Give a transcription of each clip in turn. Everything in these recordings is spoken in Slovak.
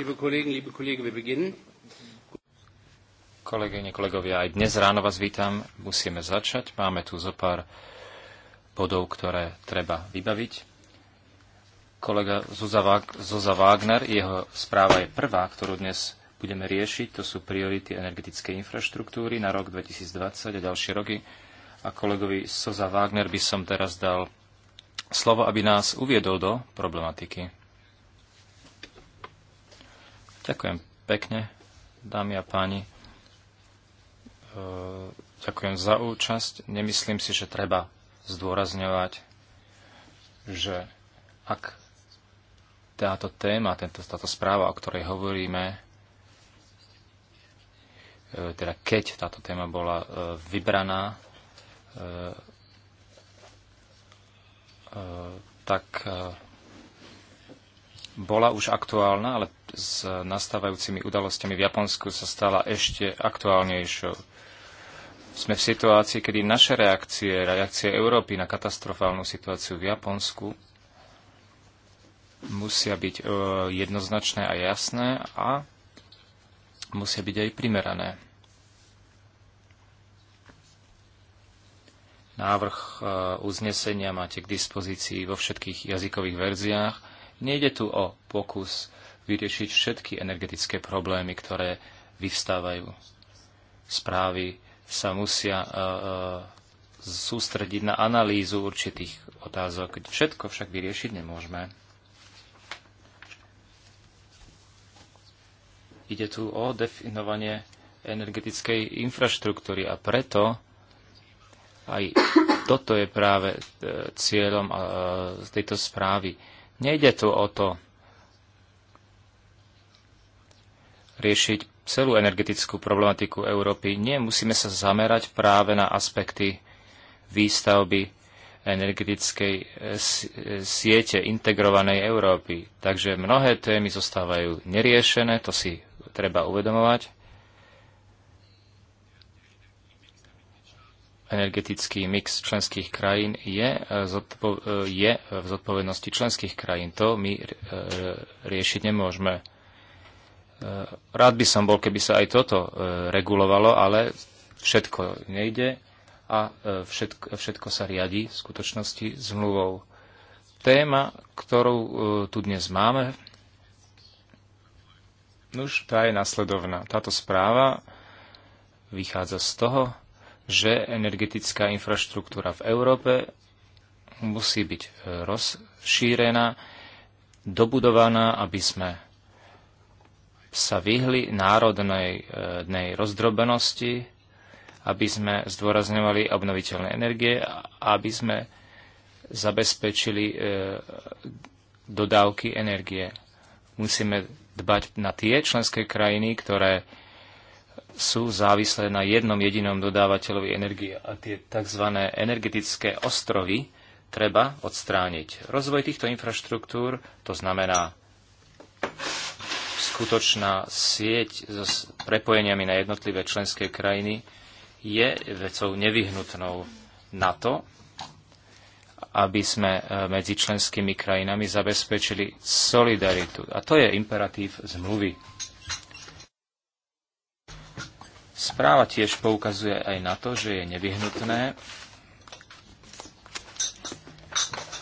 Kolegyne, kolegovia, aj dnes ráno vás vítam. Musíme začať. Máme tu zo pár bodov, ktoré treba vybaviť. Kolega Zuza Wagner, jeho správa je prvá, ktorú dnes budeme riešiť. To sú priority energetickej infraštruktúry na rok 2020 a ďalšie roky. A kolegovi Soza Wagner by som teraz dal slovo, aby nás uviedol do problematiky. Ďakujem pekne, dámy a páni. E, ďakujem za účasť. Nemyslím si, že treba zdôrazňovať, že ak táto téma, tento, táto správa, o ktorej hovoríme, e, teda keď táto téma bola e, vybraná, tak bola už aktuálna, ale s nastávajúcimi udalosťami v Japonsku sa stala ešte aktuálnejšou. Sme v situácii, kedy naše reakcie, reakcie Európy na katastrofálnu situáciu v Japonsku musia byť e, jednoznačné a jasné a musia byť aj primerané. Návrh e, uznesenia máte k dispozícii vo všetkých jazykových verziách Nejde tu o pokus vyriešiť všetky energetické problémy, ktoré vyvstávajú. Správy sa musia uh, sústrediť na analýzu určitých otázok. Všetko však vyriešiť nemôžeme. Ide tu o definovanie energetickej infraštruktúry a preto aj toto je práve e, cieľom tejto správy Nejde tu o to riešiť celú energetickú problematiku Európy. Nie, musíme sa zamerať práve na aspekty výstavby energetickej eh, eh, siete integrovanej Európy. Takže mnohé témy zostávajú neriešené, to si treba uvedomovať. energetický mix členských krajín je, e, e, je v zodpovednosti členských krajín. To my e, riešiť nemôžeme. Rád by som bol, keby sa aj toto regulovalo, ale všetko nejde a všetko, všetko sa riadi v skutočnosti mluvou. Téma, ktorú tu dnes máme, už tá je nasledovná. Táto správa vychádza z toho, že energetická infraštruktúra v Európe musí byť e, rozšírená, dobudovaná, aby sme sa vyhli národnej dnej rozdrobenosti, aby sme zdôrazňovali obnoviteľné energie a aby sme zabezpečili e, dodávky energie. Musíme dbať na tie členské krajiny, ktoré sú závislé na jednom jedinom dodávateľovi energie a tie tzv. energetické ostrovy treba odstrániť. Rozvoj týchto infraštruktúr, to znamená skutočná sieť s prepojeniami na jednotlivé členské krajiny, je vecou nevyhnutnou na to, aby sme e, medzi členskými krajinami zabezpečili solidaritu. A to je imperatív zmluvy Správa tiež poukazuje aj na to, že je nevyhnutné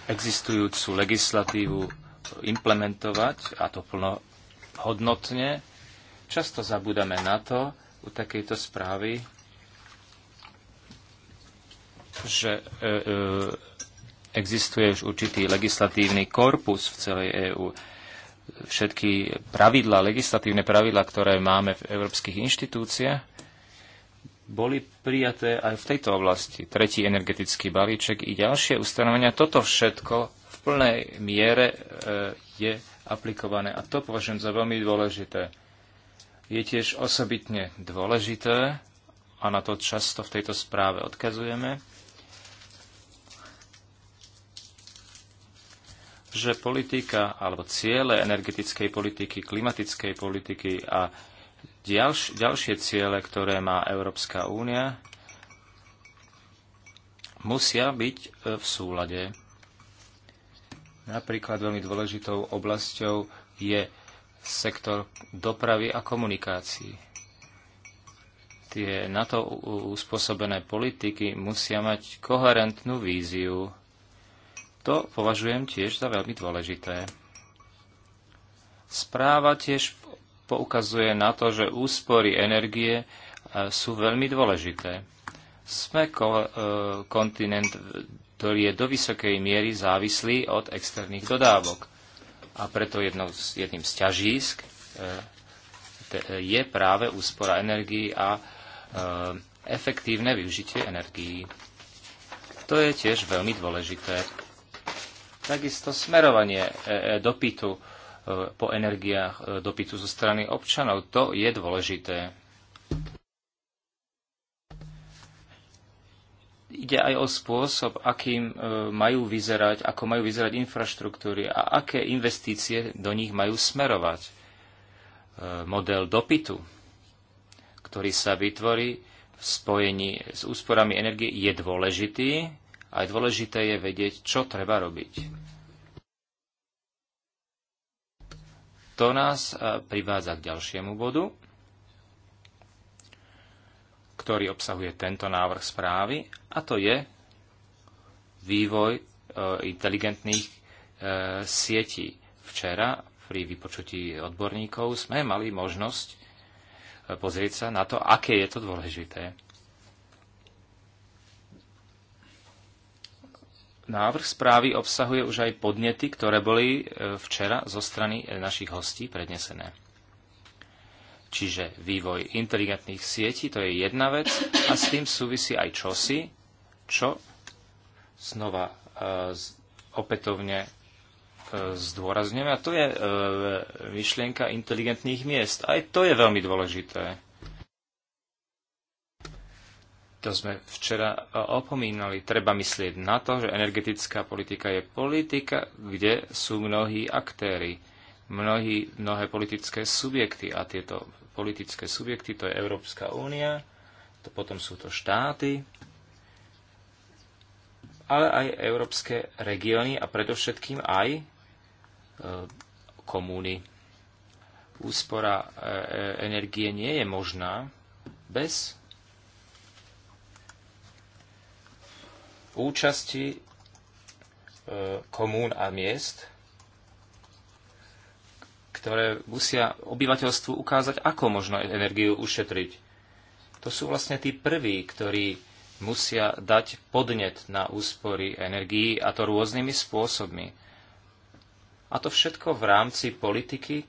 existujúcu legislatívu implementovať, a to plnohodnotne. Často zabudame na to u takejto správy, že e, e, existuje už určitý legislatívny korpus v celej EÚ. Všetky pravidla, legislatívne pravidla, ktoré máme v európskych inštitúciách, boli prijaté aj v tejto oblasti. Tretí energetický balíček i ďalšie ustanovenia. Toto všetko v plnej miere e, je aplikované a to považujem za veľmi dôležité. Je tiež osobitne dôležité, a na to často v tejto správe odkazujeme, že politika alebo ciele energetickej politiky, klimatickej politiky a Ďalš, ďalšie ciele, ktoré má Európska únia, musia byť e, v súlade. Napríklad veľmi dôležitou oblasťou je sektor dopravy a komunikácií. Tie na to uspôsobené politiky musia mať koherentnú víziu. To považujem tiež za veľmi dôležité. Správa tiež poukazuje na to, že úspory energie e, sú veľmi dôležité. Sme ko- e, kontinent, ktorý je do vysokej miery závislý od externých dodávok. A preto jednou, jedným z ťažísk e, je práve úspora energii a efektívne využitie energií. To je tiež veľmi dôležité. Takisto smerovanie dopytu po energiách e, dopytu zo strany občanov. To je dôležité. Ide aj o spôsob, akým e, majú vyzerať, ako majú vyzerať infraštruktúry a aké investície do nich majú smerovať. E, model dopytu, ktorý sa vytvorí v spojení s úsporami energie, je dôležitý a dôležité je vedieť, čo treba robiť. To nás e, privádza k ďalšiemu bodu, ktorý obsahuje tento návrh správy, a to je vývoj e, inteligentných e, sietí. Včera pri vypočutí odborníkov sme mali možnosť pozrieť sa na to, aké je to dôležité Návrh správy obsahuje už aj podnety, ktoré boli e, včera zo strany e, našich hostí prednesené. Čiže vývoj inteligentných sietí, to je jedna vec a s tým súvisí aj čosi, čo znova e, opätovne zdôrazňujeme a to je myšlienka inteligentných miest. Aj to je veľmi dôležité to sme včera e, opomínali. Treba myslieť na to, že energetická politika je politika, kde sú mnohí aktéry, mnohí, mnohé politické subjekty a tieto politické subjekty to je Európska únia, to potom sú to štáty, ale aj európske regióny a predovšetkým aj e, komúny. Úspora e, energie nie je možná bez účasti e, komún a miest, ktoré musia obyvateľstvu ukázať, ako možno energiu ušetriť. To sú vlastne tí prví, ktorí musia dať podnet na úspory energií a to rôznymi spôsobmi. A to všetko v rámci politiky,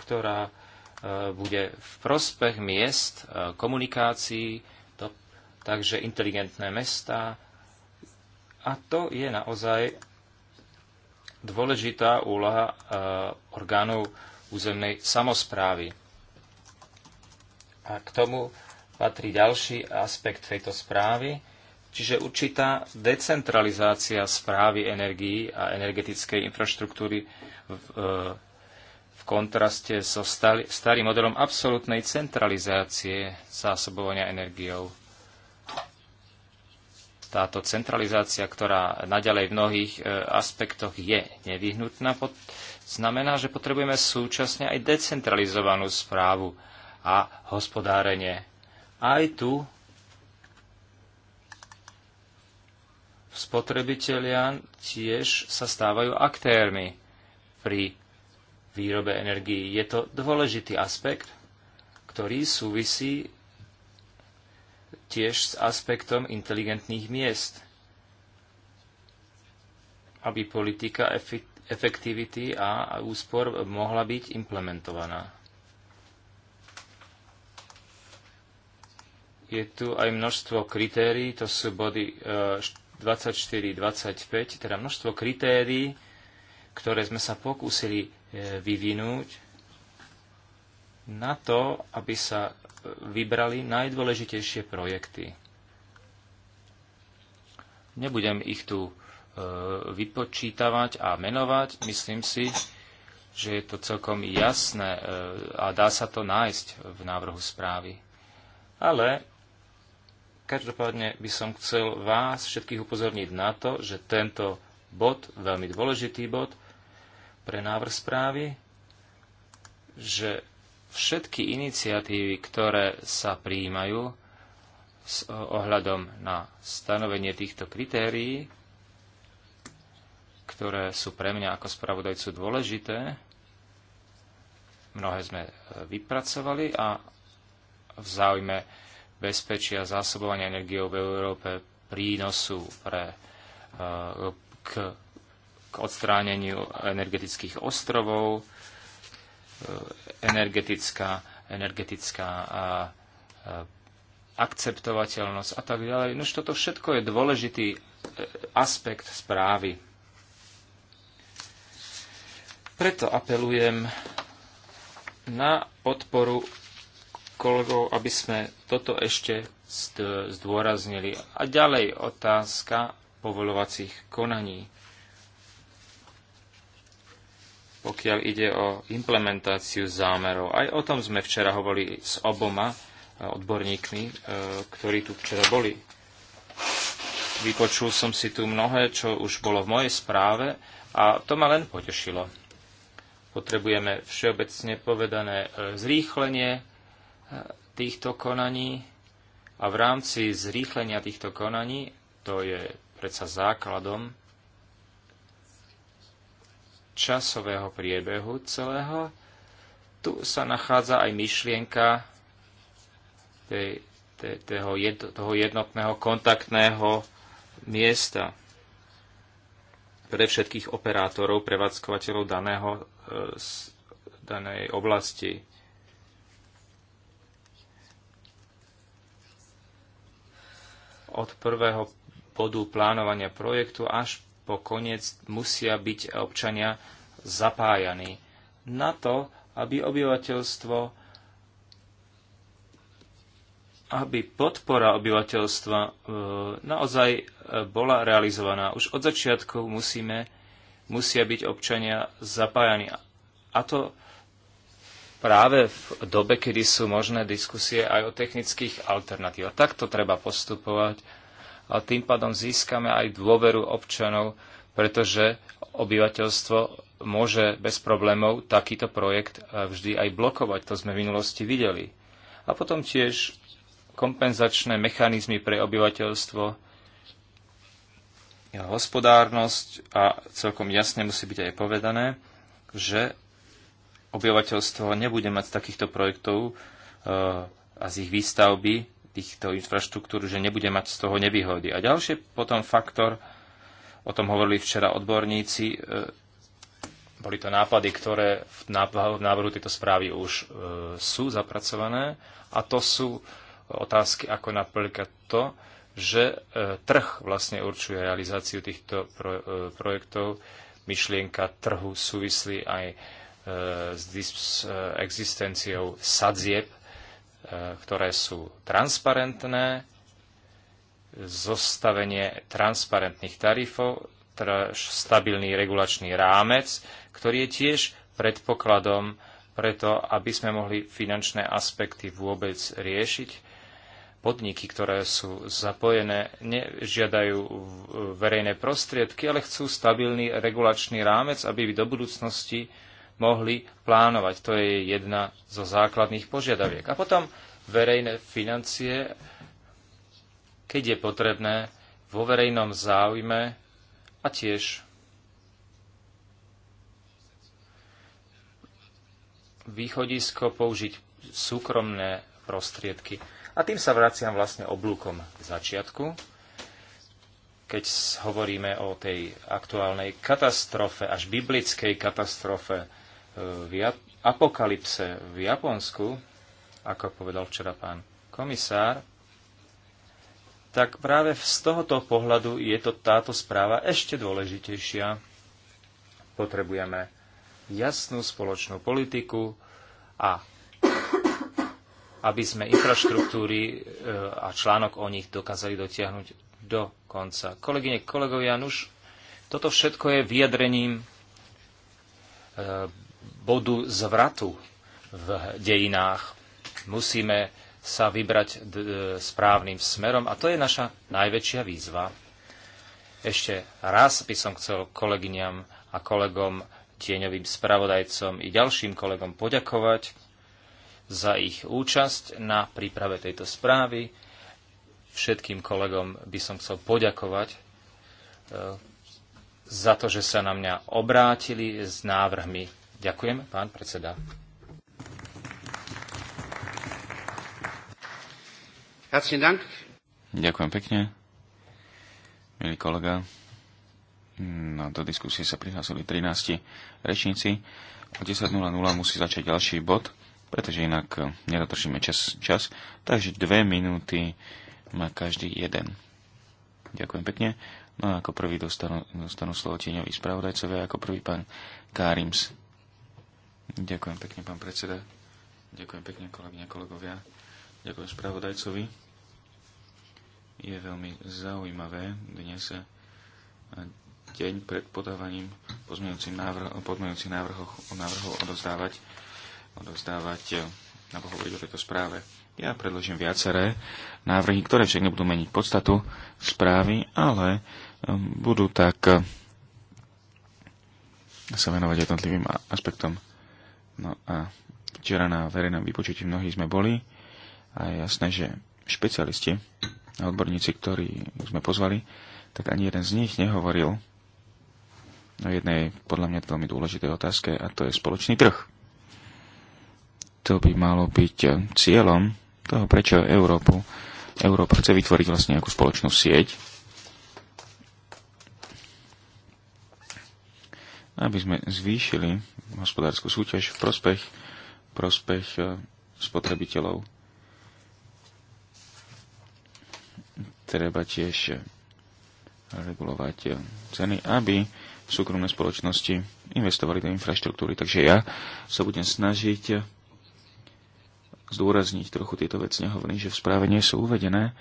ktorá e, bude v prospech miest, e, komunikácií, takže inteligentné mesta. A to je naozaj dôležitá úloha e, orgánov územnej samozprávy. A k tomu patrí ďalší aspekt tejto správy, čiže určitá decentralizácia správy energií a energetickej infraštruktúry v, e, v kontraste so starým modelom absolútnej centralizácie zásobovania energiou táto centralizácia, ktorá naďalej v mnohých e, aspektoch je nevyhnutná, znamená, že potrebujeme súčasne aj decentralizovanú správu a hospodárenie. Aj tu spotrebitelia tiež sa stávajú aktérmi pri výrobe energií. Je to dôležitý aspekt, ktorý súvisí tiež s aspektom inteligentných miest, aby politika efektivity a úspor mohla byť implementovaná. Je tu aj množstvo kritérií, to sú body 24, eh, 25, teda množstvo kritérií, ktoré sme sa pokúsili eh, vyvinúť na to, aby sa vybrali najdôležitejšie projekty. Nebudem ich tu e, vypočítavať a menovať. Myslím si, že je to celkom jasné e, a dá sa to nájsť v návrhu správy. Ale každopádne by som chcel vás všetkých upozorniť na to, že tento bod, veľmi dôležitý bod pre návrh správy, že všetky iniciatívy, ktoré sa prijímajú s ohľadom na stanovenie týchto kritérií, ktoré sú pre mňa ako spravodajcu dôležité, mnohé sme e, vypracovali a v záujme bezpečia zásobovania energiou v Európe prínosu pre, e, k, k odstráneniu energetických ostrovov, Eh, energetická, energetická a, akceptovateľnosť a tak ďalej. Nož toto všetko je dôležitý eh, aspekt správy. Preto apelujem na podporu kolegov, aby sme toto ešte zdôraznili. A ďalej otázka povolovacích konaní pokiaľ ide o implementáciu zámerov. Aj o tom sme včera hovorili s oboma e, odborníkmi, e, ktorí tu včera boli. Vypočul som si tu mnohé, čo už bolo v mojej správe a to ma len potešilo. Potrebujeme všeobecne povedané e, zrýchlenie týchto konaní a v rámci zrýchlenia týchto konaní, to je predsa základom časového priebehu celého, tu sa nachádza aj myšlienka tej, tej, toho, jed, toho jednotného kontaktného miesta pre všetkých operátorov, prevádzkovateľov daného, z e, danej oblasti. Od prvého bodu plánovania projektu až po koniec musia byť občania zapájaní na to, aby obyvateľstvo aby podpora obyvateľstva e, naozaj e, bola realizovaná. Už od začiatku musíme, musia byť občania zapájani. A to práve v dobe, kedy sú možné diskusie aj o technických alternatívach. Takto treba postupovať a tým pádom získame aj dôveru občanov, pretože obyvateľstvo môže bez problémov takýto projekt eh, vždy aj blokovať. To sme v minulosti videli. A potom tiež kompenzačné mechanizmy pre obyvateľstvo, hospodárnosť a celkom jasne musí byť aj povedané, že obyvateľstvo nebude mať z takýchto projektov eh, a z ich výstavby týchto infraštruktúr, že nebude mať z toho nevýhody. A ďalšie potom faktor, o tom hovorili včera odborníci, e, boli to nápady, ktoré v návrhu tejto správy už e, sú zapracované a to sú otázky ako napríklad to, že e, trh vlastne určuje realizáciu týchto projektov. Myšlienka trhu súvislí aj s existenciou sadzieb Eh, ktoré sú transparentné, zostavenie transparentných tarifov, teda stabilný regulačný rámec, ktorý je tiež predpokladom preto, aby sme mohli finančné aspekty vôbec riešiť. Podniky, ktoré sú zapojené, nežiadajú verejné prostriedky, ale chcú stabilný regulačný rámec, aby do budúcnosti mohli plánovať. To je jedna zo základných požiadaviek. A potom verejné financie, keď je potrebné, vo verejnom záujme a tiež východisko použiť súkromné prostriedky. A tým sa vraciam vlastne oblúkom k začiatku, keď hovoríme o tej aktuálnej katastrofe, až biblickej katastrofe, v apokalypse v Japonsku, ako povedal včera pán komisár, tak práve z tohoto pohľadu je to táto správa ešte dôležitejšia. Potrebujeme jasnú spoločnú politiku a aby sme infraštruktúry e, a článok o nich dokázali dotiahnuť do konca. Kolegyne, kolegovia, nuž, toto všetko je vyjadrením e, bodu zvratu v dejinách. Musíme sa vybrať e, správnym smerom a to je naša najväčšia výzva. Ešte raz by som chcel kolegyňam a kolegom, tieňovým spravodajcom i ďalším kolegom poďakovať za ich účasť na príprave tejto správy. Všetkým kolegom by som chcel poďakovať e, za to, že sa na mňa obrátili s návrhmi Ďakujem, pán predseda. Ďakujem pekne, milý kolega. No, do diskusie sa prihlásili 13 rečníci. O 10.00 musí začať ďalší bod, pretože inak eh, nedotržíme čas, čas. Takže dve minúty má každý jeden. Ďakujem pekne. No a ako prvý dostanú, dostanú slovo tieňoví spravodajcovia, ako prvý pán karims. Ďakujem pekne, pán predseda. Ďakujem pekne, kolegyne, kolegovia. Ďakujem spravodajcovi. Je veľmi zaujímavé dnes eh, deň pred podávaním pozmeňujúcich návrh, návrhov, návrhov odozdávať, odozdávať eh, alebo hovoriť o tejto správe. Ja predložím viaceré návrhy, ktoré však nebudú meniť podstatu správy, ale eh, budú tak sa venovať jednotlivým aspektom. No a včera na verejnom vypočutí mnohí sme boli a je jasné, že špecialisti a odborníci, ktorí sme pozvali, tak ani jeden z nich nehovoril o jednej podľa mňa veľmi dôležitej otázke a to je spoločný trh. To by malo byť cieľom toho, prečo Európu, Európa chce vytvoriť vlastne nejakú spoločnú sieť, aby sme zvýšili hospodárskú súťaž v prospech, prospech e, spotrebiteľov. Treba tiež e, regulovať e, ceny, aby súkromné spoločnosti investovali do infraštruktúry. Takže ja sa budem snažiť zdôrazniť trochu tieto veci. Nehovorím, že v správe nie sú uvedené,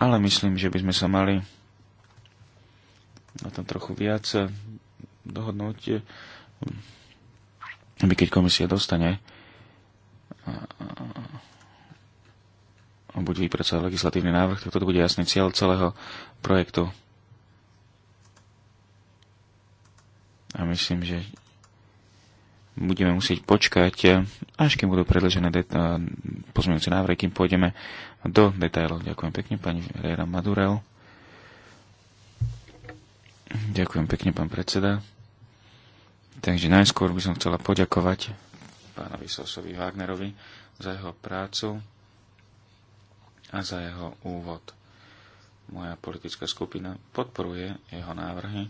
ale myslím, že by sme sa mali na tom trochu viac dohodnúť, eh, aby keď komisia dostane eh, a buď vypracovať legislatívny návrh, tak toto bude jasný cieľ celého projektu. A myslím, že budeme musieť počkať, eh, až kým budú predložené pozmeňujúce návrhy, kým pôjdeme do detailov. Ďakujem pekne, pani Rera Madurel. Ďakujem pekne, pán predseda. Takže najskôr by som chcela poďakovať pánovi Sosovi Wagnerovi za jeho prácu a za jeho úvod. Moja politická skupina podporuje jeho návrhy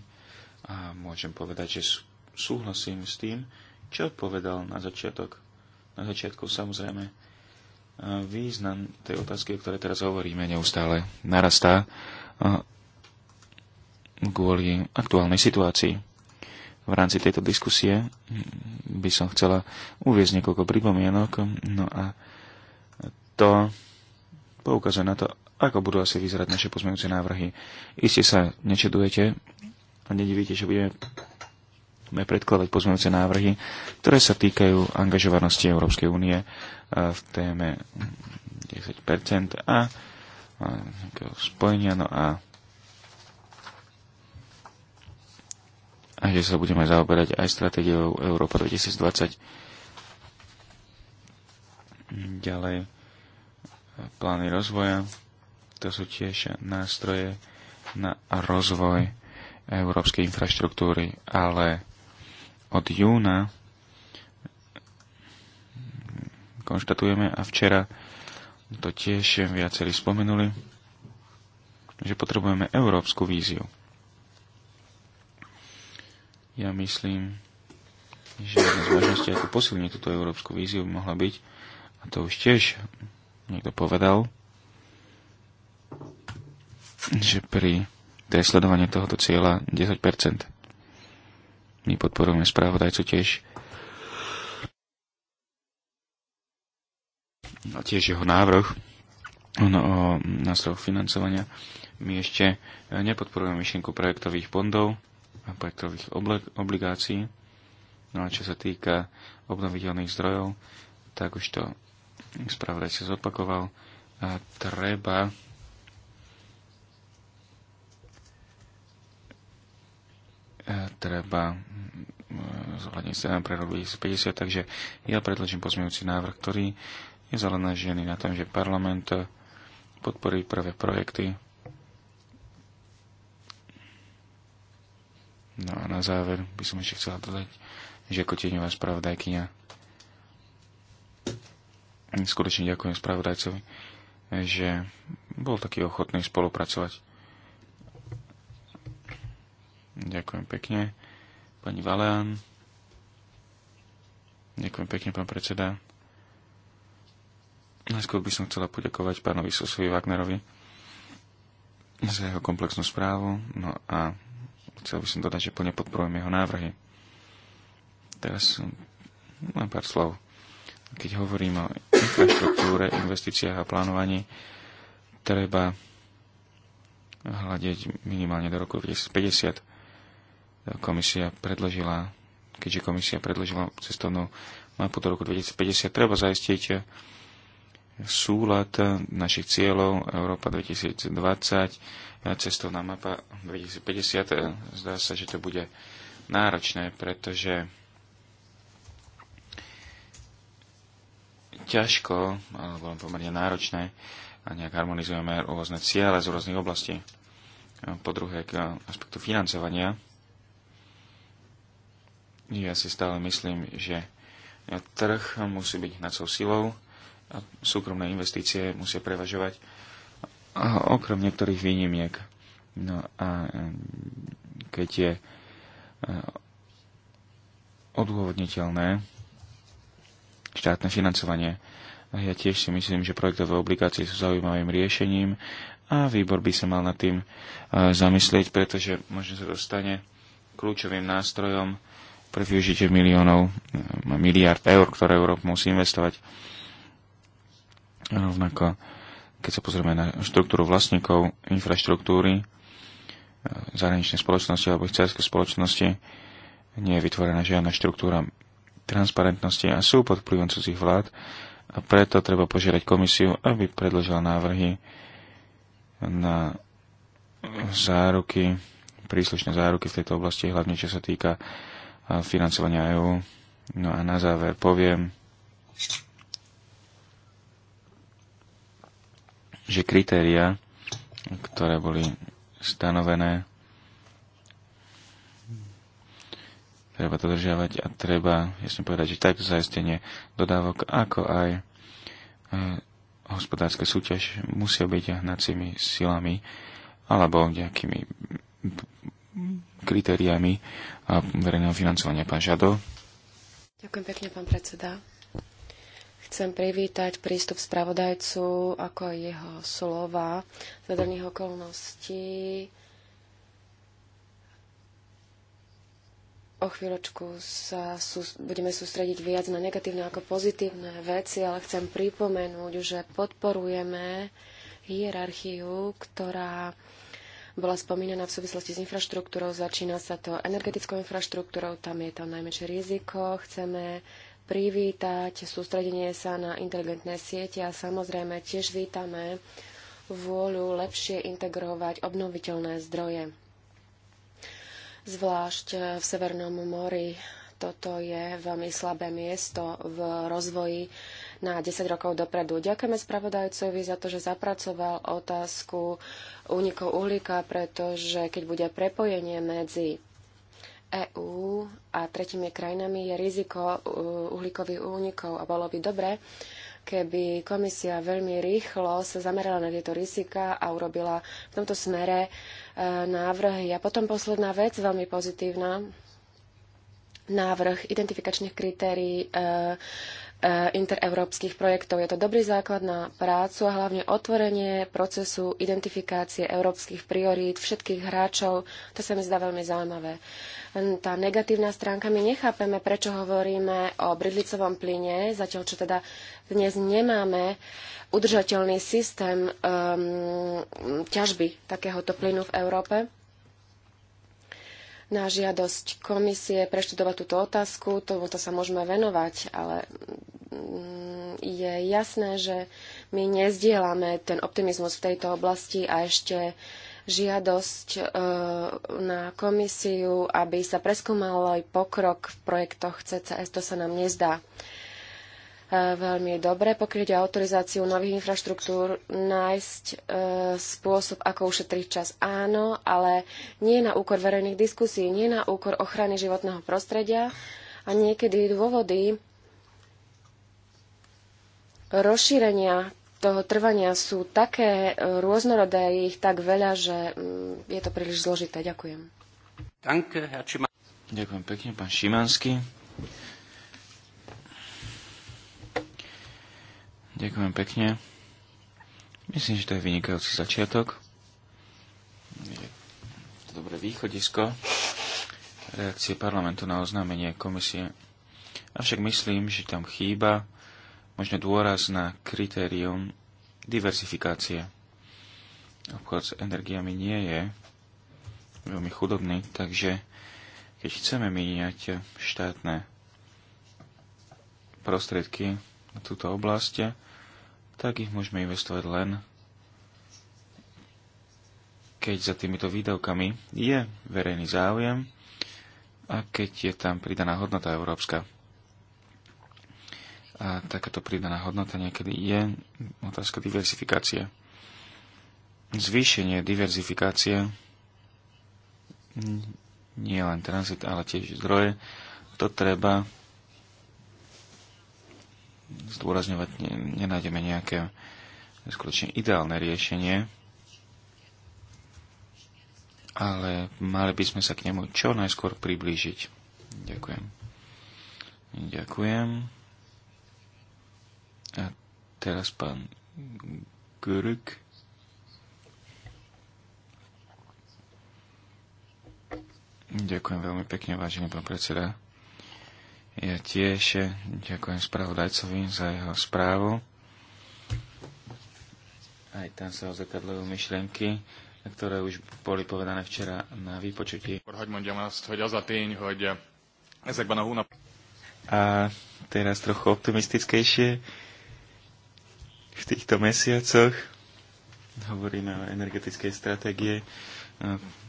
a môžem povedať, že súhlasím s tým, čo povedal na začiatok. Na začiatku samozrejme význam tej otázky, o ktorej teraz hovoríme, neustále narastá kvôli aktuálnej situácii v rámci tejto diskusie by som chcela uviezť niekoľko pripomienok. No a to poukazuje na to, ako budú asi vyzerať naše pozmeňujúce návrhy. Iste sa nečedujete a nedivíte, že budeme predkladať pozmeňujúce návrhy, ktoré sa týkajú angažovanosti Európskej únie v téme 10% a, a spojenia. No a a že sa budeme zaoberať aj stratégiou Európa 2020. Ďalej plány rozvoja. To sú tiež nástroje na rozvoj európskej infraštruktúry, ale od júna konštatujeme a včera to tiež viacerí spomenuli, že potrebujeme európsku víziu. Ja myslím, že jedna z možností, ako posilniť túto európsku víziu, by mohla byť, a to už tiež niekto povedal, že pri to je sledovanie tohoto cieľa 10%. My podporujeme správodajcu tiež a no, tiež jeho návrh no, o nástrojoch financovania. My ešte nepodporujeme myšlienku projektových bondov, projektových obligácií. No a čo sa týka obnoviteľných zdrojov, tak už to spravodajca zopakoval. A treba treba mm, zohľadniť sa na prerobu 2050, takže ja predložím pozmeňujúci návrh, ktorý je zelené ženy na tom, že parlament podporí prvé projekty No a na záver by som ešte chcela dodať, že ako tieňová spravodajkyňa skutočne ďakujem spravodajcovi, že bol taký ochotný spolupracovať. Ďakujem pekne. Pani Valean. Ďakujem pekne, pán predseda. Najskôr by som chcela poďakovať pánovi Sosovi Wagnerovi za jeho komplexnú správu, no a chcel by som dodať, že plne podporujem jeho návrhy. Teraz hm, len pár slov. Keď hovorím o infraštruktúre, investíciách a plánovaní, treba hľadiť minimálne do roku 2050. Komisia predložila, keďže komisia predložila cestovnú mapu do roku 2050, treba zaistiť súlad našich cieľov Európa 2020, cestovná mapa 2050. E, zdá sa, že to bude náročné, pretože ťažko, alebo len pomerne náročné, a nejak harmonizujeme rôzne ciele z rôznych oblastí. Po druhé, k aspektu financovania. Ja si stále myslím, že trh musí byť hnacou silou a súkromné investície musia prevažovať okrem niektorých výnimiek. No a keď je e, odôvodniteľné štátne financovanie. Ja tiež si myslím, že projektové obligácie sú zaujímavým riešením a výbor by sa mal nad tým e, zamyslieť, pretože možno sa dostane kľúčovým nástrojom pre využitie miliónov, e, miliard eur, ktoré Európa musí investovať Rovnako, keď sa pozrieme na štruktúru vlastníkov infraštruktúry, e, zahraničnej spoločnosti alebo cerskej spoločnosti, nie je vytvorená žiadna štruktúra transparentnosti a sú pod vplyvom cudzích vlád a preto treba požiadať komisiu, aby predložila návrhy na záruky, príslušné záruky v tejto oblasti, hlavne čo sa týka financovania EÚ. No a na záver poviem, že kritéria, ktoré boli stanovené, treba dodržiavať a treba jasne povedať, že tak zaistenie dodávok, ako aj e, hospodárska súťaž musia byť hnacími silami alebo nejakými kritériami a verejného financovania. Pán Žado. Ďakujem pekne, pán predseda. Chcem privítať prístup spravodajcu, ako aj jeho slova za daných okolností. O chvíľočku sa sus- budeme sústrediť viac na negatívne ako pozitívne veci, ale chcem pripomenúť, že podporujeme hierarchiu, ktorá bola spomínaná v súvislosti s infraštruktúrou. Začína sa to energetickou infraštruktúrou, tam je tam najmenšie riziko. Chceme privítať sústredenie sa na inteligentné siete a samozrejme tiež vítame vôľu lepšie integrovať obnoviteľné zdroje. Zvlášť v Severnom mori toto je veľmi slabé miesto v rozvoji na 10 rokov dopredu. Ďakujeme spravodajcovi za to, že zapracoval otázku únikov uhlíka, pretože keď bude prepojenie medzi EÚ a tretimi krajinami je riziko uh, uhlíkových únikov a bolo by dobre, keby komisia veľmi rýchlo sa zamerala na tieto rizika a urobila v tomto smere uh, návrhy. A potom posledná vec, veľmi pozitívna, návrh identifikačných kritérií uh, E, intereurópskych projektov. Je to dobrý základ na prácu a hlavne otvorenie procesu identifikácie európskych priorít všetkých hráčov. To sa mi zdá veľmi zaujímavé. Tá negatívna stránka, my nechápeme, prečo hovoríme o bridlicovom plyne, zatiaľ čo teda dnes nemáme udržateľný systém um, ťažby takéhoto plynu v Európe na žiadosť komisie preštudovať túto otázku, tomuto sa môžeme venovať, ale mm, je jasné, že my nezdielame ten optimizmus v tejto oblasti a ešte žiadosť e, na komisiu, aby sa preskúmal aj pokrok v projektoch CCS, to sa nám nezdá veľmi dobre, pokiaľ ide o autorizáciu nových infraštruktúr, nájsť e, spôsob, ako ušetriť čas. Áno, ale nie na úkor verejných diskusí, nie na úkor ochrany životného prostredia a niekedy dôvody rozšírenia toho trvania sú také rôznorodé, je ich tak veľa, že mm, je to príliš zložité. Ďakujem. Ďakujem pekne, pán Šimanský. Ďakujem pekne. Myslím, že to je vynikajúci začiatok. Je to dobré východisko. Reakcie parlamentu na oznámenie komisie. Avšak myslím, že tam chýba možno dôraz na kritérium diversifikácie. Obchod s energiami nie je veľmi chudobný, takže keď chceme míňať štátne prostriedky, na túto oblasť, tak ich môžeme investovať len, keď za týmito výdavkami je verejný záujem a keď je tam pridaná hodnota európska. A takáto pridaná hodnota niekedy je otázka diversifikácie. Zvýšenie diversifikácie nie len tranzit, ale tiež zdroje, to treba zdôrazňovať, nenájdeme nejaké skutočne ideálne riešenie, ale mali by sme sa k nemu čo najskôr priblížiť. Ďakujem. Ďakujem. A teraz pán Gurk. Ďakujem veľmi pekne, vážený pán predseda. Ja tiež ďakujem spravodajcovi za jeho správu. Aj tam sa ozakadľujú myšlienky, ktoré už boli povedané včera na výpočutí. A teraz trochu optimistickejšie. V týchto mesiacoch hovoríme o energetickej stratégie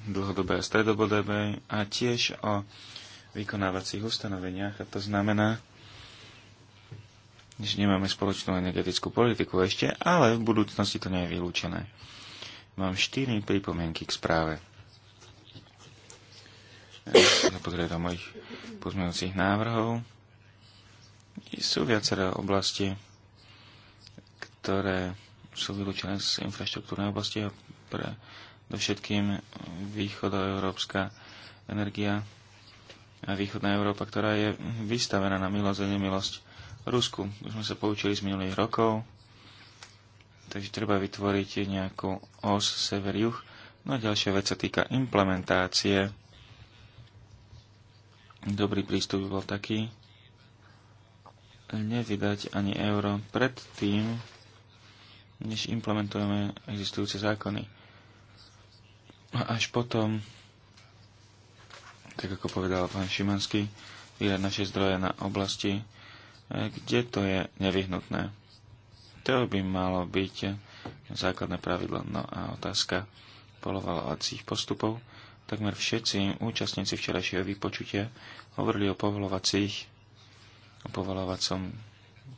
dlhodobé a stredobodobé a tiež o vykonávacích ustanoveniach. A to znamená, že nemáme spoločnú energetickú politiku ešte, ale v budúcnosti to nie je vylúčené. Mám štyri pripomienky k správe. Ja pozrieť do mojich pozmeňujúcich návrhov. Sú viaceré oblasti, ktoré sú vylúčené z infraštruktúrnej oblasti a pre do všetkým východoeurópska energia východná Európa, ktorá je vystavená na milosť a nemilosť Rusku. Už sme sa poučili z minulých rokov, takže treba vytvoriť nejakú os sever-juh. No a ďalšia vec sa týka implementácie. Dobrý prístup bol taký, nevydať ani euro pred tým, než implementujeme existujúce zákony. A až potom tak ako povedal pán Šimanský, vydať naše zdroje na oblasti, e, kde to je nevyhnutné. To by malo byť základné pravidlo. No a otázka polovalovacích postupov. Takmer všetci účastníci včerajšieho vypočutia hovorili o povolovacích o povolovacom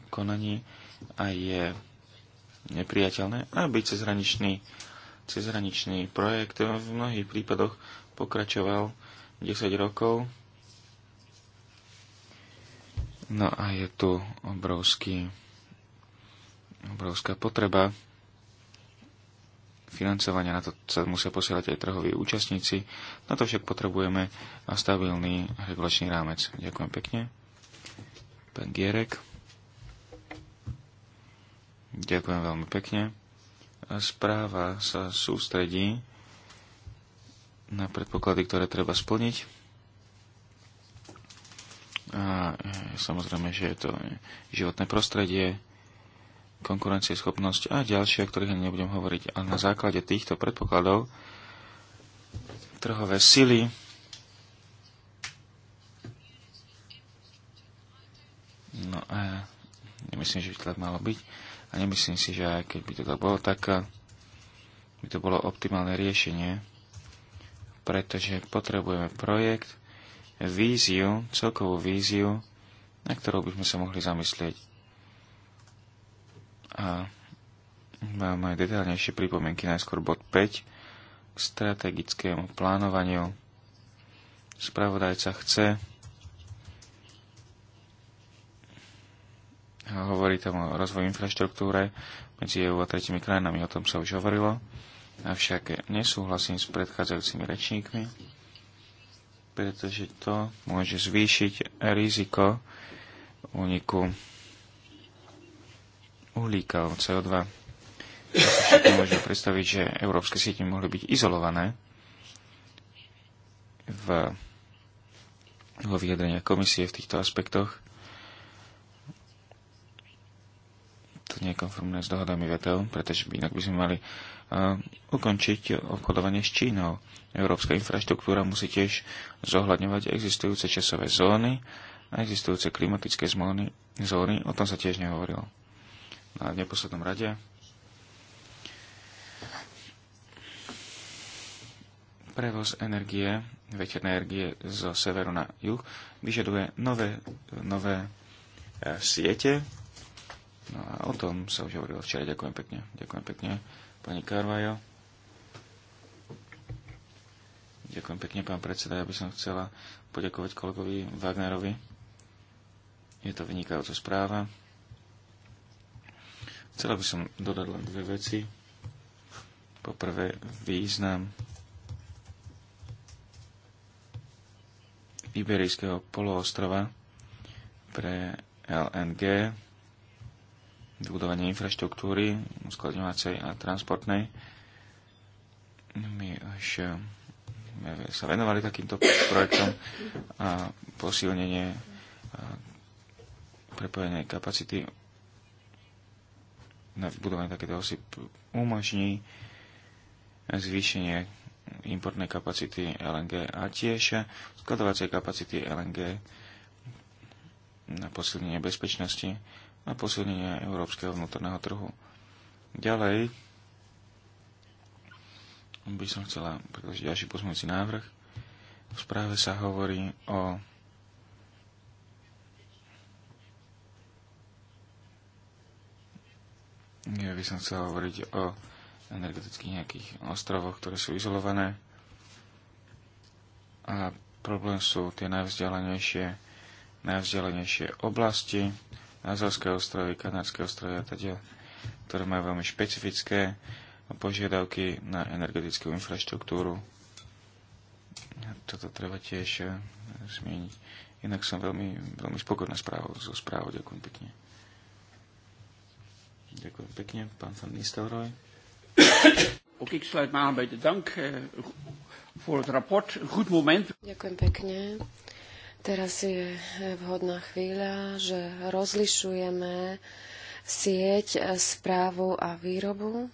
konaní a je nepriateľné, aby cezhraničný, cezhraničný projekt v mnohých prípadoch pokračoval 10 rokov. No a je tu obrovský, obrovská potreba financovania, na to sa musia posielať aj trhoví účastníci. Na to však potrebujeme a stabilný regulačný rámec. Ďakujem pekne. Pán Gierek. Ďakujem veľmi pekne. Správa sa sústredí na predpoklady, ktoré treba splniť. A e, samozrejme, že je to životné prostredie, konkurencieschopnosť a ďalšie, o ktorých nebudem hovoriť. Ale na základe týchto predpokladov trhové sily No a nemyslím, že by to tak malo byť. A nemyslím si, že aj keď by to tak bolo, tak by to bolo optimálne riešenie pretože potrebujeme projekt, víziu, celkovú víziu, na ktorú by sme sa mohli zamyslieť. A mám aj detaľnejšie pripomienky, najskôr bod 5 k strategickému plánovaniu. Spravodajca chce hovorí tam o rozvoji infraštruktúre medzi EU a tretimi krajinami, o tom sa už hovorilo. Avšak nesúhlasím s predchádzajúcimi rečníkmi, pretože to môže zvýšiť riziko úniku uhlíka CO2. Ja všetko môžem predstaviť, že európske siete mohli byť izolované v, vo vyjadreniach komisie v týchto aspektoch. To nie je konformné s dohodami VTO, pretože inak by sme mali Eh, ukončiť obchodovanie s Čínou. Európska infraštruktúra musí tiež zohľadňovať existujúce časové zóny a existujúce klimatické zmony, zóny. O tom sa tiež nehovorilo. No a v neposlednom rade prevoz energie, veternej energie zo severu na juh vyžaduje nové, nové eh, siete. No a o tom sa už hovorilo včera. Ďakujem pekne. Ďakujem pekne. Pani Karvajo. Ďakujem pekne, pán predseda. Ja by som chcela poďakovať kolegovi Wagnerovi. Je to vynikajúca správa. Chcela by som dodať len dve veci. Poprvé, význam Iberijského poloostrova pre LNG vybudovanie infraštruktúry uskladňovacej a transportnej. My už eh, sa venovali takýmto projektom a posilnenie a eh, prepojenej kapacity na vybudovanie takéto osy umožní zvýšenie importnej kapacity LNG a tiež skladovacej kapacity LNG na posilnenie bezpečnosti a posilnenie európskeho vnútorného trhu. Ďalej by som chcela predložiť ďalší pozmúci návrh. V správe sa hovorí o Ja by som chcel hovoriť o energetických nejakých ostrovoch, ktoré sú izolované. A problém sú tie najvzdialenejšie, najvzdialenejšie oblasti, Azorské ostrovy, Kanárske ostrovy a teda, ktoré majú veľmi špecifické požiadavky na energetickú infraštruktúru. Toto treba tiež e, zmieniť. Inak som veľmi, veľmi spokojná správou, so správou. Ďakujem pekne. Ďakujem pekne, pán van Nistelrooy. Ook sluit me bij de dank eh, voor het rapport. Een goed moment. Ďakujem pekne Teraz je vhodná chvíľa, že rozlišujeme sieť, e, správu a výrobu.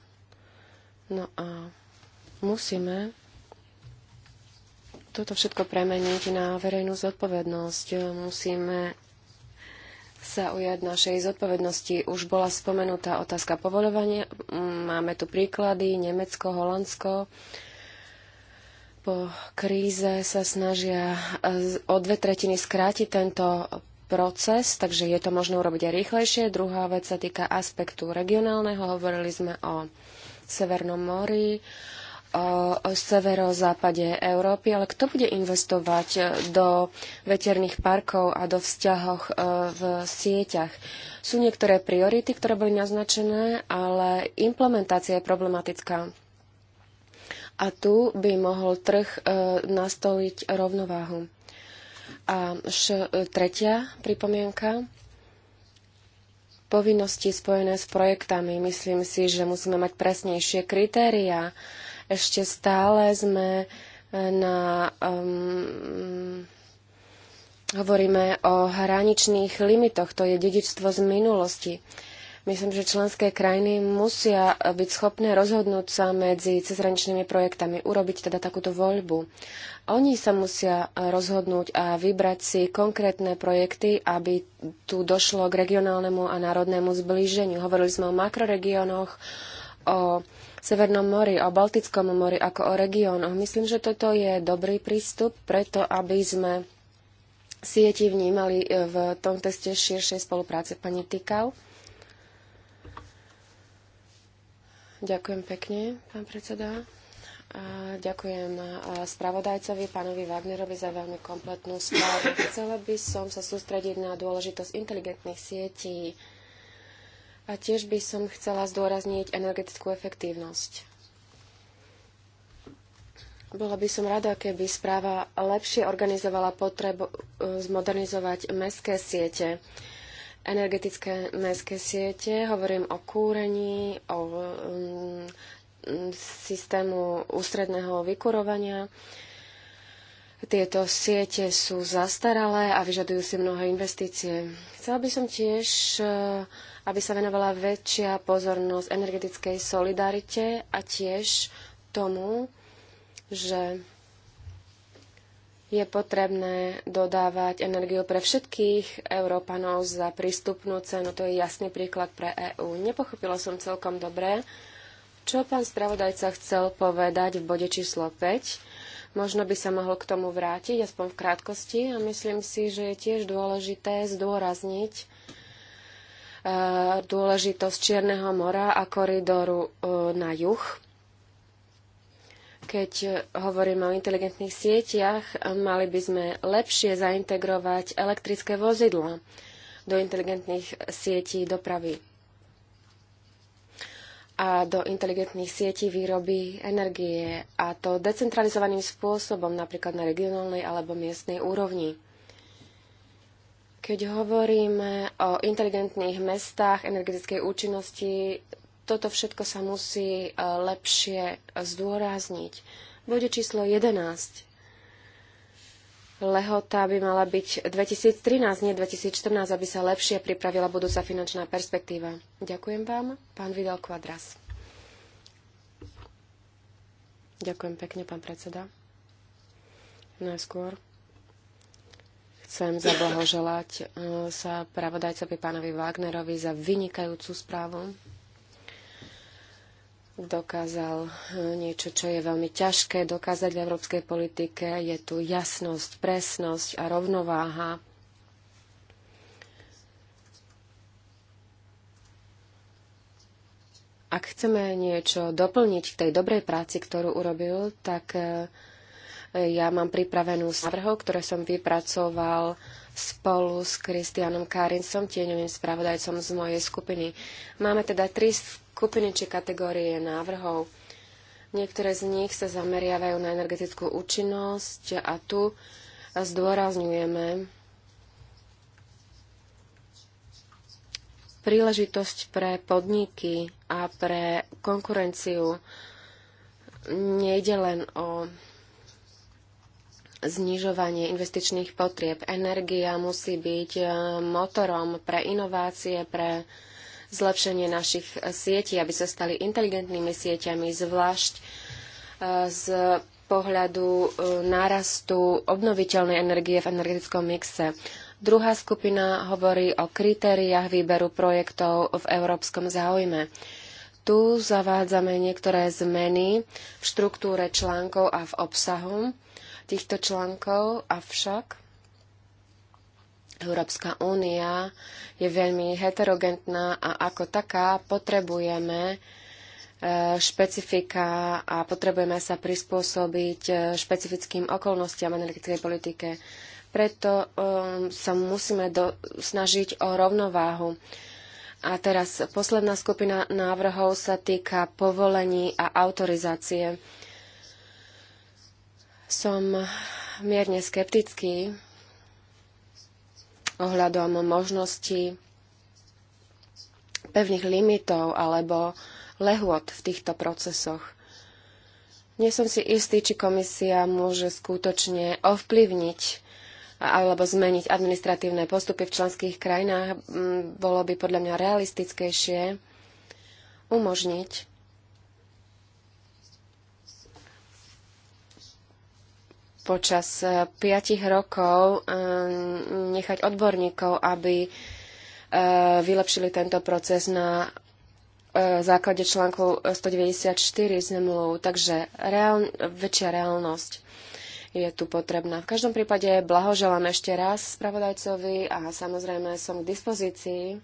No a musíme toto všetko premeniť na verejnú zodpovednosť. Musíme sa ujať našej zodpovednosti. Už bola spomenutá otázka povolovania. Máme tu príklady Nemecko, Holandsko po kríze sa snažia e, o dve tretiny skrátiť tento proces, takže je to možné urobiť aj rýchlejšie. Druhá vec sa týka aspektu regionálneho. Hovorili sme o Severnom mori, o, o severozápade Európy, ale kto bude investovať e, do veterných parkov a do vzťahoch e, v sieťach? Sú niektoré priority, ktoré boli naznačené, ale implementácia je problematická a tu by mohol trh e, nastoliť rovnováhu. A š- e, tretia pripomienka. Povinnosti spojené s projektami. Myslím si, že musíme mať presnejšie kritériá. Ešte stále sme e, na. Um, hovoríme o hraničných limitoch. To je dedičstvo z minulosti. Uh, Myslím, že členské krajiny musia byť schopné rozhodnúť sa medzi cezhraničnými projektami, urobiť teda takúto voľbu. Oni sa musia rozhodnúť a vybrať si konkrétne projekty, aby tu došlo k regionálnemu a národnému zblíženiu. Hovorili sme o makroregiónoch, o Severnom mori, o Baltickom mori ako o regiónoch. Myslím, že toto je dobrý prístup preto, aby sme sieti vnímali v tom teste širšej spolupráce. Pani Tikal? Ďakujem pekne, pán predseda. A ďakujem spravodajcovi, pánovi Wagnerovi za veľmi kompletnú správu. Chcela by som sa sústrediť na dôležitosť inteligentných sietí a tiež by som chcela zdôrazniť energetickú efektívnosť. Bola by som rada, keby správa lepšie organizovala potrebu e, zmodernizovať mestské siete energetické mestské siete, hovorím o kúrení, o um, systému ústredného vykurovania. Tieto siete sú zastaralé a vyžadujú si mnohé investície. Chcela by som tiež, e, aby sa venovala väčšia pozornosť energetickej solidarite a tiež tomu, že je potrebné dodávať energiu pre všetkých Európanov za prístupnú cenu. To je jasný príklad pre EÚ. Nepochopila som celkom dobre, čo pán spravodajca chcel povedať v bode číslo 5. Možno by sa mohol k tomu vrátiť, aspoň v krátkosti. A myslím si, že je tiež dôležité zdôrazniť, e, dôležitosť Čierneho mora a koridoru e, na juh. Keď hovoríme o inteligentných sieťach, mali by sme lepšie zaintegrovať elektrické vozidla do inteligentných sietí dopravy a do inteligentných sietí výroby energie, a to decentralizovaným spôsobom, napríklad na regionálnej alebo miestnej úrovni. Keď hovoríme o inteligentných mestách energetickej účinnosti, toto všetko sa musí e, lepšie zdôrazniť. V bode číslo 11 lehota by mala byť 2013, nie 2014, aby sa lepšie pripravila budúca finančná perspektíva. Ďakujem vám, pán Vidal Quadras. Ďakujem pekne, pán predseda. Najskôr chcem zablahoželať e, sa pravodajcovi pánovi Wagnerovi za vynikajúcu správu dokázal eh, niečo, čo je veľmi ťažké dokázať v európskej politike. Je tu jasnosť, presnosť a rovnováha. Ak chceme niečo doplniť k tej dobrej práci, ktorú urobil, tak eh, ja mám pripravenú návrhov, ktoré som vypracoval spolu s Kristianom Karincom, tieňovým spravodajcom z mojej skupiny. Máme teda tri skupiny či kategórie návrhov. Niektoré z nich sa zameriavajú na energetickú účinnosť a tu zdôrazňujeme príležitosť pre podniky a pre konkurenciu. Nejde len o znižovanie investičných potrieb. Energia musí byť eh, motorom pre inovácie, pre zlepšenie našich sietí, aby sa stali inteligentnými sieťami, zvlášť eh, z pohľadu eh, nárastu obnoviteľnej energie v energetickom mixe. Druhá skupina hovorí o kritériách výberu projektov v európskom záujme. Tu zavádzame niektoré zmeny v štruktúre článkov a v obsahu týchto článkov, avšak Európska únia je veľmi heterogentná a ako taká potrebujeme e, špecifika a potrebujeme sa prispôsobiť e, špecifickým okolnostiam energetickej politike. Preto e, sa musíme do, snažiť o rovnováhu. A teraz posledná skupina návrhov sa týka povolení a autorizácie. Som mierne skeptický ohľadom možnosti pevných limitov alebo lehôd v týchto procesoch. Nie som si istý, či komisia môže skutočne ovplyvniť alebo zmeniť administratívne postupy v členských krajinách. Mm, bolo by podľa mňa realistickejšie umožniť počas e, piatich rokov e, nechať odborníkov, aby e, vylepšili tento proces na základe článku 194 zmluv, takže reál, väčšia reálnosť je tu potrebná. V každom prípade blahoželám ešte raz spravodajcovi a samozrejme som k dispozícii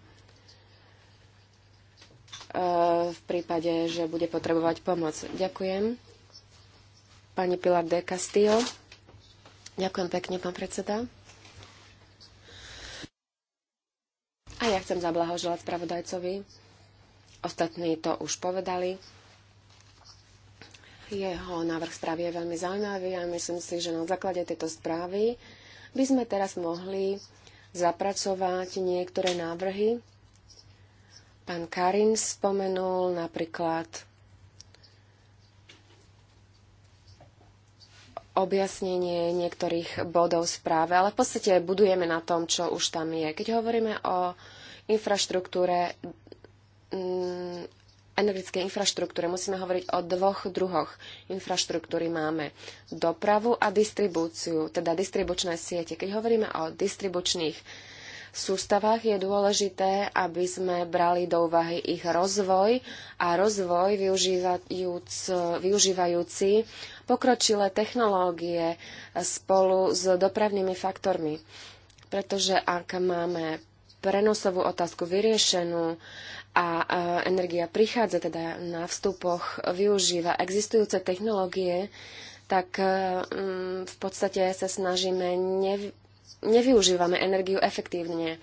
v prípade, že bude potrebovať pomoc. Ďakujem. Pani Pilar de Castillo. Ďakujem pekne, pán predseda. A ja chcem zablahoželať spravodajcovi. Ostatní to už povedali. Jeho návrh správy je veľmi zaujímavý a myslím si, že na základe tejto správy by sme teraz mohli zapracovať niektoré návrhy. Pán Karin spomenul napríklad objasnenie niektorých bodov správe, ale v podstate budujeme na tom, čo už tam je. Keď hovoríme o infraštruktúre, mm, energetickej infraštruktúre, musíme hovoriť o dvoch druhoch infraštruktúry. Máme dopravu a distribúciu, teda distribučné siete. Keď hovoríme o distribučných sústavách je dôležité, aby sme brali do úvahy ich rozvoj a rozvoj využívajúc, využívajúci pokročilé technológie spolu s dopravnými faktormi. Pretože ak máme prenosovú otázku vyriešenú a energia prichádza teda na vstupoch, využíva existujúce technológie, tak mm, v podstate sa snažíme nevyužívame energiu efektívne.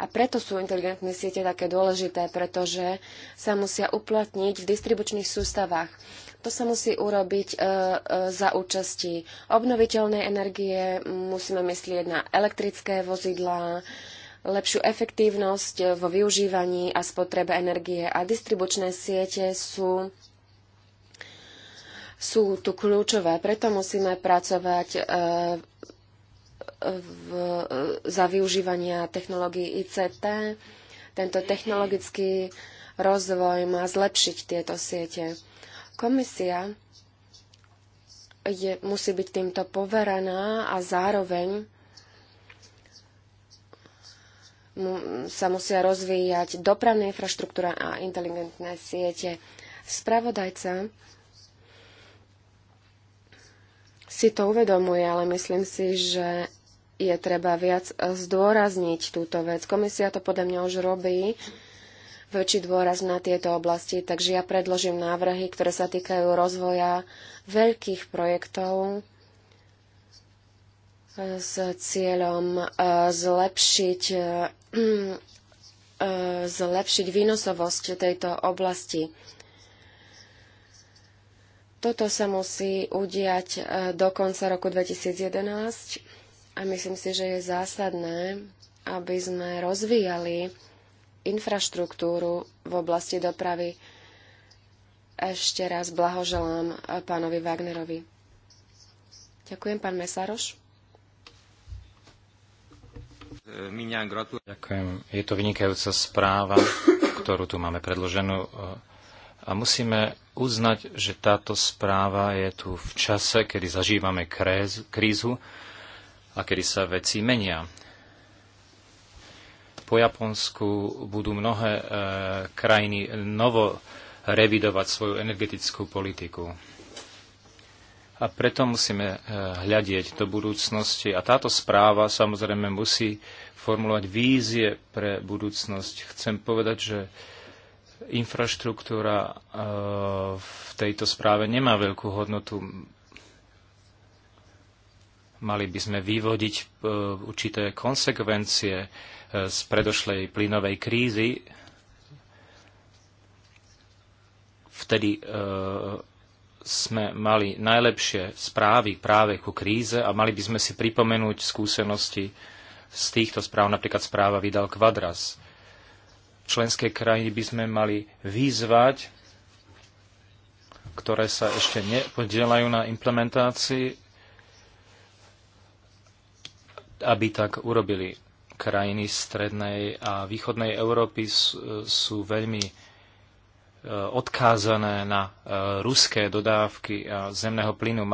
A preto sú inteligentné siete také dôležité, pretože sa musia uplatniť v distribučných sústavách. To sa musí urobiť e, e, za účasti obnoviteľnej energie, musíme myslieť na elektrické vozidlá, lepšiu efektívnosť vo využívaní a spotrebe energie a distribučné siete sú sú tu kľúčové, preto musíme pracovať e, v, za využívania technológií ICT. Tento technologický rozvoj má zlepšiť tieto siete. Komisia je, musí byť týmto poverená a zároveň sa musia rozvíjať dopravná infraštruktúra a inteligentné siete. Spravodajca si to uvedomuje, ale myslím si, že je treba viac zdôrazniť túto vec. Komisia to podľa mňa už robí väčší dôraz na tieto oblasti, takže ja predložím návrhy, ktoré sa týkajú rozvoja veľkých projektov s cieľom e, zlepšiť, e, e, zlepšiť výnosovosť tejto oblasti. Toto sa musí udiať do konca roku 2011 a myslím si, že je zásadné, aby sme rozvíjali infraštruktúru v oblasti dopravy. Ešte raz blahoželám eh, pánovi Wagnerovi. Ďakujem, pán Mesaroš. Ďakujem. Je to vynikajúca správa, ktorú tu máme predloženú. Eh, a musíme uznať, že táto správa je tu v čase, kedy zažívame krízu a kedy sa veci menia. Po Japonsku budú mnohé e, krajiny novo revidovať svoju energetickú politiku. A preto musíme e, hľadieť do budúcnosti. A táto správa samozrejme musí formulovať vízie pre budúcnosť. Chcem povedať, že infraštruktúra e, v tejto správe nemá veľkú hodnotu. Mali by sme vyvodiť e, určité konsekvencie e, z predošlej plynovej krízy. Vtedy e, sme mali najlepšie správy práve ku kríze a mali by sme si pripomenúť skúsenosti z týchto správ, napríklad správa vydal Kvadras. Členské krajiny by sme mali vyzvať, ktoré sa ešte nepodielajú na implementácii aby tak urobili. Krajiny strednej a východnej Európy sú, veľmi e, odkázané na e, ruské dodávky a zemného plynu.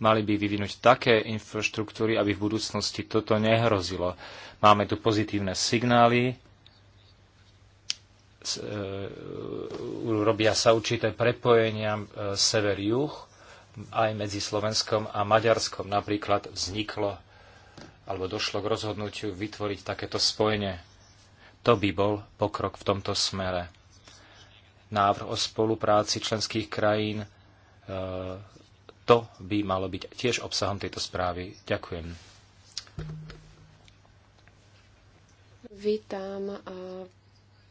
Mali by vyvinúť také infraštruktúry, aby v budúcnosti toto nehrozilo. Máme tu pozitívne signály, e, robia sa určité prepojenia sever-juh aj medzi Slovenskom a Maďarskom. Napríklad vzniklo alebo došlo k rozhodnutiu vytvoriť takéto spojenie. To by bol pokrok v tomto smere. Návrh o spolupráci členských krajín, e, to by malo byť tiež obsahom tejto správy. Ďakujem. Vítam e,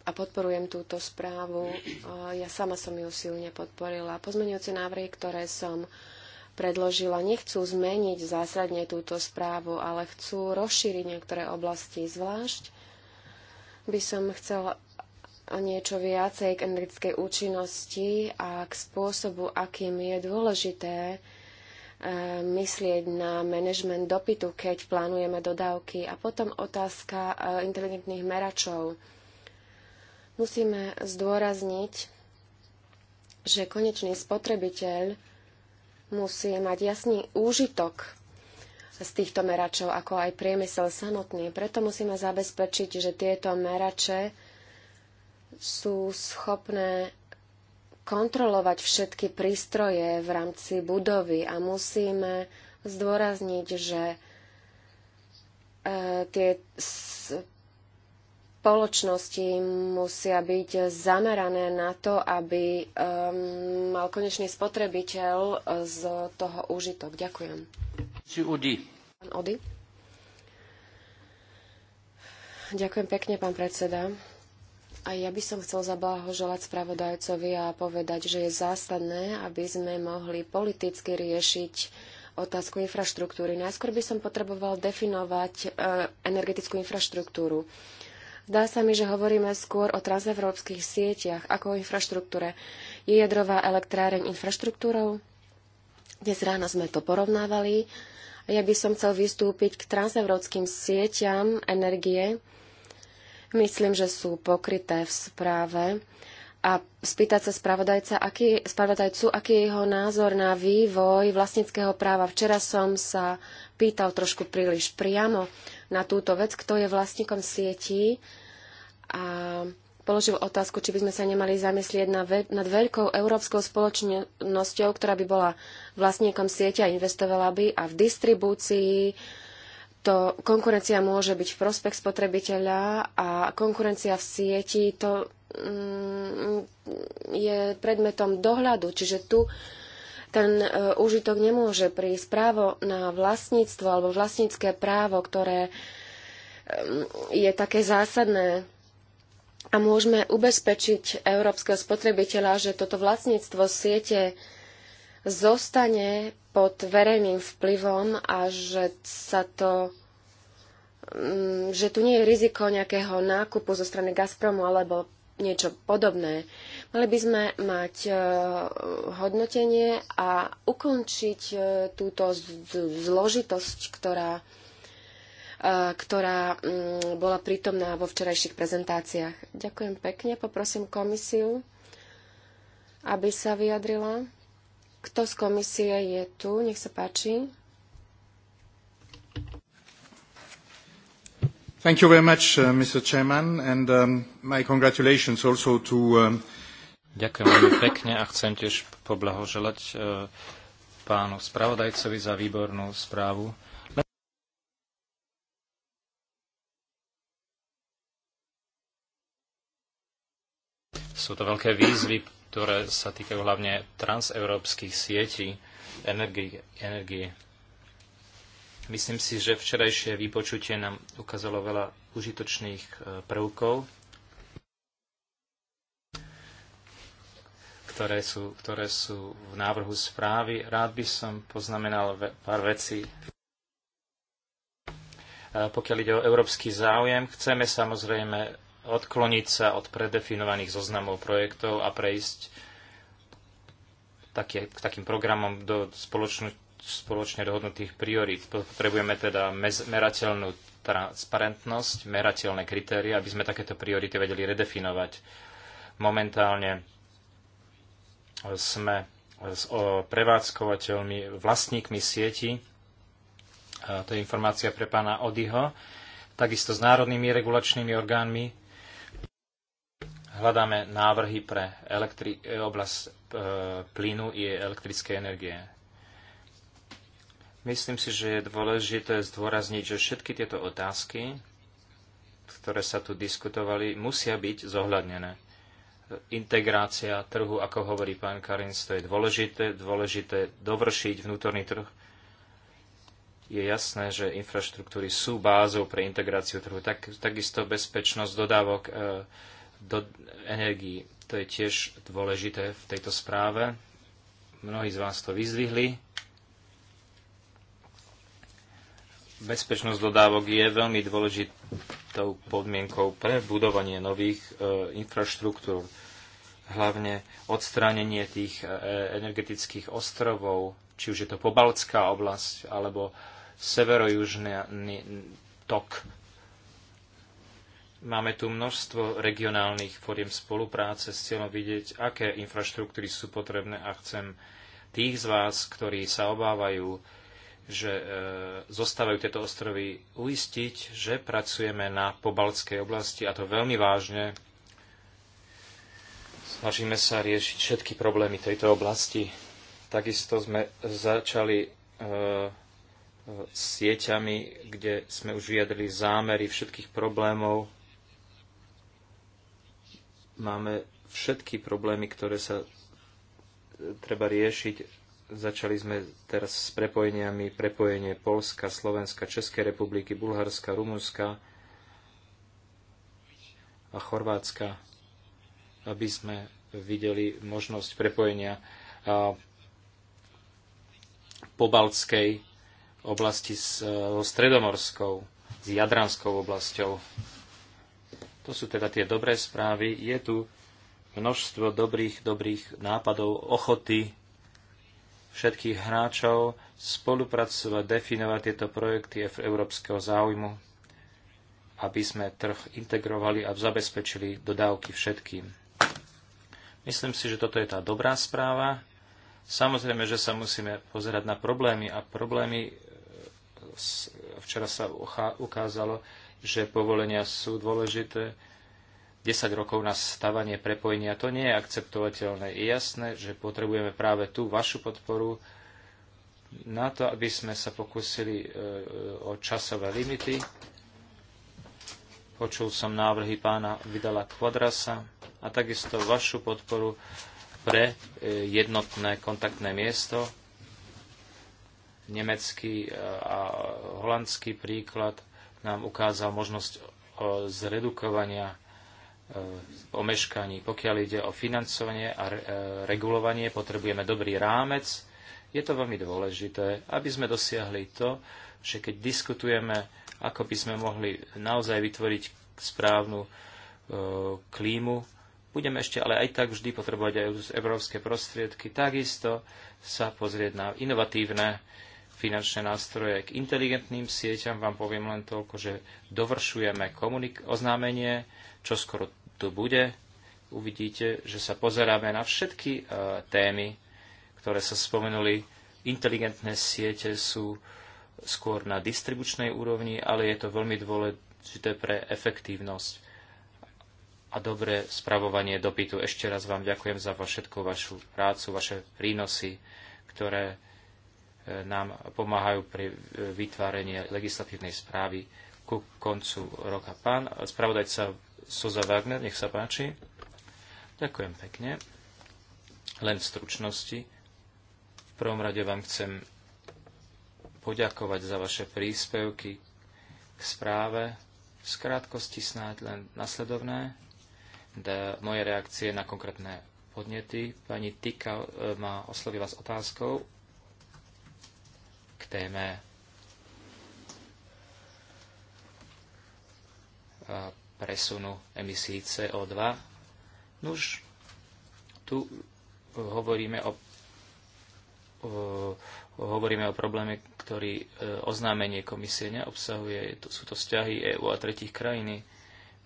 a podporujem túto správu. E, ja sama som ju silne podporila. Pozmenujúce návrhy, ktoré som predložila, nechcú zmeniť zásadne túto správu, ale chcú rozšíriť niektoré oblasti. Zvlášť by som chcela niečo viacej k energetickej účinnosti a k spôsobu, akým je dôležité eh, myslieť na manažment dopytu, keď plánujeme dodávky. A potom otázka eh, inteligentných meračov. Musíme zdôrazniť, že konečný spotrebiteľ musí mať jasný úžitok z týchto meračov, ako aj priemysel samotný. Preto musíme zabezpečiť, že tieto merače sú schopné kontrolovať všetky prístroje v rámci budovy a musíme zdôrazniť, že e, tie spoločnosti musia byť zamerané na to, aby um, mal konečný spotrebiteľ uh, z toho úžitok. Ďakujem. Udi. Pán Ďakujem pekne, pán predseda. A ja by som chcel zablahoželať spravodajcovi a povedať, že je zásadné, aby sme mohli politicky riešiť otázku infraštruktúry. Najskôr by som potreboval definovať e, energetickú infraštruktúru. E, Zdá sa mi, že hovoríme skôr o transeurópskych sieťach ako o infraštruktúre. Je jadrová elektráreň infraštruktúrou? Dnes ráno sme to porovnávali. Ja by som chcel vystúpiť k transeurópskym sieťam energie. Myslím, že sú pokryté v správe a spýtať sa spravodajca, aký, spravodajcu, aký je jeho názor na vývoj vlastnického práva. Včera som sa pýtal trošku príliš priamo na túto vec, kto je vlastníkom sietí a položil otázku, či by sme sa nemali zamyslieť nad veľkou európskou spoločnosťou, ktorá by bola vlastníkom sieťa a investovala by a v distribúcii to konkurencia môže byť v prospech spotrebiteľa a konkurencia v sieti to mm, je predmetom dohľadu. Čiže tu ten e, užitok nemôže prísť. Právo na vlastníctvo alebo vlastnícke právo, ktoré e, je také zásadné a môžeme ubezpečiť európskeho spotrebiteľa, že toto vlastníctvo siete zostane pod verejným vplyvom a že sa to že tu nie je riziko nejakého nákupu zo strany Gazpromu alebo niečo podobné. Mali by sme mať e, hodnotenie a ukončiť e, túto zložitosť, ktorá, e, ktorá mm, bola prítomná vo včerajších prezentáciách. Ďakujem pekne, poprosím komisiu, aby sa vyjadrila. Kto z komisie je tu? Nech sa páči. Thank you very much, uh, Mr. Chairman, and um, my congratulations also to... Um... Ďakujem veľmi pekne a chcem tiež poblahoželať uh, pánu spravodajcovi za výbornú správu. Sú to veľké výzvy, ktoré sa týkajú hlavne transeurópskych sietí energie. energie. Myslím si, že včerajšie vypočutie nám ukázalo veľa užitočných e, prvkov, ktoré sú, ktoré sú v návrhu správy. Rád by som poznamenal pár vecí. E, pokiaľ ide o európsky záujem, chceme samozrejme odkloniť sa od predefinovaných zoznamov projektov a prejsť k takým programom do spoločnosti spoločne dohodnutých priorít. Potrebujeme teda merateľnú transparentnosť, merateľné kritéria, aby sme takéto priority vedeli redefinovať. Momentálne sme s prevádzkovateľmi, vlastníkmi sieti, to je informácia pre pána Odyho, takisto s národnými regulačnými orgánmi. Hľadáme návrhy pre oblasť e, plynu i elektrické energie Myslím si, že je dôležité zdôrazniť, že všetky tieto otázky, ktoré sa tu diskutovali, musia byť zohľadnené. Integrácia trhu, ako hovorí pán Karins, to je dôležité, dôležité dovršiť vnútorný trh. Je jasné, že infraštruktúry sú bázou pre integráciu trhu, tak, takisto bezpečnosť dodávok e, do energií. To je tiež dôležité v tejto správe. Mnohí z vás to vyzvihli. Bezpečnosť dodávok je veľmi dôležitou podmienkou pre budovanie nových e, infraštruktúr, hlavne odstránenie tých e, energetických ostrovov, či už je to pobaltská oblasť alebo severojužný tok. Máme tu množstvo regionálnych foriem spolupráce s cieľom vidieť, aké infraštruktúry sú potrebné a chcem tých z vás, ktorí sa obávajú, že e, zostávajú tieto ostrovy, uistiť, že pracujeme na pobaltskej oblasti a to veľmi vážne. Snažíme sa riešiť všetky problémy tejto oblasti. Takisto sme začali e, s e, sieťami, kde sme už vyjadrili zámery všetkých problémov. Máme všetky problémy, ktoré sa e, treba riešiť Začali sme teraz s prepojeniami, prepojenie Polska, Slovenska, Českej republiky, Bulharska, Rumunska a Chorvátska, aby sme videli možnosť prepojenia pobaltskej oblasti s e, stredomorskou, s jadranskou oblasťou. To sú teda tie dobré správy. Je tu množstvo dobrých, dobrých nápadov, ochoty všetkých hráčov, spolupracovať, definovať tieto projekty európskeho záujmu, aby sme trh integrovali a zabezpečili dodávky všetkým. Myslím si, že toto je tá dobrá správa. Samozrejme, že sa musíme pozerať na problémy a problémy e, včera sa ukázalo, že povolenia sú dôležité 10 rokov na stavanie prepojenia. To nie je akceptovateľné. Je jasné, že potrebujeme práve tú vašu podporu na to, aby sme sa pokúsili e, e, o časové limity. Počul som návrhy pána Vidala Kvadrasa a takisto vašu podporu pre e, jednotné kontaktné miesto. Nemecký a holandský príklad nám ukázal možnosť zredukovania Eh, omeškaní. Pokiaľ ide o financovanie a eh, regulovanie, potrebujeme dobrý rámec. Je to veľmi dôležité, aby sme dosiahli to, že keď diskutujeme, ako by sme mohli naozaj vytvoriť správnu eh, klímu, budeme ešte ale aj tak vždy potrebovať aj európske prostriedky, takisto sa pozrieť na inovatívne finančné nástroje k inteligentným sieťam. Vám poviem len toľko, že dovršujeme oznámenie čo skoro tu bude. Uvidíte, že sa pozeráme na všetky e, témy, ktoré sa spomenuli. Inteligentné siete sú skôr na distribučnej úrovni, ale je to veľmi dôležité pre efektívnosť a dobré spravovanie dopytu. Ešte raz vám ďakujem za všetku vašu prácu, vaše prínosy, ktoré e, nám pomáhajú pri e, vytvárení legislatívnej správy ku koncu roka. Pán spravodajca Soza Wagner, nech sa páči. Ďakujem pekne. Len v stručnosti. V prvom rade vám chcem poďakovať za vaše príspevky k správe. V skrátkosti snáď len nasledovné. Da moje reakcie na konkrétne podnety. Pani Tika e, ma oslovila s otázkou k téme e, presunu emisí CO2. Nuž, tu uh, hovoríme o, o uh, hovoríme o probléme, ktorý uh, oznámenie komisie neobsahuje. Sú to vzťahy EÚ a tretich krajiny.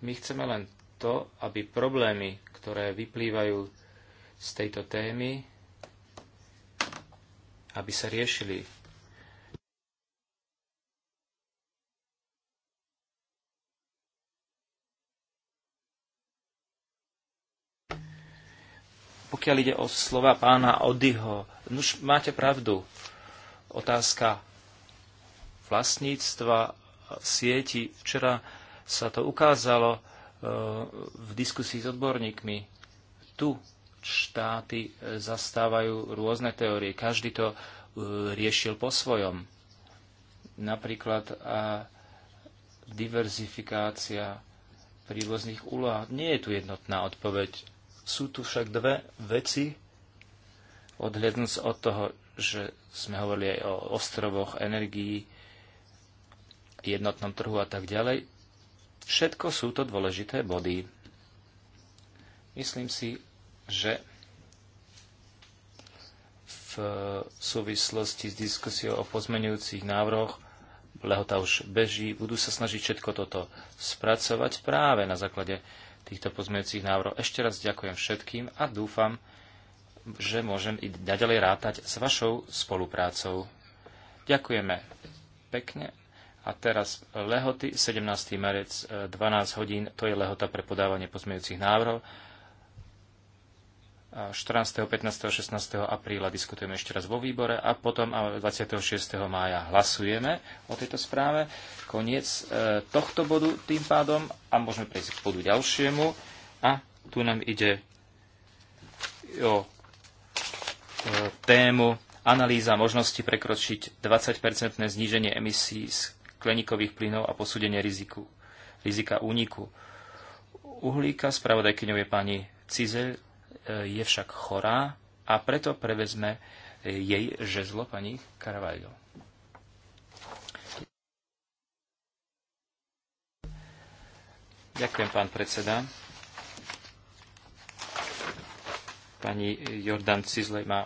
My chceme len to, aby problémy, ktoré vyplývajú z tejto témy, aby sa riešili Pokiaľ ide o slova pána Odyho, už máte pravdu. Otázka vlastníctva sieti. Včera sa to ukázalo e, v diskusii s odborníkmi. Tu štáty e, zastávajú rôzne teórie. Každý to e, riešil po svojom. Napríklad a diverzifikácia pri rôznych úlohách. Nie je tu jednotná odpoveď sú tu však dve veci, odhľadnúc od toho, že sme hovorili aj o ostrovoch, energii, jednotnom trhu a tak ďalej. Všetko sú to dôležité body. Myslím si, že v súvislosti s diskusiou o pozmenujúcich návrhoch lehota už beží, budú sa snažiť všetko toto spracovať práve na základe týchto pozmeňujúcich návrhov. Ešte raz ďakujem všetkým a dúfam, že môžem i ďalej rátať s vašou spoluprácou. Ďakujeme pekne. A teraz lehoty 17. marec 12 hodín, to je lehota pre podávanie pozmeňujúcich návrhov. 14., 15., 16. apríla diskutujeme ešte raz vo výbore a potom 26. mája hlasujeme o tejto správe. Koniec e, tohto bodu tým pádom a môžeme prejsť k bodu ďalšiemu. A tu nám ide o e, tému analýza možnosti prekročiť 20-percentné zníženie emisí skleníkových plynov a posúdenie riziku, rizika úniku uhlíka. Spravodajkyňou je pani Cizel je však chorá a preto prevezme jej žezlo pani Carvalho. Ďakujem, pán predseda. Pani Jordan Cizlej ma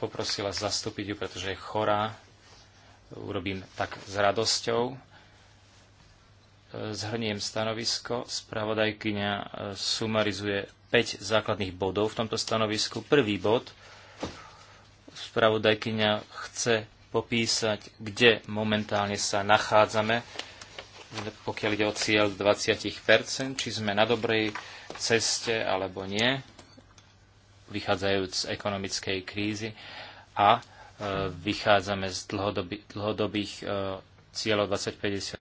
poprosila zastúpiť ju, pretože je chorá. Urobím tak s radosťou. Zhrniem stanovisko. Spravodajkyňa e, sumarizuje 5 základných bodov v tomto stanovisku. Prvý bod. Spravodajkyňa chce popísať, kde momentálne sa nachádzame, pokiaľ ide o cieľ 20%, či sme na dobrej ceste alebo nie, vychádzajúc z ekonomickej krízy a e, vychádzame z dlhodobých e, cieľov 2050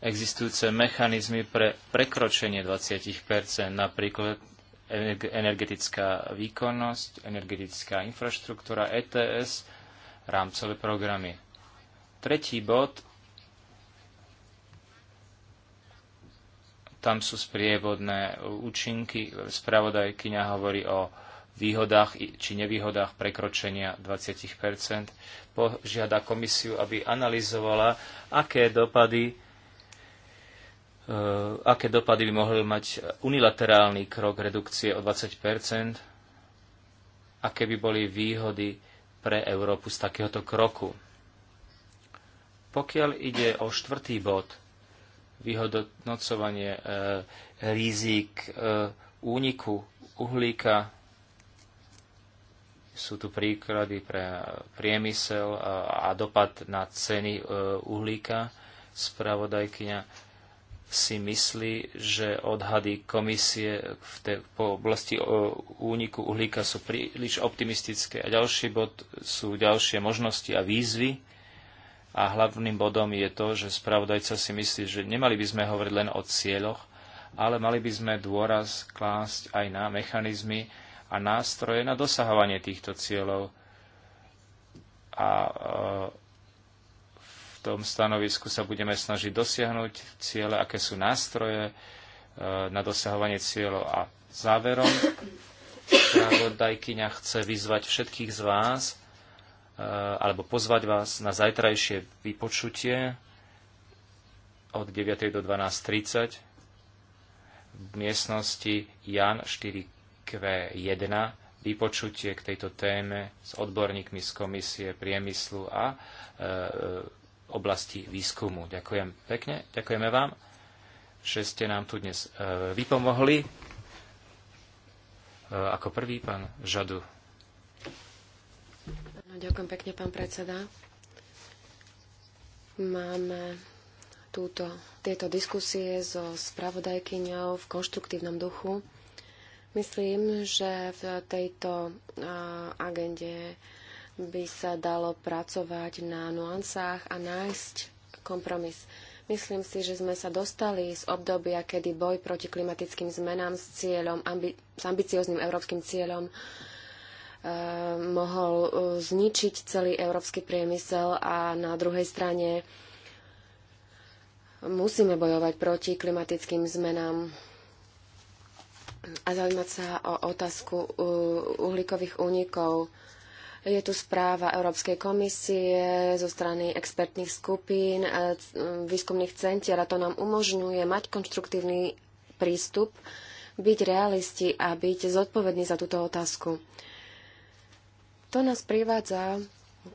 existujúce mechanizmy pre prekročenie 20 napríklad energetická výkonnosť, energetická infraštruktúra, ETS, rámcové programy. Tretí bod, tam sú sprievodné účinky. Spravodajkyňa hovorí o výhodách či nevýhodách prekročenia 20 Požiada komisiu, aby analyzovala, aké dopady Eh, aké dopady by mohol mať unilaterálny krok redukcie o 20 aké by boli výhody pre Európu z takéhoto kroku. Pokiaľ ide o štvrtý bod, vyhodnocovanie e, rizik e, úniku uhlíka, sú tu príklady pre priemysel a, a dopad na ceny e, uhlíka. Spravodajkyňa si myslí, že odhady komisie v tej, po oblasti úniku uhlíka sú príliš optimistické. A ďalší bod sú ďalšie možnosti a výzvy. A hlavným bodom je to, že spravodajca si myslí, že nemali by sme hovoriť len o cieľoch, ale mali by sme dôraz klásť aj na mechanizmy a nástroje na dosahovanie týchto cieľov. A e, tom stanovisku sa budeme snažiť dosiahnuť ciele, aké sú nástroje e, na dosahovanie cieľov a záverom. Pravodajkyňa chce vyzvať všetkých z vás, e, alebo pozvať vás na zajtrajšie vypočutie od 9. do 12.30 v miestnosti Jan 4Q1 vypočutie k tejto téme s odborníkmi z Komisie priemyslu a e, oblasti výskumu. Ďakujem pekne, ďakujeme vám, že ste nám tu dnes e, vypomohli. E, ako prvý pán Žadu. No, ďakujem pekne, pán predseda. Máme túto, tieto diskusie so spravodajkyňou v konštruktívnom duchu. Myslím, že v tejto agende by sa dalo pracovať na nuansách a nájsť kompromis. Myslím si, že sme sa dostali z obdobia, kedy boj proti klimatickým zmenám s, cieľom, ambi- s ambiciozným európskym cieľom e, mohol e, zničiť celý európsky priemysel a na druhej strane musíme bojovať proti klimatickým zmenám a zaujímať sa o otázku e, uhlíkových únikov. Je tu správa Európskej komisie zo strany expertných skupín, e, e, výskumných centier a to nám umožňuje mať konštruktívny prístup, byť realisti a byť zodpovední za túto otázku. To nás privádza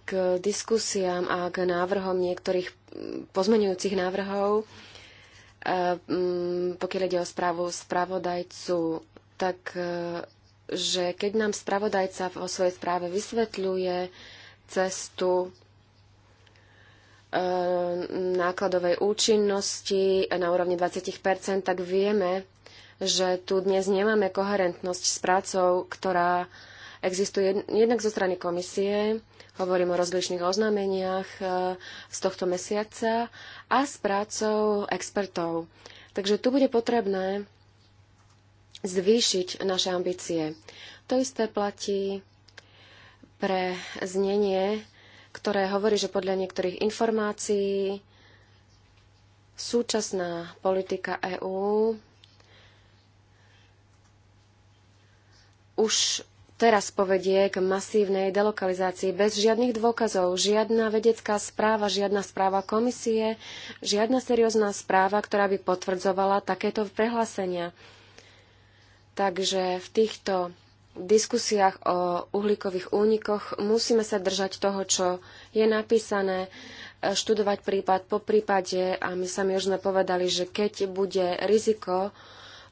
k diskusiám a k návrhom niektorých pozmenujúcich návrhov, e, pokiaľ ide o správu spravodajcu, tak že keď nám spravodajca vo svojej správe vysvetľuje cestu e, nákladovej účinnosti na úrovni 20%, tak vieme, že tu dnes nemáme koherentnosť s prácou, ktorá existuje jednak zo strany komisie, hovorím o rozličných oznámeniach e, z tohto mesiaca, a s prácou expertov. Takže tu bude potrebné zvýšiť naše ambície. To isté platí pre znenie, ktoré hovorí, že podľa niektorých informácií súčasná politika EÚ už teraz povedie k masívnej delokalizácii bez žiadnych dôkazov, žiadna vedecká správa, žiadna správa komisie, žiadna seriózna správa, ktorá by potvrdzovala takéto prehlásenia. Takže v týchto diskusiách o uhlíkových únikoch musíme sa držať toho, čo je napísané, e, študovať prípad po prípade a my sami už sme povedali, že keď bude riziko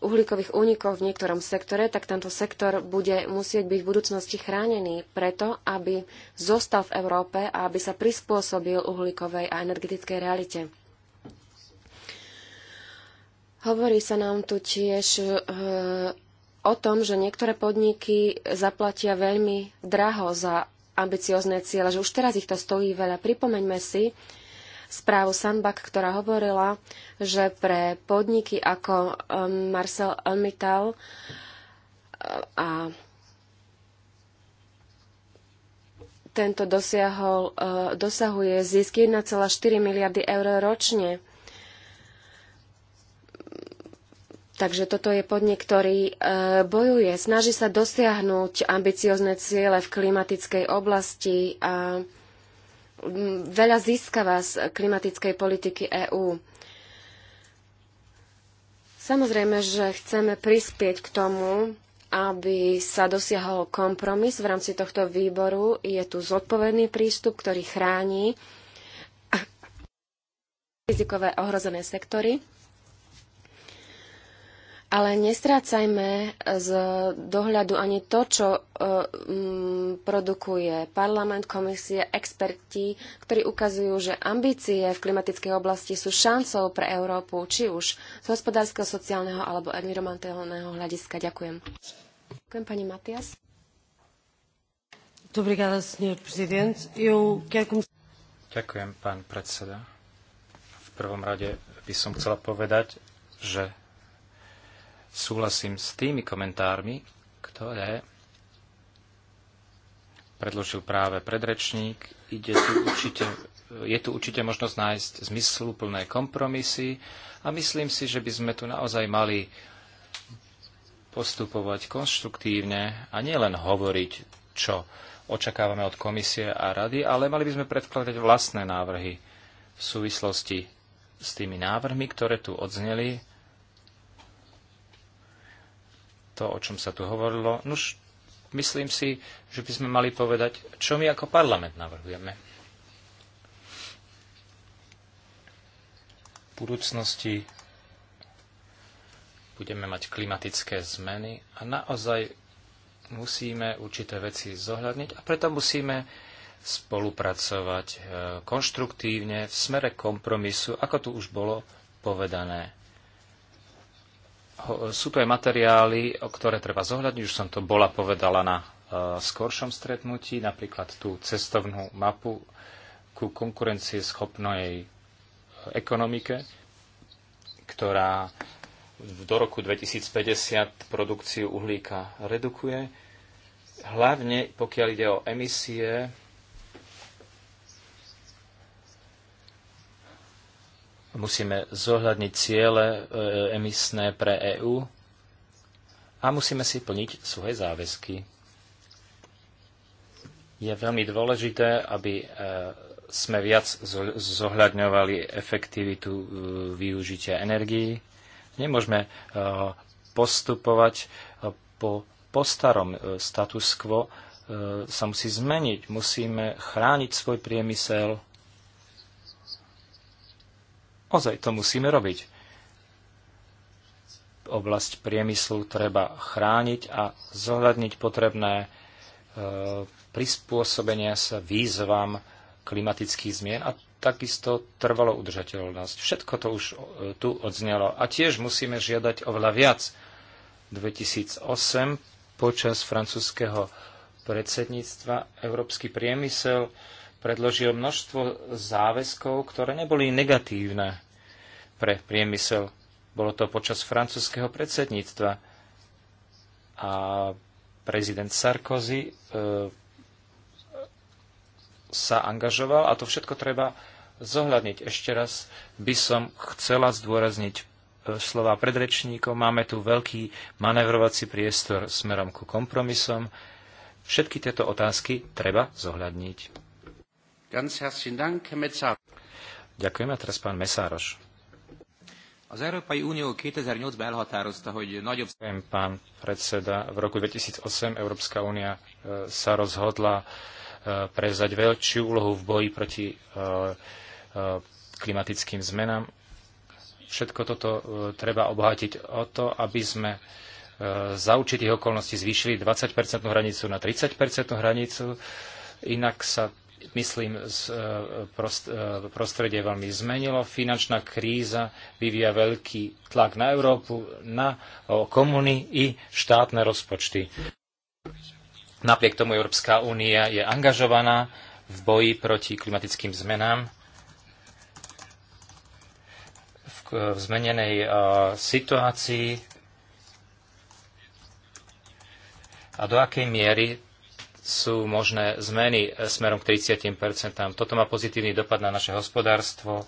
uhlíkových únikov v niektorom sektore, tak tento sektor bude musieť byť v budúcnosti chránený preto, aby zostal v Európe a aby sa prispôsobil uhlíkovej a energetickej realite. Hovorí sa nám tu tiež e, o tom, že niektoré podniky zaplatia veľmi draho za ambiciozne ciele, že už teraz ich to stojí veľa. Pripomeňme si správu Sandbach, ktorá hovorila, že pre podniky ako um, Marcel Elmital uh, a tento dosiahol, uh, dosahuje zisk 1,4 miliardy eur ročne. Takže toto je podnik, ktorý e, bojuje, snaží sa dosiahnuť ambiciozne ciele v klimatickej oblasti a veľa získava z klimatickej politiky EÚ. Samozrejme, že chceme prispieť k tomu, aby sa dosiahol kompromis v rámci tohto výboru. Je tu zodpovedný prístup, ktorý chráni rizikové ohrozené sektory ale nestrácajme e, z dohľadu ani to, čo e, produkuje parlament, komisia, experti, ktorí ukazujú, že ambície v klimatickej oblasti sú šancou pre Európu, či už z hospodárskeho, sociálneho alebo environmentálneho hľadiska. Ďakujem. Ďakujem pani Matias. Ďakujem, pán predseda. V prvom rade by som chcela povedať, že súhlasím s tými komentármi, ktoré predložil práve predrečník. Ide tu určite, je tu určite možnosť nájsť zmysluplné kompromisy a myslím si, že by sme tu naozaj mali postupovať konštruktívne a nielen hovoriť, čo očakávame od komisie a rady, ale mali by sme predkladať vlastné návrhy v súvislosti s tými návrhmi, ktoré tu odzneli to, o čom sa tu hovorilo. Nuž, myslím si, že by sme mali povedať, čo my ako parlament navrhujeme. V budúcnosti budeme mať klimatické zmeny a naozaj musíme určité veci zohľadniť a preto musíme spolupracovať e, konštruktívne v smere kompromisu, ako tu už bolo povedané. E, sú to aj materiály, o ktoré treba zohľadniť, už som to bola povedala na e, skoršom stretnutí, napríklad tú cestovnú mapu ku schopnej e, ekonomike, ktorá do roku 2050 produkciu uhlíka redukuje, hlavne pokiaľ ide o emisie Musíme zohľadniť ciele e, emisné pre EÚ a musíme si plniť svoje záväzky. Je veľmi dôležité, aby e, sme viac zohľadňovali efektivitu e, využitia energií. Nemôžeme postupovať po, postarom status quo, sa musí zmeniť. Musíme chrániť svoj priemysel, Ozaj to musíme robiť. Oblasť priemyslu treba chrániť a zohľadniť potrebné e, prispôsobenia sa výzvam klimatických zmien a takisto trvalo udržateľnosť. Všetko to už e, tu odznelo. A tiež musíme žiadať oveľa viac. 2008 počas francúzského predsedníctva európsky priemysel predložil množstvo záväzkov, ktoré neboli negatívne pre priemysel. Bolo to počas francúzského predsedníctva. A prezident Sarkozy e, sa angažoval a to všetko treba zohľadniť. Ešte raz by som chcela zdôrazniť e, slova predrečníkov. Máme tu veľký manevrovací priestor smerom ku kompromisom. Všetky tieto otázky treba zohľadniť. Ganz herzlichen Dank, Herr Metzar. Ďakujem a teraz pán Mesároš. Az Európai Unió 2008-ban elhatározta, hogy nagyobb... Pán predseda, v roku 2008 Európska únia e, sa rozhodla e, prevzať veľšiu úlohu v boji proti e, klimatickým zmenám. Všetko toto treba obohatiť o to, aby sme za určitých okolností zvýšili 20-percentnú hranicu na 30-percentnú hranicu, inak sa myslím, e, e, prostredie veľmi zmenilo. Finančná kríza vyvíja veľký tlak na Európu, na komuny i štátne rozpočty. Napriek tomu Európska únia je angažovaná v boji proti klimatickým zmenám. V e, zmenenej situácii a do akej miery sú možné zmeny eh, smerom k 30%. Toto má pozitívny dopad na naše hospodárstvo.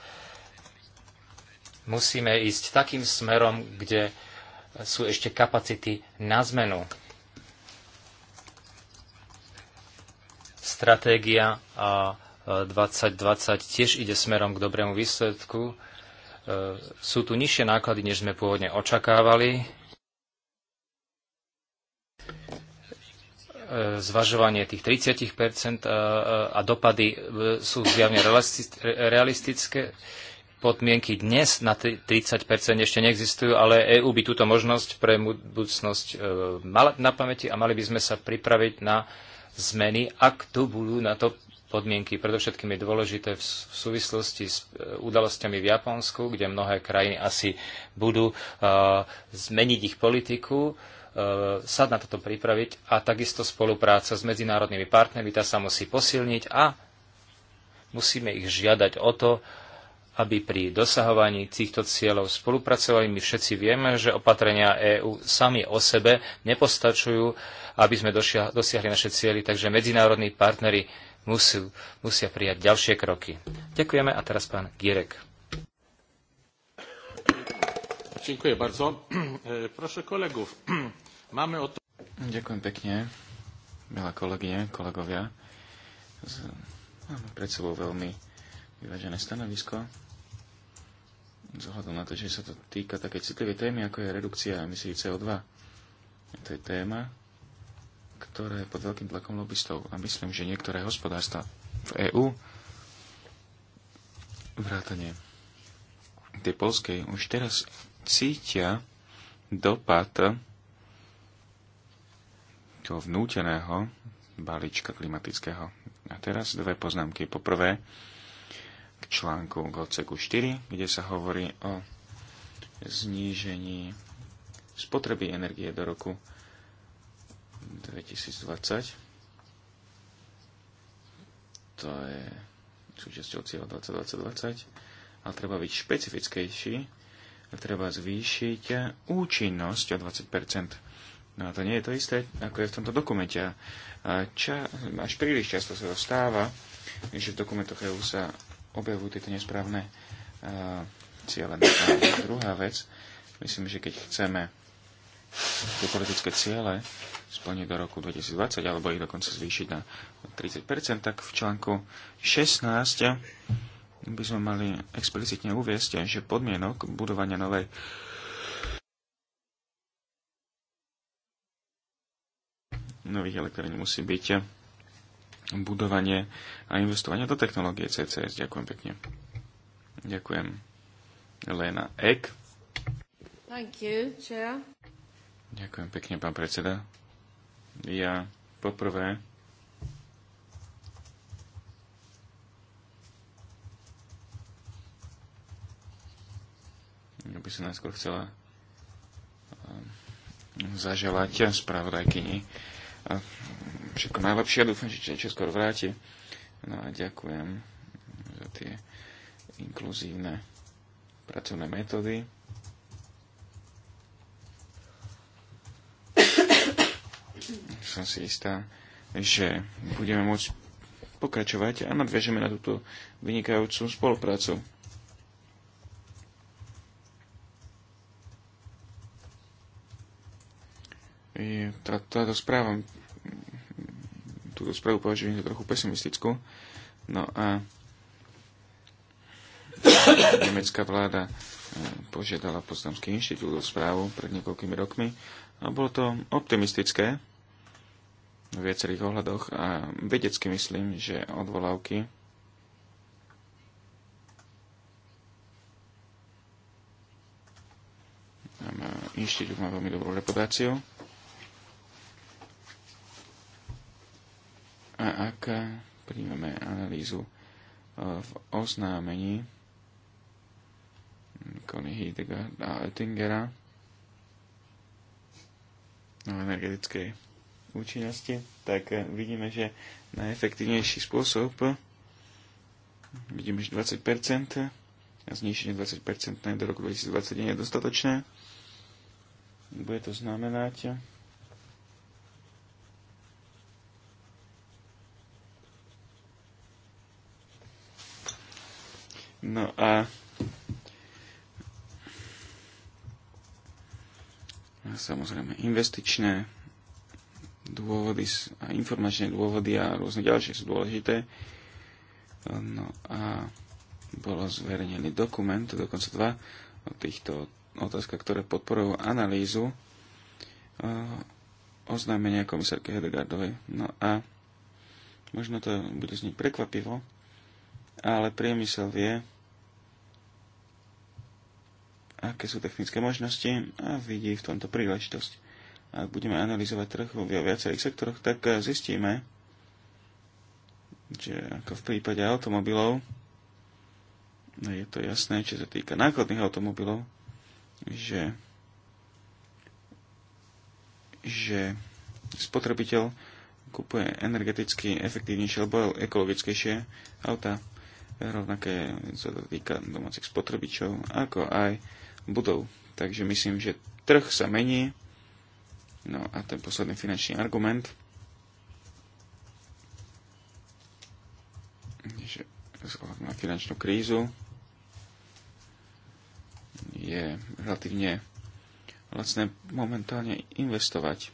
Musíme ísť takým smerom, kde sú ešte kapacity na zmenu. Stratégia 2020 eh, tiež ide smerom k dobrému výsledku. Eh, sú tu nižšie náklady, než sme pôvodne očakávali E, zvažovanie tých 30 e, e, a dopady sú zjavne realistické. Podmienky dnes na 30 ešte neexistujú, ale EÚ by túto možnosť pre budúcnosť mala na pamäti a mali by sme sa pripraviť na zmeny, ak tu budú na to podmienky. Predovšetkým je dôležité v súvislosti s udalosťami v Japonsku, kde mnohé krajiny asi budú zmeniť ich politiku E, sa na toto pripraviť a takisto spolupráca s medzinárodnými partnermi, tá sa musí posilniť a musíme ich žiadať o to, aby pri dosahovaní týchto cieľov spolupracovali. My všetci vieme, že opatrenia EÚ sami o sebe nepostačujú, aby sme dosiahli naše cieľy, takže medzinárodní partnery musia prijať ďalšie kroky. Ďakujeme a teraz pán Girek. E, Ďakujem pekne, milá kolegyne, kolegovia. Z... Máme pred sebou veľmi vyvážené stanovisko. Zohľadom na to, že sa to týka také citlivej témy, ako je redukcia emisí CO2. To je téma, ktorá je pod veľkým tlakom lobbystov. A myslím, že niektoré hospodárstva v EÚ vrátane tej Polskej už teraz cítia dopad toho vnúteného balíčka klimatického. A teraz dve poznámky. Poprvé k článku k odseku 4, kde sa hovorí o znížení spotreby energie do roku 2020. To je súčasťou cieľa 2020, ale treba byť špecifickejší treba zvýšiť účinnosť o 20 No a to nie je to isté, ako je v tomto dokumente. Ča, až príliš často sa to stáva, že v dokumentoch EU sa objavujú tieto nesprávne uh, ciele. No a druhá vec, myslím, že keď chceme tie politické ciele splniť do roku 2020 alebo ich dokonca zvýšiť na 30%, tak v článku 16 by sme mali explicitne uviesť, že podmienok budovania novej nových elektrární musí byť budovanie a investovanie do technológie CCS. Ďakujem pekne. Ďakujem. Lena Ek. Thank you, chair. Ďakujem pekne, pán predseda. Ja poprvé Ja by som najskôr chcela um, zaželať spravodajkyni uh, všetko najlepšie a dúfam, že čoskoro vráti. No a ďakujem za tie inkluzívne pracovné metódy. Som si istá, že budeme môcť pokračovať a nadviažeme na túto vynikajúcu spoluprácu. táto správa, túto správu považujem za trochu pesimistickú. No a nemecká vláda e, požiadala Potsdamský inštitút o správu pred niekoľkými rokmi a bolo to optimistické v viacerých ohľadoch a vedecky myslím, že odvolávky e, inštitút má veľmi dobrú reputáciu A ak príjmeme analýzu e, v oznámení Connie a e, Oettingera o energetickej účinnosti, tak vidíme, že najefektívnejší spôsob vidíme, že 20% a znišenie 20% do roku 2021 je dostatočné. Bude to znamenáť. No a samozrejme investičné dôvody a informačné dôvody a rôzne ďalšie sú dôležité. No a bolo zverejnený dokument, dokonca dva o týchto otázkach, ktoré podporujú analýzu e, oznámenia komisárky Hedegardovej. No a možno to bude znieť prekvapivo, ale priemysel vie, aké sú technické možnosti a vidí v tomto príležitosť. Ak budeme analyzovať trh v viacerých sektoroch, tak eh, zistíme, že ako v prípade automobilov, je to jasné, čo sa týka nákladných automobilov, že, že spotrebiteľ kupuje energeticky efektívnejšie alebo ekologickejšie auta. Rovnaké sa to týka domácich spotrebičov, ako aj budov. Takže myslím, že trh sa mení. No a ten posledný finančný argument, že na finančnú krízu je relatívne lacné momentálne investovať.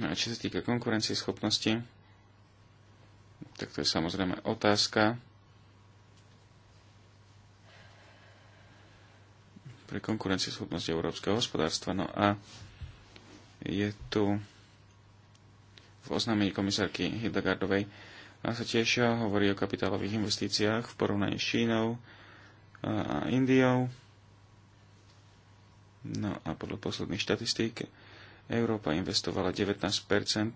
No a čo sa týka schopnosti, tak to je samozrejme otázka pre konkurencieschopnosť európskeho hospodárstva. No a je tu v oznámení komisárky Hildegardovej a sa tiež hovorí o kapitálových investíciách v porovnaní s Čínou a Indiou. No a podľa posledných štatistík Európa investovala 19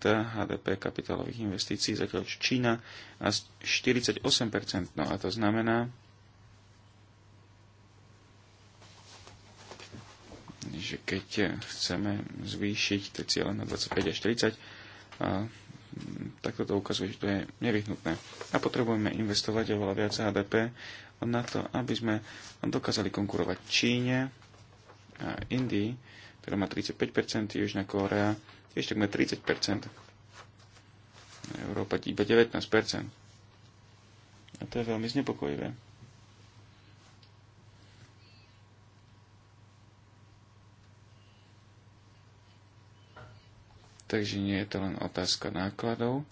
HDP kapitálových investícií, zatiaľ Čína a 48 No a to znamená, že keď chceme zvýšiť tie cieľe na 25 až 40, a, tak toto ukazuje, že to je nevyhnutné. A potrebujeme investovať oveľa viac HDP na to, aby sme dokázali konkurovať Číne a Indii, ktorá má 35%, Južná Kórea tiež takmer 30%, Európa iba 19%. A to je veľmi znepokojivé. Takže nie je to len otázka nákladov,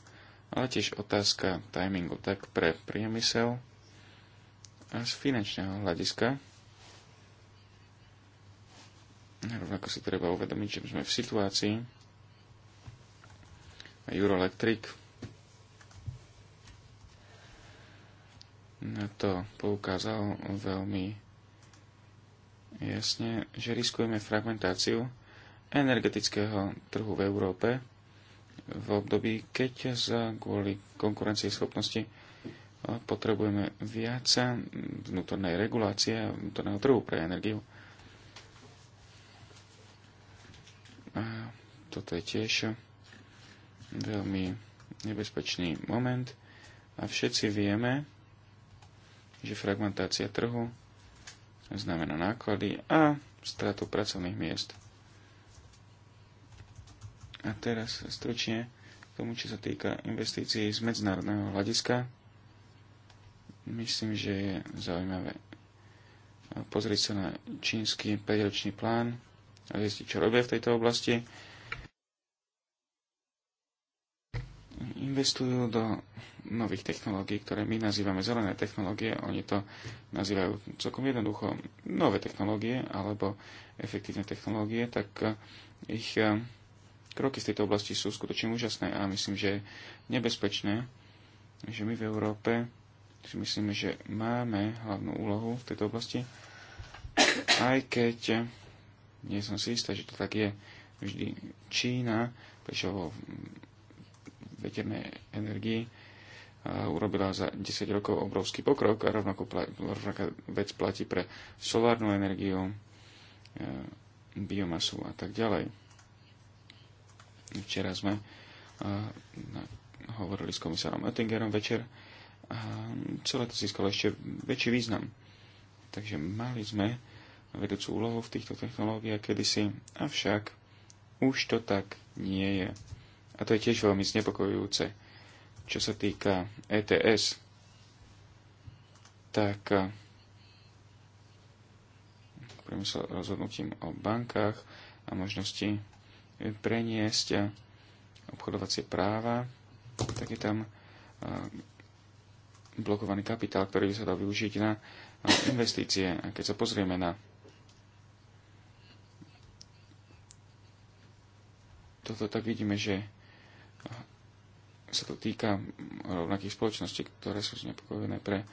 ale tiež otázka timingu tak pre priemysel a z finančného hľadiska. Rovnako si treba uvedomiť, že sme v situácii a Euroelectric na to poukázal veľmi jasne, že riskujeme fragmentáciu energetického trhu v Európe v období, keď za kvôli konkurencie schopnosti eh, potrebujeme viac vnútornej regulácie vnútorného trhu pre energiu. Toto je tiež veľmi nebezpečný moment a všetci vieme, že fragmentácia trhu znamená náklady a stratu pracovných miest. A teraz stručne k tomu, čo sa týka investícií z medzinárodného hľadiska. Myslím, že je zaujímavé pozrieť sa na čínsky 5-ročný plán a zistiť, čo robia v tejto oblasti. investujú do nových technológií, ktoré my nazývame zelené technológie. Oni to nazývajú celkom jednoducho nové technológie alebo efektívne technológie, tak eh, ich eh, kroky z tejto oblasti sú skutočne úžasné a myslím, že je nebezpečné, že my v Európe si myslíme, že máme hlavnú úlohu v tejto oblasti, aj keď nie som si istá, že to tak je. Vždy Čína prečo vo veternej energii urobila za 10 rokov obrovský pokrok a rovnako, rovnaká vec platí pre solárnu energiu, e, biomasu a tak ďalej. Včera sme e, hovorili s komisárom Oettingerom večer a celé to získalo ešte väčší význam. Takže mali sme vedúcu úlohu v týchto technológiách kedysi, avšak už to tak nie je a to je tiež veľmi znepokojujúce. Čo sa týka ETS, tak eh, sa rozhodnutím o bankách a možnosti preniesť eh, obchodovacie práva, tak je tam eh, blokovaný kapitál, ktorý by sa dal využiť na investície. A keď sa pozrieme na toto, tak vidíme, že sa to týka rovnakých spoločností, ktoré sú znepokojené pre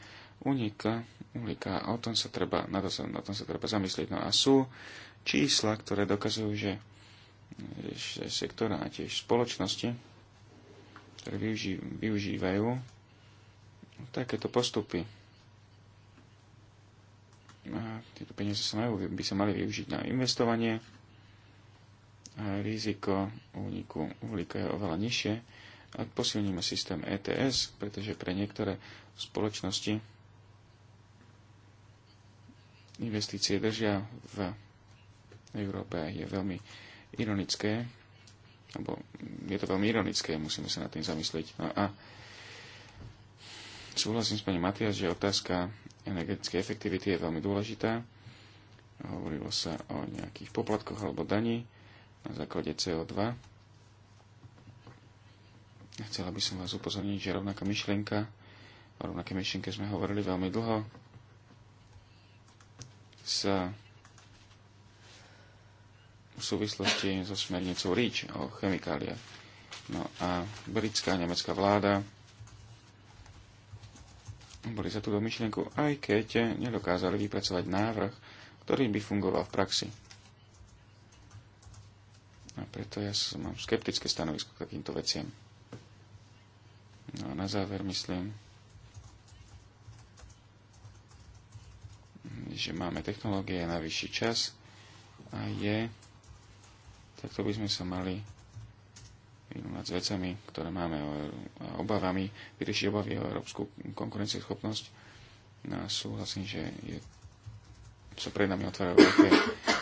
unika, uhlíka. O tom sa treba, na to sa, na tom sa treba zamyslieť. No a sú čísla, ktoré dokazujú, že, že sektor a tiež spoločnosti, ktoré využí, využívajú takéto postupy, a tieto peniaze sa majú, by sa mali využiť na investovanie a riziko úniku uhlíka je oveľa nižšie, ak posilníme systém ETS, pretože pre niektoré spoločnosti investície držia v Európe je veľmi ironické, alebo je to veľmi ironické, musíme sa nad tým zamyslieť. No a súhlasím s pani Matias, že otázka energetickej efektivity je veľmi dôležitá. Hovorilo sa o nejakých poplatkoch alebo daní na základe CO2 Chcela by som vás upozorniť, že rovnaká myšlienka, o rovnaké myšlienke sme hovorili veľmi dlho sa v súvislosti so smernicou REACH o chemikáliách. No a britská a nemecká vláda boli za túto myšlienku, aj keď nedokázali vypracovať návrh, ktorý by fungoval v praxi. A preto ja som, mám skeptické stanovisko k takýmto veciam. No a na záver myslím, že máme technológie na vyšší čas a je, takto by sme sa mali vyrovnať s vecami, ktoré máme a obavami, vyriešiť obavy o európsku konkurencieschopnosť. No a súhlasím, že je, sa pred nami otvárajú veľké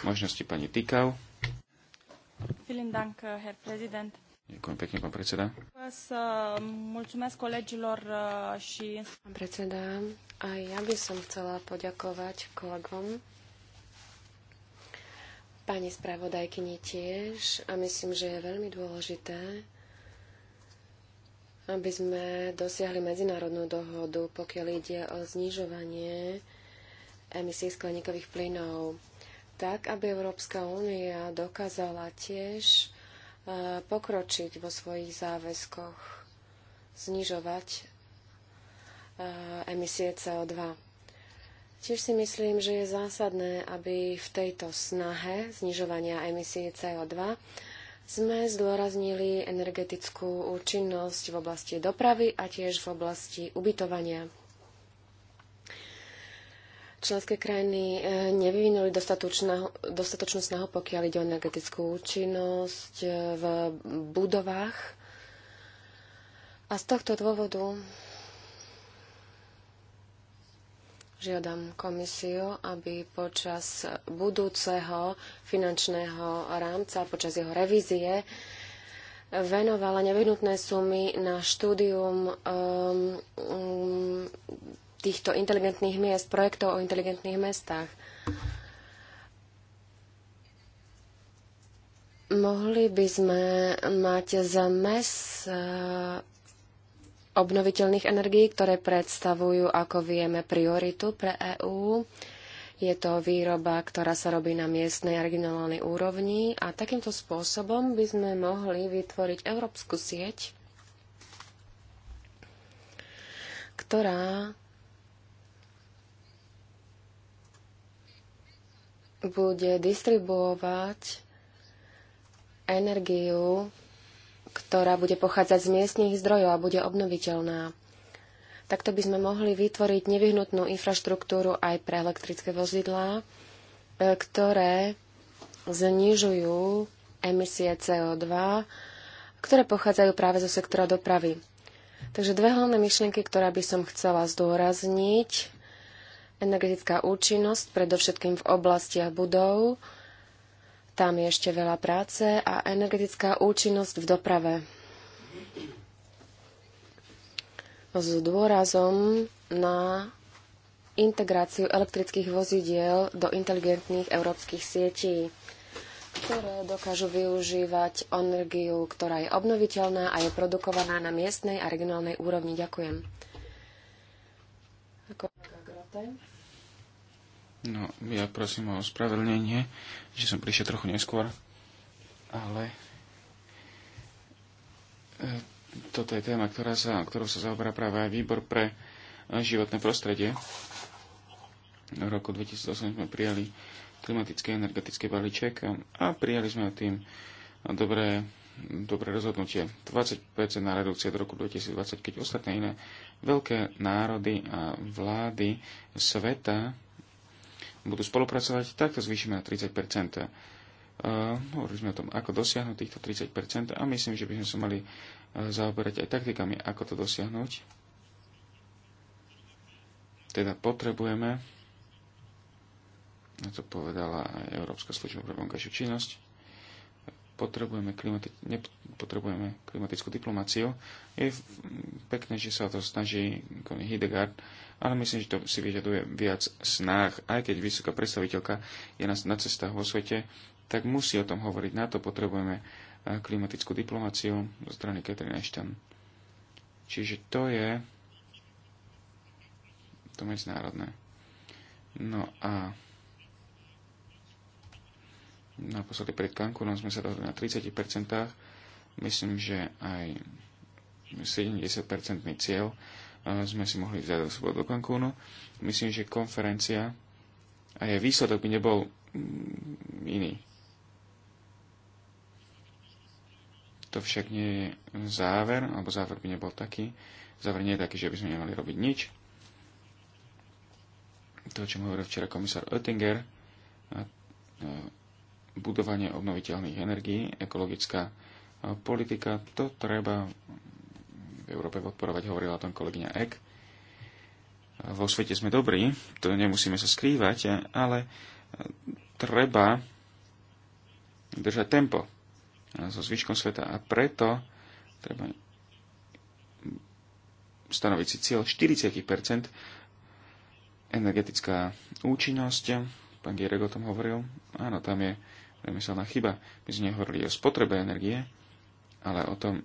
možnosti pani Tikal. Vielen Dank, Herr Präsident. Ďakujem pekne, pán predseda. Uh, pán predseda, a ja by som chcela poďakovať kolegom, pani spravodajkyni tiež a myslím, že je veľmi dôležité, aby sme dosiahli medzinárodnú dohodu, pokiaľ ide o znižovanie emisí skleníkových plynov, tak aby Európska únia dokázala tiež pokročiť vo svojich záväzkoch, znižovať e, emisie CO2. Tiež si myslím, že je zásadné, aby v tejto snahe znižovania emisie CO2 sme zdôraznili energetickú účinnosť v oblasti dopravy a tiež v oblasti ubytovania členské krajiny eh, nevyvinuli dostatočnú snahu, pokiaľ ide o energetickú účinnosť eh, v budovách. A z tohto dôvodu žiadam komisiu, aby počas budúceho finančného rámca, počas jeho revízie, venovala nevyhnutné sumy na štúdium um, um, týchto inteligentných miest, projektov o inteligentných mestách. Mohli by sme mať zmes eh, obnoviteľných energií, ktoré predstavujú, ako vieme, prioritu pre EÚ. Je to výroba, ktorá sa robí na miestnej a regionálnej úrovni a takýmto spôsobom by sme mohli vytvoriť európsku sieť ktorá bude distribuovať energiu, ktorá bude pochádzať z miestných zdrojov a bude obnoviteľná. Takto by sme mohli vytvoriť nevyhnutnú infraštruktúru aj pre elektrické vozidlá, e, ktoré znižujú emisie CO2, ktoré pochádzajú práve zo sektora dopravy. Takže dve hlavné myšlienky, ktoré by som chcela zdôrazniť Energetická účinnosť, predovšetkým v oblastiach budov, tam je ešte veľa práce a energetická účinnosť v doprave. S dôrazom na integráciu elektrických vozidiel do inteligentných európskych sietí, ktoré dokážu využívať energiu, ktorá je obnoviteľná a je produkovaná na miestnej a regionálnej úrovni. Ďakujem prijaté. No, ja prosím o ospravedlnenie, že som prišiel trochu neskôr, ale e, toto je téma, ktorá sa, ktorou sa zaoberá práve aj výbor pre životné prostredie. V roku 2008 sme prijali klimatický a energetický balíček a, a prijali sme tým dobré dobré rozhodnutie. 20% na redukcie do roku 2020, keď ostatné iné veľké národy a vlády sveta budú spolupracovať, tak to zvýšime na 30%. Uh, hovorili sme o tom, ako dosiahnuť týchto 30% a myslím, že by sme sa mali zaoberať aj taktikami, ako to dosiahnuť. Teda potrebujeme, to povedala aj Európska služba pre vonkajšiu činnosť, potrebujeme, klimati- nepotrebujeme klimatickú diplomáciu. Je pekné, že sa o to snaží Connie Hidegard, ale myslím, že to si vyžaduje viac snách. Aj keď vysoká predstaviteľka je nás na cestách vo svete, tak musí o tom hovoriť. Na to potrebujeme eh, klimatickú diplomáciu zo strany Catherine Ashton. Čiže to je to medzinárodné. No a naposledy pred Cancunom sme sa dohodli na 30%. Myslím, že aj 70 cieľ e, sme si mohli vziať do do Cancúnu. Myslím, že konferencia a jej výsledok by nebol mm, iný. To však nie je záver, alebo záver by nebol taký. Záver nie je taký, že by sme nemali robiť nič. To, čo mu hovoril včera komisár Oettinger, a, a, budovanie obnoviteľných energií, ekologická e, politika, to treba v Európe podporovať, hovorila o tom kolegyňa Ek. Vo svete sme dobrí, to nemusíme sa skrývať, ale treba držať tempo so zvyškom sveta a preto treba stanoviť si cieľ 40 energetická účinnosť. Pán Gierek o tom hovoril. Áno, tam je priemyselná chyba. My sme nehovorili o spotrebe energie, ale o tom,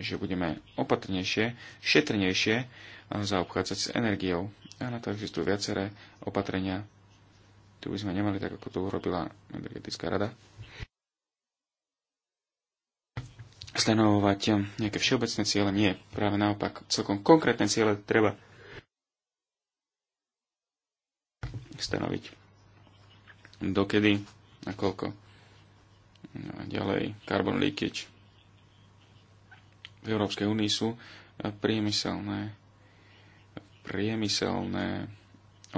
že budeme opatrnejšie, šetrnejšie e, zaobchádzať s energiou. A na to existujú viaceré opatrenia. Tu by sme nemali, tak ako to urobila energetická rada, stanovovať nejaké všeobecné ciele. Nie, práve naopak, celkom konkrétne ciele treba stanoviť. Dokedy, nakoľko a ďalej, carbon leakage. V Európskej únii sú priemyselné, priemyselné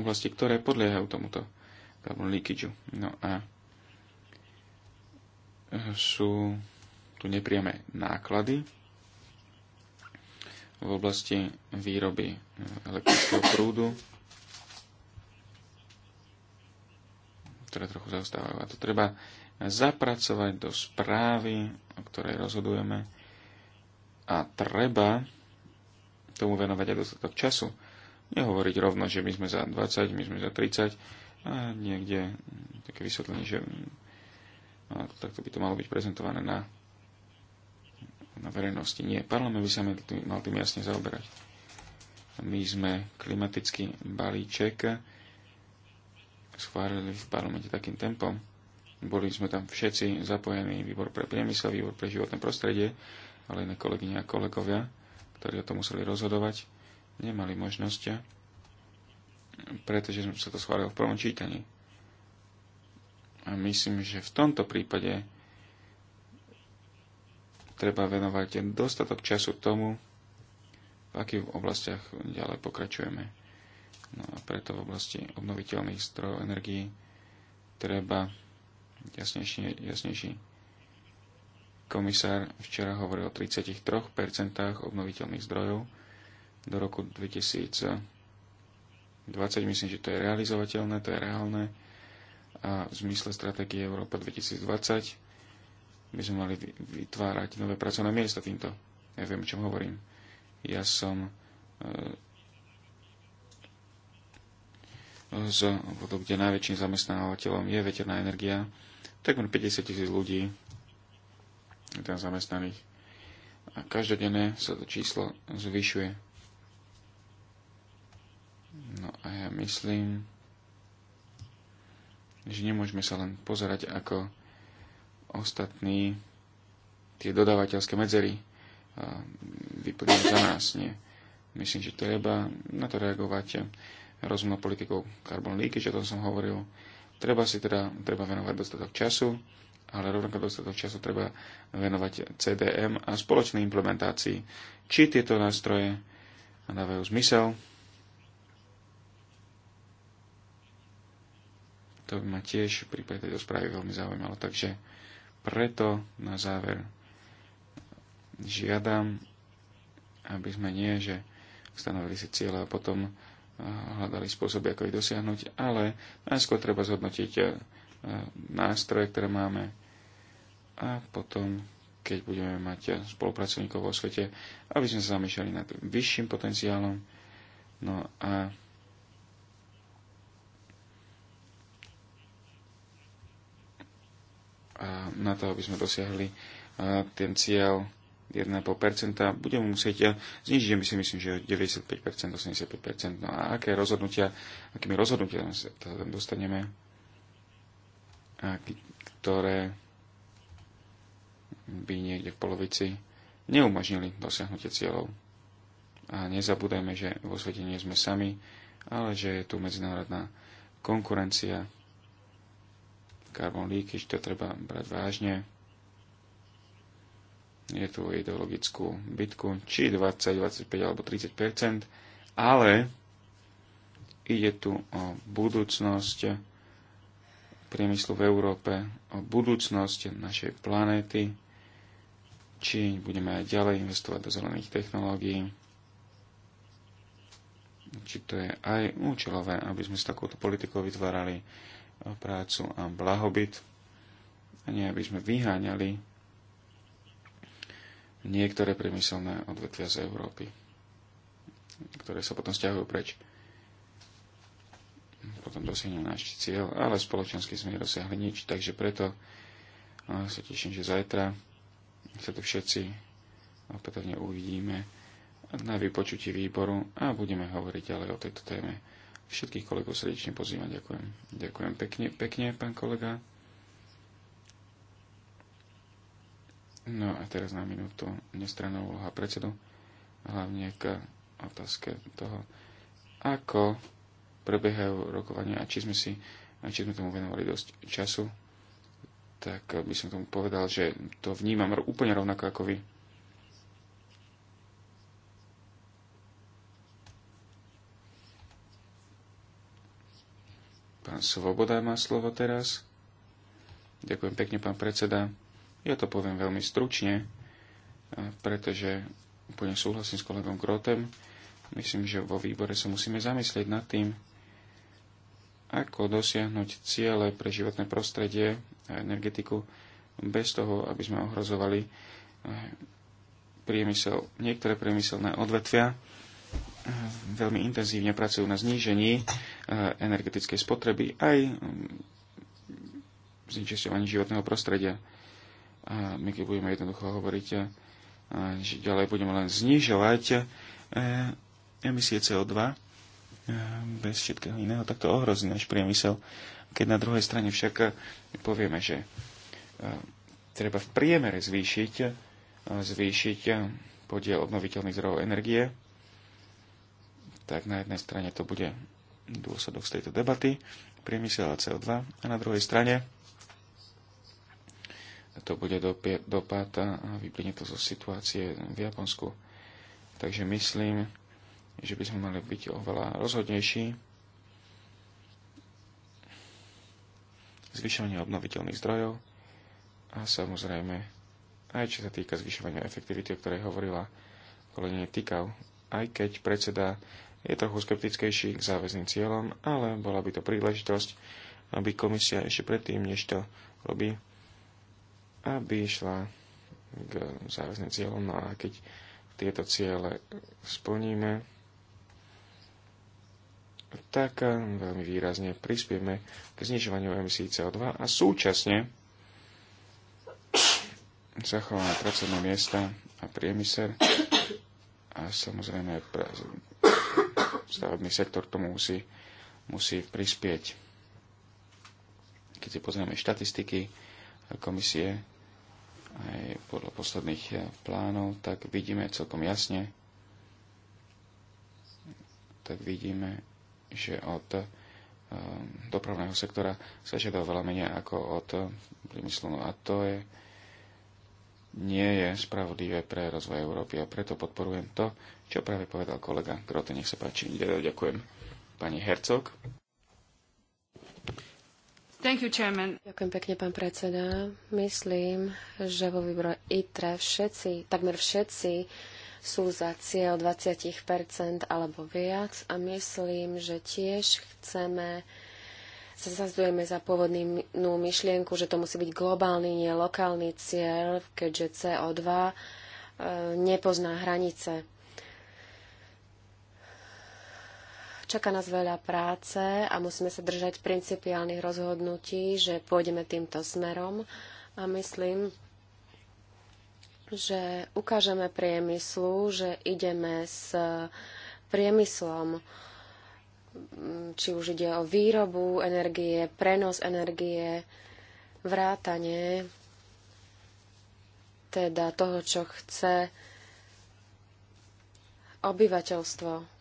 oblasti, ktoré podliehajú tomuto carbon leakage. No a sú tu nepriame náklady v oblasti výroby elektrického prúdu, ktoré trochu zaostávajú. A to treba zapracovať do správy, o ktorej rozhodujeme a treba tomu venovať aj dostatok času. Nehovoriť rovno, že my sme za 20, my sme za 30 a niekde také vysvetlenie, že no, takto by to malo byť prezentované na, na verejnosti. Nie, parlament by sa mal tým, mal tým jasne zaoberať. My sme klimatický balíček schválili v parlamente takým tempom, boli sme tam všetci zapojení, výbor pre priemysel, výbor pre životné prostredie, ale iné kolegyne a kolegovia, ktorí o tom museli rozhodovať, nemali možnosť, pretože sme sa to schválili v prvom čítaní. A myslím, že v tomto prípade treba venovať dostatok času tomu, v akých oblastiach ďalej pokračujeme. No a preto v oblasti obnoviteľných zdrojov energií treba jasnejší, jasnejší. Komisár včera hovoril o 33% obnoviteľných zdrojov do roku 2020. Myslím, že to je realizovateľné, to je reálne. A v zmysle stratégie Európa 2020 by sme mali vytvárať nové pracovné miesta týmto. Ja viem, o čom hovorím. Ja som e, z obvodu, kde najväčším zamestnávateľom je veterná energia, takmer 50 tisíc ľudí je tam zamestnaných. A každodenné sa to číslo zvyšuje. No a ja myslím, že nemôžeme sa len pozerať ako ostatní tie dodávateľské medzery vyplňujú za nás. Nie. Myslím, že treba na to reagovať rozumnou politikou carbon leakage, o tom som hovoril, Treba si teda treba venovať dostatok času, ale rovnako dostatok času treba venovať CDM a spoločnej implementácii. Či tieto nástroje dávajú zmysel, to by ma tiež prípade tejto správy veľmi zaujímalo. Takže preto na záver žiadam, aby sme nie, že stanovili si cieľ a potom hľadali spôsoby, ako ich dosiahnuť, ale najskôr treba zhodnotiť e, nástroje, ktoré máme a potom, keď budeme mať e, spolupracovníkov vo svete, aby sme sa zamýšľali nad vyšším potenciálom. No a na to, aby sme dosiahli e, ten cieľ 1,5%, budeme musieť eh, znižiť, my si myslím, že 95%, 85%. No a aké rozhodnutia, akými rozhodnutiami sa tam dostaneme, a ktoré by niekde v polovici neumožnili dosiahnutie cieľov. A nezabúdajme, že vo svete nie sme sami, ale že je tu medzinárodná konkurencia, carbon leakage, to treba brať vážne je tu ideologickú bitku, či 20, 25 alebo 30 ale ide tu o budúcnosť priemyslu v Európe, o budúcnosť našej planéty, či budeme aj ďalej investovať do zelených technológií, či to je aj účelové, aby sme s takouto politikou vytvárali prácu a blahobyt, a nie aby sme vyháňali niektoré priemyselné odvetvia z Európy, ktoré sa potom stiahujú preč. Potom dosiahne náš cieľ, ale spoločensky sme nedosiahli nič, takže preto sa teším, že zajtra sa tu všetci opätovne uvidíme na vypočutí výboru a budeme hovoriť ďalej o tejto téme. Všetkých kolegov srdečne pozývam. Ďakujem. Ďakujem pekne, pekne pán kolega. No a teraz na minútu nestranná úloha predsedu, hlavne k otázke toho, ako prebiehajú rokovania a či sme si a či sme tomu venovali dosť času, tak by som tomu povedal, že to vnímam úplne rovnako ako vy. Pán Svoboda má slovo teraz. Ďakujem pekne, pán predseda. Ja to poviem veľmi stručne, e, pretože úplne súhlasím s kolegom Grotem. Myslím, že vo výbore sa musíme zamyslieť nad tým, ako dosiahnuť ciele pre životné prostredie a energetiku bez toho, aby sme ohrozovali e, priemysel, niektoré priemyselné odvetvia e, veľmi intenzívne pracujú na znížení energetickej spotreby aj zničestovaní životného prostredia. A my keď budeme jednoducho hovoriť, e, že ďalej budeme len znižovať e, emisie CO2 e, bez všetkého iného, tak to ohrozí náš priemysel. Keď na druhej strane však povieme, že treba v priemere zvýšiť, zvýšiť podiel obnoviteľných zdrojov energie, tak na jednej strane to bude dôsledok z tejto debaty, priemysel a CO2, a na druhej strane to bude dopad a vyplyne to zo situácie v Japonsku. Takže myslím, že by sme mali byť oveľa rozhodnejší. Zvyšovanie obnoviteľných zdrojov a samozrejme aj čo sa týka zvyšovania efektivity, o ktorej hovorila kolegyne Tikau, aj keď predseda je trochu skeptickejší k záväzným cieľom, ale bola by to príležitosť, aby komisia ešte predtým, než to robí, aby išla k záväzným cieľom. No a keď tieto ciele splníme, tak eh, veľmi výrazne prispieme k znižovaniu emisí CO2 a súčasne zachováme pracovné miesta a priemysel a samozrejme stavebný sektor tomu musí, musí prispieť. Keď si pozrieme štatistiky komisie, aj podľa posledných eh, plánov, tak vidíme celkom jasne, tak vidíme, že od eh, dopravného sektora sa žiada veľa menej ako od eh, priemyslu. No a to je, nie je spravodlivé pre rozvoj Európy a preto podporujem to, čo práve povedal kolega Grote. Nech sa páči. Ďakujem. Pani Hercog. You, Ďakujem pekne, pán predseda. Myslím, že vo výbore ITRE všetci, takmer všetci sú za cieľ 20% alebo viac a myslím, že tiež chceme sa zazdujeme za pôvodnú myšlienku, že to musí byť globálny, nie lokálny cieľ, keďže CO2 e, nepozná hranice. Čaká nás veľa práce a musíme sa držať principiálnych rozhodnutí, že pôjdeme týmto smerom a myslím, že ukážeme priemyslu, že ideme s priemyslom, či už ide o výrobu energie, prenos energie, vrátanie teda toho, čo chce obyvateľstvo.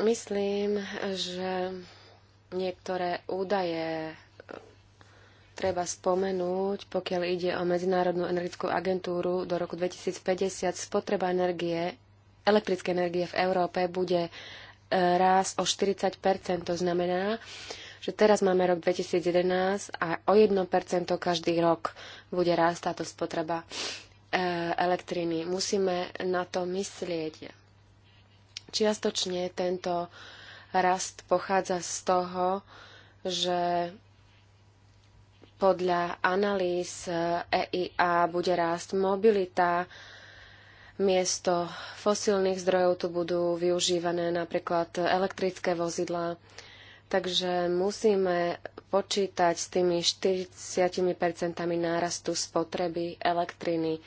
Myslím, že niektoré údaje treba spomenúť, pokiaľ ide o Medzinárodnú energetickú agentúru do roku 2050, spotreba energie, elektrické energie v Európe bude e, raz o 40 To znamená, že teraz máme rok 2011 a o 1 každý rok bude rast táto spotreba e, elektriny. Musíme na to myslieť Čiastočne tento rast pochádza z toho, že podľa analýz EIA bude rásť mobilita, miesto fosílnych zdrojov tu budú využívané napríklad elektrické vozidlá. Takže musíme počítať s tými 40% nárastu spotreby elektriny.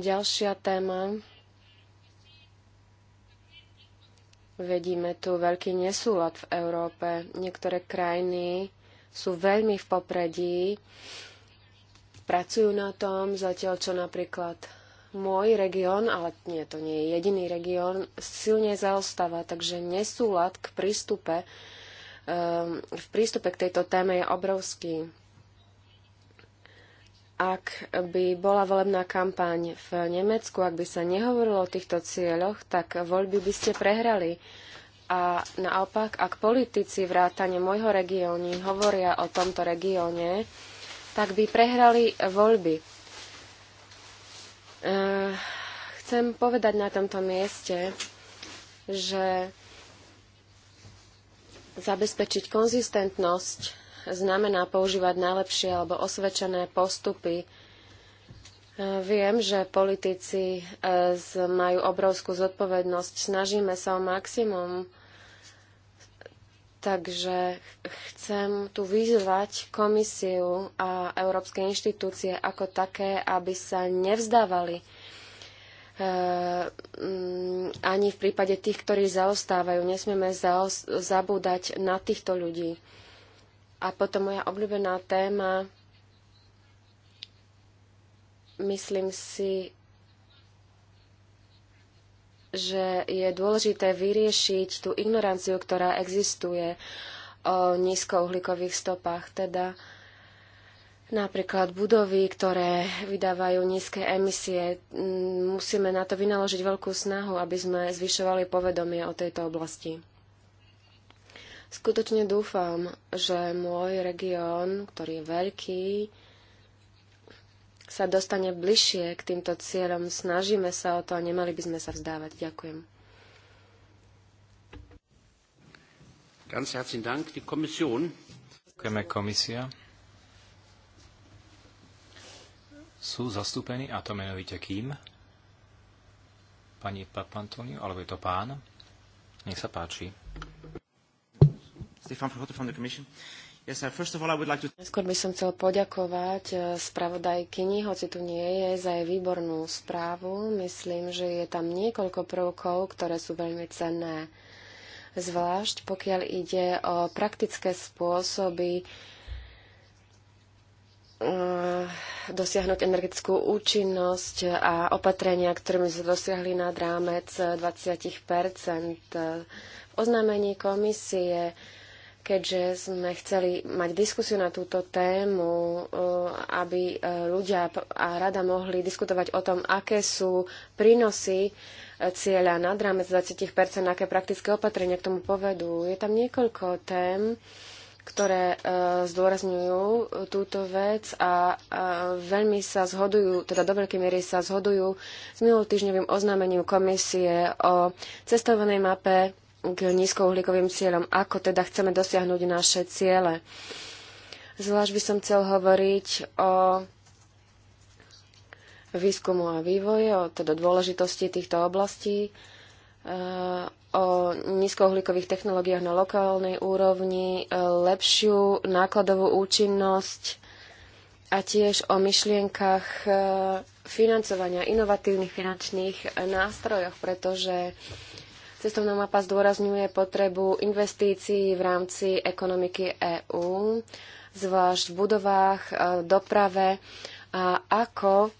Ďalšia téma Vedíme tu veľký nesúlad v Európe. Niektoré krajiny sú veľmi v popredí, pracujú na tom, zatiaľ čo napríklad môj región, ale nie, to nie je jediný región, silne zaostáva, takže nesúlad k prístupe, um, v prístupe k tejto téme je obrovský ak by bola volebná kampaň v Nemecku, ak by sa nehovorilo o týchto cieľoch, tak voľby by ste prehrali. A naopak, ak politici vrátane môjho regióny hovoria o tomto regióne, tak by prehrali voľby. E, chcem povedať na tomto mieste, že zabezpečiť konzistentnosť znamená používať najlepšie alebo osvedčené postupy. E, viem, že politici e, majú obrovskú zodpovednosť. Snažíme sa o maximum. Takže chcem tu vyzvať komisiu a európske inštitúcie ako také, aby sa nevzdávali e, mm, ani v prípade tých, ktorí zaostávajú. Nesmieme zaos- zabúdať na týchto ľudí. A potom moja obľúbená téma, myslím si, že je dôležité vyriešiť tú ignoranciu, ktorá existuje o nízkouhlíkových stopách, teda napríklad budovy, ktoré vydávajú nízke emisie. Mm, musíme na to vynaložiť veľkú snahu, aby sme zvyšovali povedomie o tejto oblasti. Skutočne dúfam, že môj región, ktorý je veľký, sa dostane bližšie k týmto cieľom. Snažíme sa o to a nemali by sme sa vzdávať. Ďakujem. Ganz herzlichen Dank. Die Kommission. Ďakujeme komisia. Sú zastúpení, a to menovite kým? Pani Papantoniu, alebo je to pán? Nech sa páči. Stefan Verhoeven from the Commission. Yes, sir. First of all, I would like to... Skôr by som chcel poďakovať eh, spravodajkyni, hoci tu nie je, za jej výbornú správu. Myslím, že je tam niekoľko prvkov, ktoré sú veľmi cenné. Zvlášť pokiaľ ide o praktické spôsoby eh, dosiahnuť energetickú účinnosť a opatrenia, ktorými sa dosiahli nad rámec 20 eh, V oznámení komisie keďže sme chceli mať diskusiu na túto tému, eh, aby eh, ľudia a rada mohli diskutovať o tom, aké sú prínosy eh, cieľa nad rámec 20%, aké praktické opatrenia k tomu povedú. Je tam niekoľko tém, ktoré zdôrazňujú túto vec a veľmi sa zhodujú, teda do veľkej miery sa zhodujú s minulotýždňovým oznámením komisie o cestovanej mape k nízkouhlíkovým cieľom. Ako teda chceme dosiahnuť naše ciele? Zvlášť by som chcel hovoriť o výskumu a vývoje, o teda dôležitosti týchto oblastí, e, o nízkouhlíkových technológiách na lokálnej úrovni, e, lepšiu nákladovú účinnosť a tiež o myšlienkach e, financovania, inovatívnych finančných nástrojoch, pretože Cestovná mapa zdôrazňuje potrebu investícií v rámci ekonomiky EÚ, zvlášť v budovách, e, doprave a ako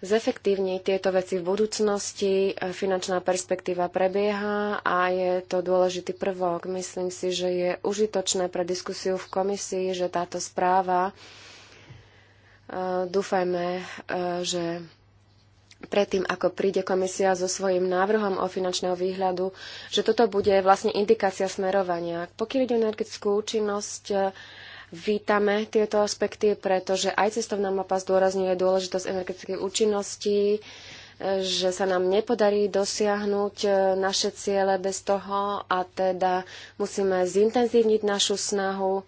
zefektívniť tieto veci v budúcnosti. E, finančná perspektíva prebieha a je to dôležitý prvok. Myslím si, že je užitočné pre diskusiu v komisii, že táto správa e, dúfajme, že predtým, ako príde komisia so svojím návrhom o finančného výhľadu, že toto bude vlastne indikácia smerovania. Pokiaľ ide o energetickú účinnosť, e, vítame tieto aspekty, pretože aj cestovná mapa zdôrazňuje dôležitosť energetickej účinnosti, e, že sa nám nepodarí dosiahnuť e, naše ciele bez toho a teda musíme zintenzívniť našu snahu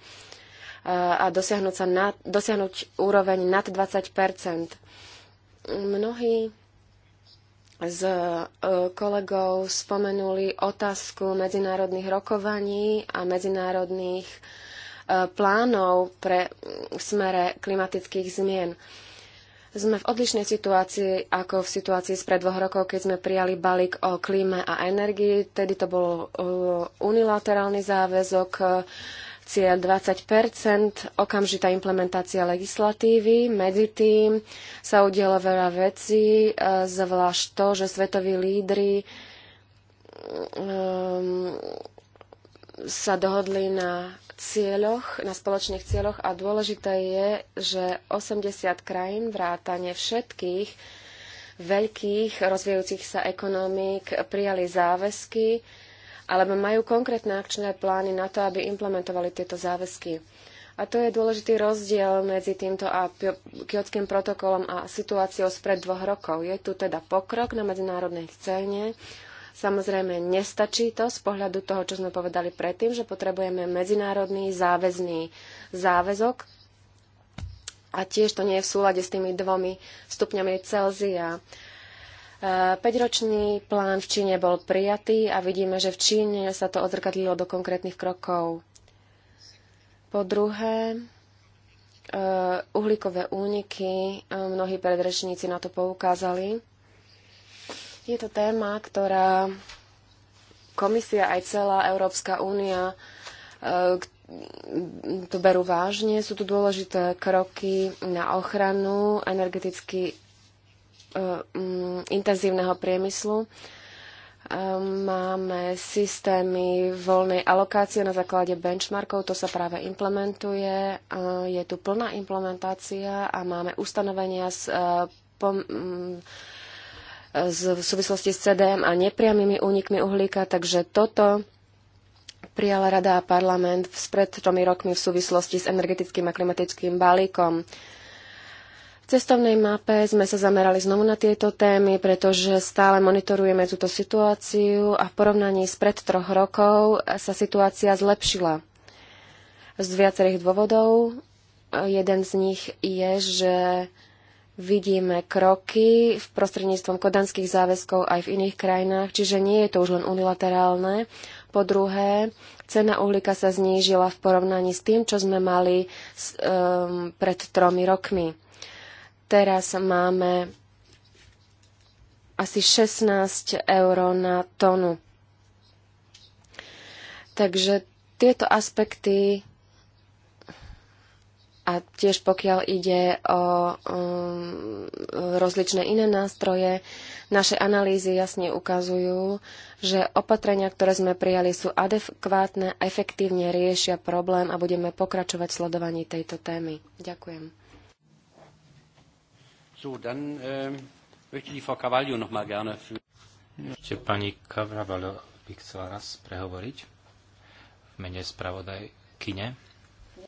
a dosiahnuť, sa nad, dosiahnuť úroveň nad 20 Mnohí s e, kolegou spomenuli otázku medzinárodných rokovaní a medzinárodných e, plánov pre smere klimatických zmien. Sme v odlišnej situácii ako v situácii spred dvoch rokov, keď sme prijali balík o klíme a energii. Tedy to bol e, unilaterálny záväzok cieľ 20 okamžitá implementácia legislatívy. Medzi tým sa udialo veľa vecí, eh, zvlášť to, že svetoví lídry um, sa dohodli na cieľoch, na spoločných cieľoch a dôležité je, že 80 krajín vrátane všetkých veľkých rozvíjajúcich sa ekonomík prijali záväzky, alebo majú konkrétne akčné plány na to, aby implementovali tieto záväzky. A to je dôležitý rozdiel medzi týmto a kiotským protokolom a situáciou spred dvoch rokov. Je tu teda pokrok na medzinárodnej scéne. Samozrejme, nestačí to z pohľadu toho, čo sme povedali predtým, že potrebujeme medzinárodný záväzný záväzok a tiež to nie je v súlade s tými dvomi stupňami Celzia. Eh, Peťročný plán v Číne bol prijatý a vidíme, že v Číne sa to odzrkadlilo do konkrétnych krokov. Po druhé, eh, uhlíkové úniky, eh, mnohí predrečníci na to poukázali. Je to téma, ktorá komisia aj celá Európska únia to berú vážne. Sú tu dôležité kroky na ochranu energeticky Eh, mm, intenzívneho priemyslu. Eh, máme systémy voľnej alokácie na základe benchmarkov, to sa práve implementuje. Eh, je tu plná implementácia a máme ustanovenia z, pom, mm, z, v súvislosti s CDM a nepriamými únikmi uhlíka, takže toto prijala Rada a parlament spred tromi rokmi v súvislosti s energetickým a klimatickým balíkom. Uh, cestovnej mape sme sa zamerali znovu na tieto témy, pretože stále monitorujeme túto situáciu a v porovnaní s pred troch rokov sa situácia zlepšila. Z viacerých dôvodov. Jeden z nich je, že vidíme kroky v prostredníctvom kodanských záväzkov aj v iných krajinách, čiže nie je to už len unilaterálne. Po druhé, cena uhlíka sa znížila v porovnaní s tým, čo sme mali s, um, pred tromi rokmi. Teraz máme asi 16 eur na tonu. Takže tieto aspekty a tiež pokiaľ ide o um, rozličné iné nástroje, naše analýzy jasne ukazujú, že opatrenia, ktoré sme prijali, sú adekvátne, efektívne riešia problém a budeme pokračovať v sledovaní tejto témy. Ďakujem. So, dann ähm, möchte die Frau Cavaglio noch mal gerne für... Ešte pani Kavravalo by chcela raz prehovoriť v mene spravodajkyne.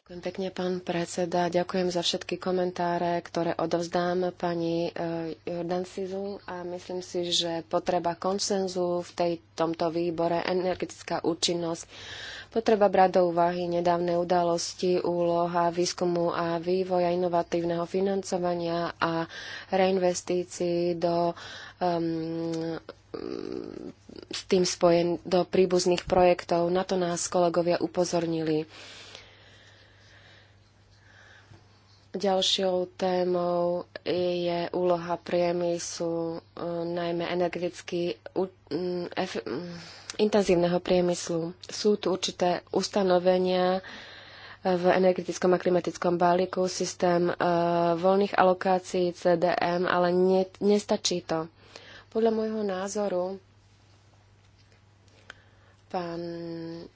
Ďakujem pekne, pán predseda. Ďakujem za všetky komentáre, ktoré odovzdám pani eh, Jordan Sizu a myslím si, že potreba konsenzu v tej, tomto výbore, energetická účinnosť, potreba brať do úvahy nedávne udalosti, úloha výskumu a vývoja inovatívneho financovania a reinvestícií do um, s tým spojen do príbuzných projektov. Na to nás kolegovia upozornili. Ďalšou témou je úloha priemyslu, e, najmä energeticky intenzívneho priemyslu. Sú tu určité ustanovenia v energetickom a klimatickom balíku, systém e, voľných alokácií CDM, ale ne, nestačí to. Podľa môjho názoru pán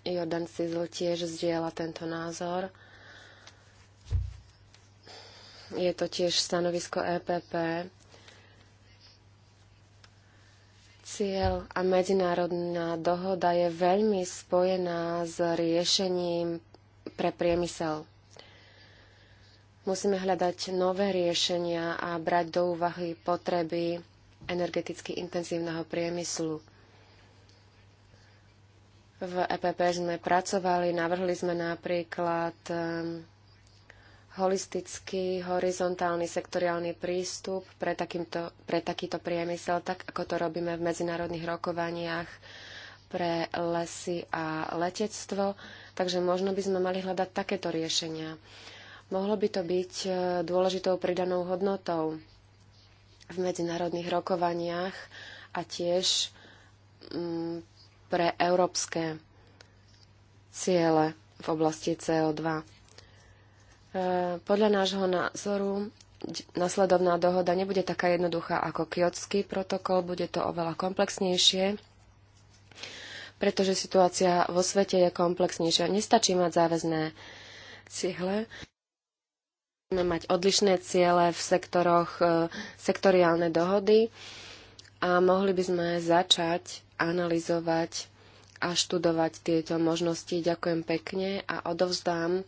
Jordan Cizl tiež zdieľa tento názor je to tiež stanovisko EPP. Cieľ a medzinárodná dohoda je veľmi spojená s riešením pre priemysel. Musíme hľadať nové riešenia a brať do úvahy potreby energeticky intenzívneho priemyslu. V EPP sme pracovali, navrhli sme napríklad ehm, holistický, horizontálny, sektoriálny prístup pre, takýmto, pre takýto priemysel, tak ako to robíme v medzinárodných rokovaniach pre lesy a letectvo. Takže možno by sme mali hľadať takéto riešenia. Mohlo by to byť e, dôležitou pridanou hodnotou v medzinárodných rokovaniach a tiež mm, pre európske ciele v oblasti CO2. E, podľa nášho názoru nasledovná dohoda nebude taká jednoduchá ako kiotský protokol, bude to oveľa komplexnejšie, pretože situácia vo svete je komplexnejšia. Nestačí mať záväzné ciele. Budeme mať odlišné ciele v sektoroch, e, sektoriálne dohody a mohli by sme začať analyzovať a študovať tieto možnosti. Ďakujem pekne a odovzdám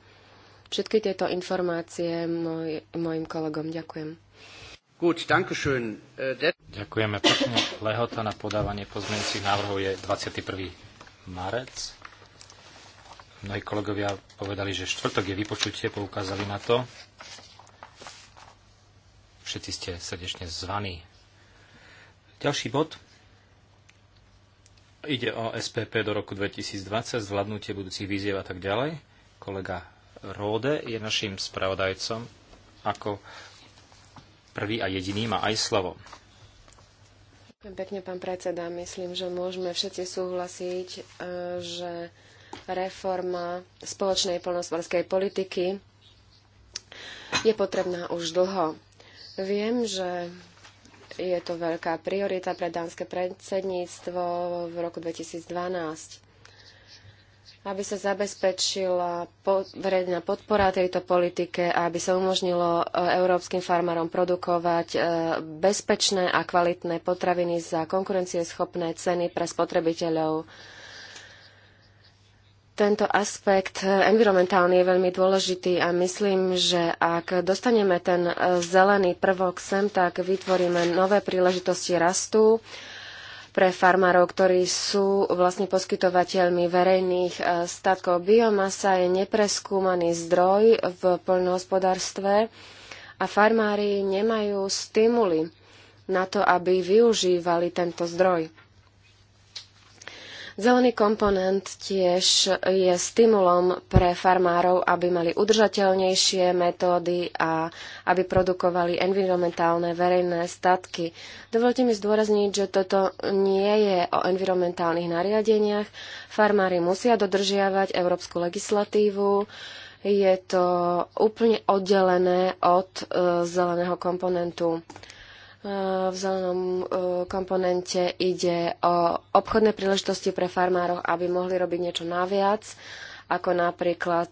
všetky tieto informácie môj, mojim kolegom. Ďakujem. Gut, äh, Ďakujeme pekne. Lehota na podávanie pozmeňujúcich návrhov je 21. marec. Mnohí kolegovia povedali, že štvrtok je vypočutie, poukázali na to. Všetci ste srdečne zvaní. Ďalší bod. Ide o SPP do roku 2020, zvládnutie budúcich výziev a tak ďalej. Kolega Róde je našim spravodajcom ako prvý a jediný má aj slovo. pekne, pán predseda. Myslím, že môžeme všetci súhlasiť, e, že reforma spoločnej polnospodárskej politiky je potrebná už dlho. Viem, že je to veľká priorita pre dánske predsedníctvo v roku 2012 aby sa zabezpečila verejná podpora tejto politike a aby sa umožnilo e, európskym farmárom produkovať e, bezpečné a kvalitné potraviny za konkurencieschopné ceny pre spotrebiteľov. Tento aspekt e, environmentálny je veľmi dôležitý a myslím, že ak dostaneme ten zelený prvok sem, tak vytvoríme nové príležitosti rastu pre farmárov, ktorí sú vlastne poskytovateľmi verejných e, statkov. Biomasa je nepreskúmaný zdroj v poľnohospodárstve a farmári nemajú stimuly na to, aby využívali tento zdroj. Zelený komponent tiež je stimulom pre farmárov, aby mali udržateľnejšie metódy a aby produkovali environmentálne verejné statky. Dovolte mi zdôrazniť, že toto nie je o environmentálnych nariadeniach. Farmári musia dodržiavať európsku legislatívu. Je to úplne oddelené od e, zeleného komponentu. E, v zelenom e, komponente ide o obchodné príležitosti pre farmárov, aby mohli robiť niečo naviac, ako napríklad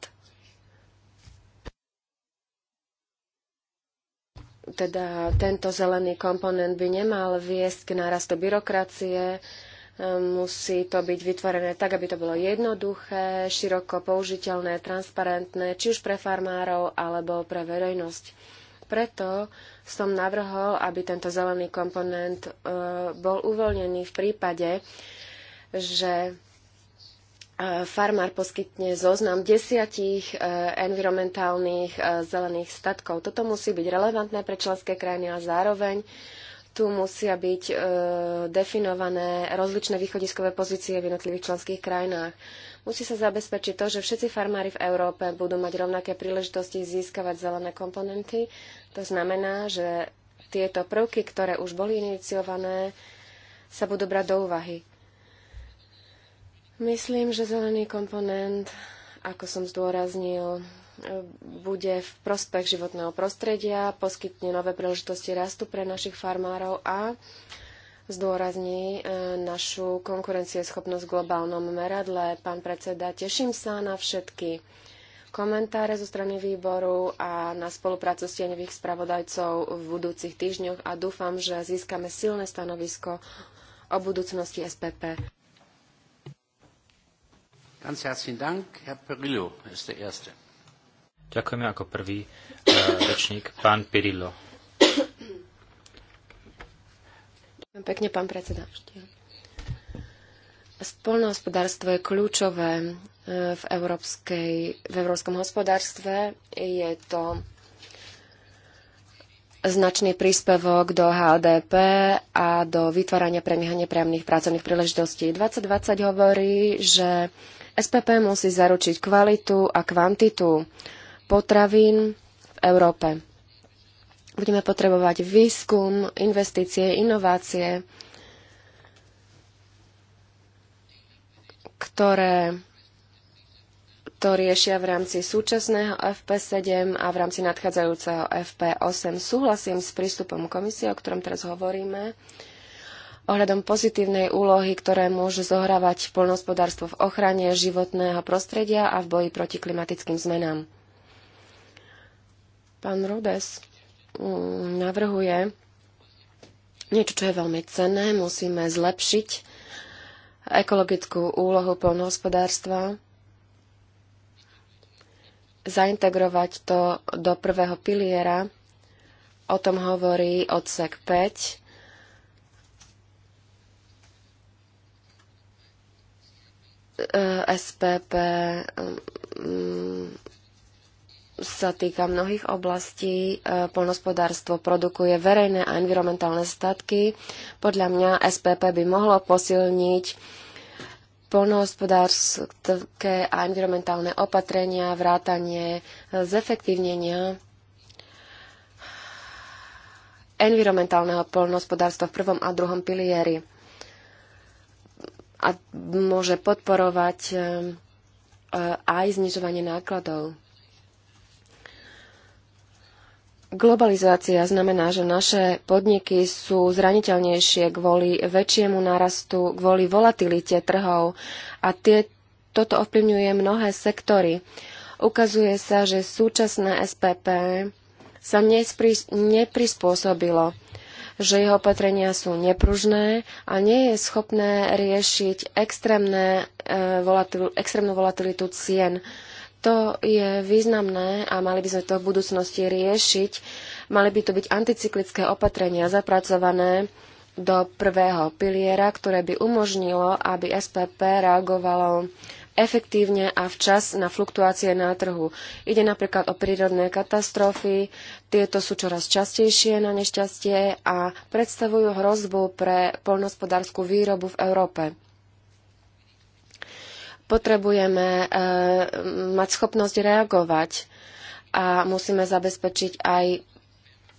teda tento zelený komponent by nemal viesť k nárastu byrokracie, e, musí to byť vytvorené tak, aby to bolo jednoduché, široko použiteľné, transparentné, či už pre farmárov alebo pre verejnosť preto som navrhol, aby tento zelený komponent e, bol uvoľnený v prípade, že e, farmár poskytne zoznam desiatich e, environmentálnych zelených statkov. Toto musí byť relevantné pre členské krajiny a zároveň tu musia byť definované rozličné východiskové pozície v jednotlivých členských krajinách. Musí sa zabezpečiť to, že všetci farmári v Európe budú mať rovnaké príležitosti získavať zelené komponenty. To znamená, že tieto prvky, ktoré už boli iniciované, sa budú brať do úvahy. Myslím, že zelený komponent, ako som zdôraznil, bude v prospech životného prostredia, poskytne nové príležitosti rastu pre našich farmárov a zdôrazní e, našu konkurencieschopnosť v globálnom meradle. Pán predseda, teším sa na všetky komentáre zo strany výboru a na spoluprácu s tieňových spravodajcov v budúcich týždňoch a dúfam, že získame silné stanovisko o budúcnosti SPP. Ďakujeme ako prvý e, rečník, pán Pirillo. Pekne, pán predseda. Spolnohospodárstvo je kľúčové e, v, európskej, v európskom hospodárstve. Je to značný príspevok do HDP a do vytvárania premiehania priamných pracovných príležitostí. 2020 hovorí, že SPP musí zaručiť kvalitu a kvantitu potravín v Európe. Budeme potrebovať výskum, investície, inovácie, ktoré to riešia v rámci súčasného FP7 a v rámci nadchádzajúceho FP8. Súhlasím s prístupom komisie, o ktorom teraz hovoríme, ohľadom pozitívnej úlohy, ktoré môže zohrávať poľnohospodárstvo v ochrane životného prostredia a v boji proti klimatickým zmenám. Pán Rudes. Mm, navrhuje niečo, čo je veľmi cenné. Musíme zlepšiť ekologickú úlohu polnohospodárstva, zaintegrovať to do prvého piliera. O tom hovorí odsek 5. E, SPP sa týka mnohých oblastí. E, Polnospodárstvo produkuje verejné a environmentálne statky. Podľa mňa SPP by mohlo posilniť polnohospodárske a environmentálne opatrenia, vrátanie, e, zefektívnenia environmentálneho polnohospodárstva v prvom a druhom pilieri a môže podporovať e, aj znižovanie nákladov. Globalizácia znamená, že naše podniky sú zraniteľnejšie kvôli väčšiemu nárastu, kvôli volatilite trhov a tie, toto ovplyvňuje mnohé sektory. Ukazuje sa, že súčasné SPP sa neprispôsobilo, že jeho opatrenia sú nepružné a nie je schopné riešiť extrémne, e, volatil, extrémnu volatilitu cien. E, to je významné a mali by sme to v budúcnosti riešiť. Mali by to byť anticyklické opatrenia zapracované do prvého piliera, ktoré by umožnilo, aby SPP reagovalo efektívne a včas na fluktuácie na trhu. Ide napríklad o prírodné katastrofy, tieto sú čoraz častejšie na nešťastie a predstavujú hrozbu pre poľnohospodárskú výrobu v Európe. Potrebujeme e, mať schopnosť reagovať a musíme zabezpečiť aj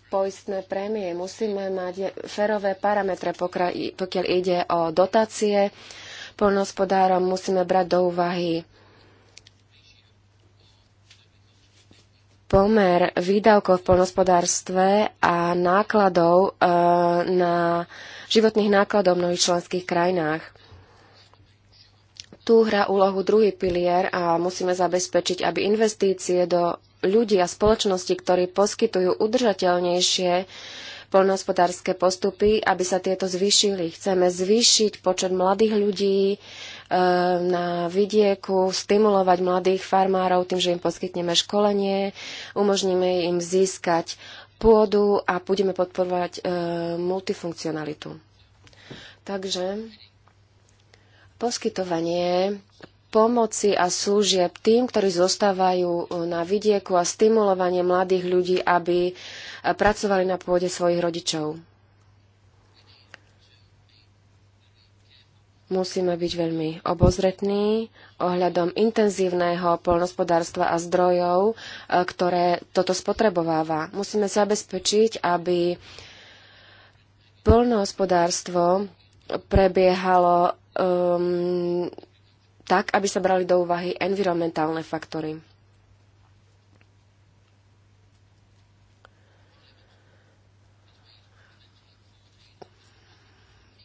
poistné prémie. Musíme mať ferové parametre, pokiaľ ide o dotácie. Polnohospodárom musíme brať do úvahy pomer výdavkov v polnospodárstve a nákladov e, na životných nákladov v mnohých členských krajinách. Tu hrá úlohu druhý pilier a musíme zabezpečiť, aby investície do ľudí a spoločnosti, ktorí poskytujú udržateľnejšie poľnohospodárske postupy, aby sa tieto zvýšili. Chceme zvýšiť počet mladých ľudí e, na vidieku, stimulovať mladých farmárov tým, že im poskytneme školenie, umožníme im získať pôdu a budeme podporovať e, multifunkcionalitu. Takže poskytovanie pomoci a služieb tým, ktorí zostávajú na vidieku a stimulovanie mladých ľudí, aby e, pracovali na pôde svojich rodičov. Musíme byť veľmi obozretní ohľadom intenzívneho poľnospodárstva a zdrojov, e, ktoré toto spotrebováva. Musíme zabezpečiť, aby poľnohospodárstvo prebiehalo um, tak, aby sa brali do úvahy environmentálne faktory.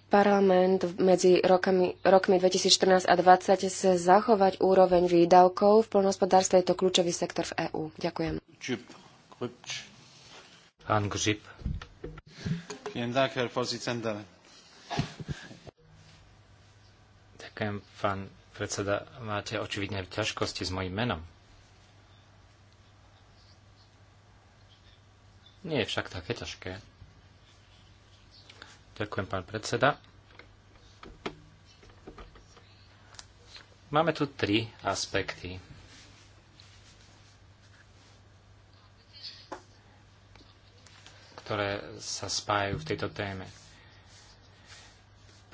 parlament medzi rokami, rokmi 2014 a 2020 sa zachovať úroveň výdavkov v poľnohospodárstve je to kľúčový sektor v EÚ. Ďakujem. Pán Gžip. Ďakujem, pán predseda. Máte očividne ťažkosti s mojim menom. Nie je však také ťažké. Ďakujem, pán predseda. Máme tu tri aspekty. ktoré sa spájajú v tejto téme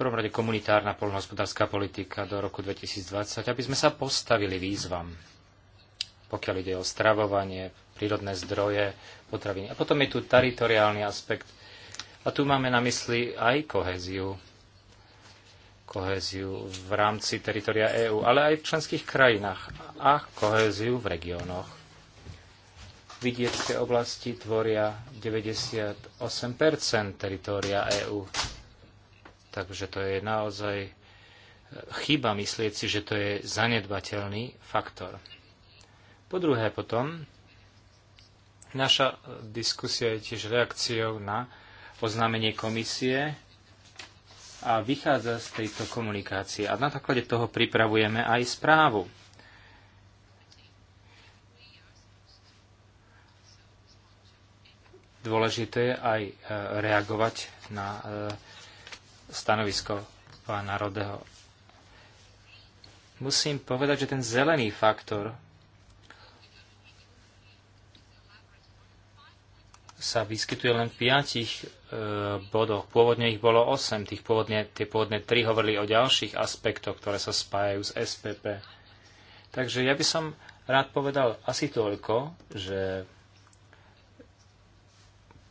prvom rade komunitárna poľnohospodárska politika do roku 2020, aby sme sa postavili výzvam, pokiaľ ide o stravovanie, prírodné zdroje, potraviny. A potom je tu teritoriálny aspekt. A tu máme na mysli aj koheziu, kohéziu v rámci teritoria EÚ, ale aj v členských krajinách a kohéziu v regiónoch. Vidiecké oblasti tvoria 98 teritoria EÚ Takže to je naozaj e, chyba myslieť si, že to je zanedbateľný faktor. Po druhé potom, naša e, diskusia je tiež reakciou na oznámenie komisie a vychádza z tejto komunikácie. A na základe toho pripravujeme aj správu. Dôležité je aj e, reagovať na stanovisko pána Rodeho. Musím povedať, že ten zelený faktor sa vyskytuje len v piatich e, bodoch. Pôvodne ich bolo 8, tých pôvodne, tie pôvodne 3 hovorili o ďalších aspektoch, ktoré sa spájajú s SPP. Takže ja by som rád povedal asi toľko, že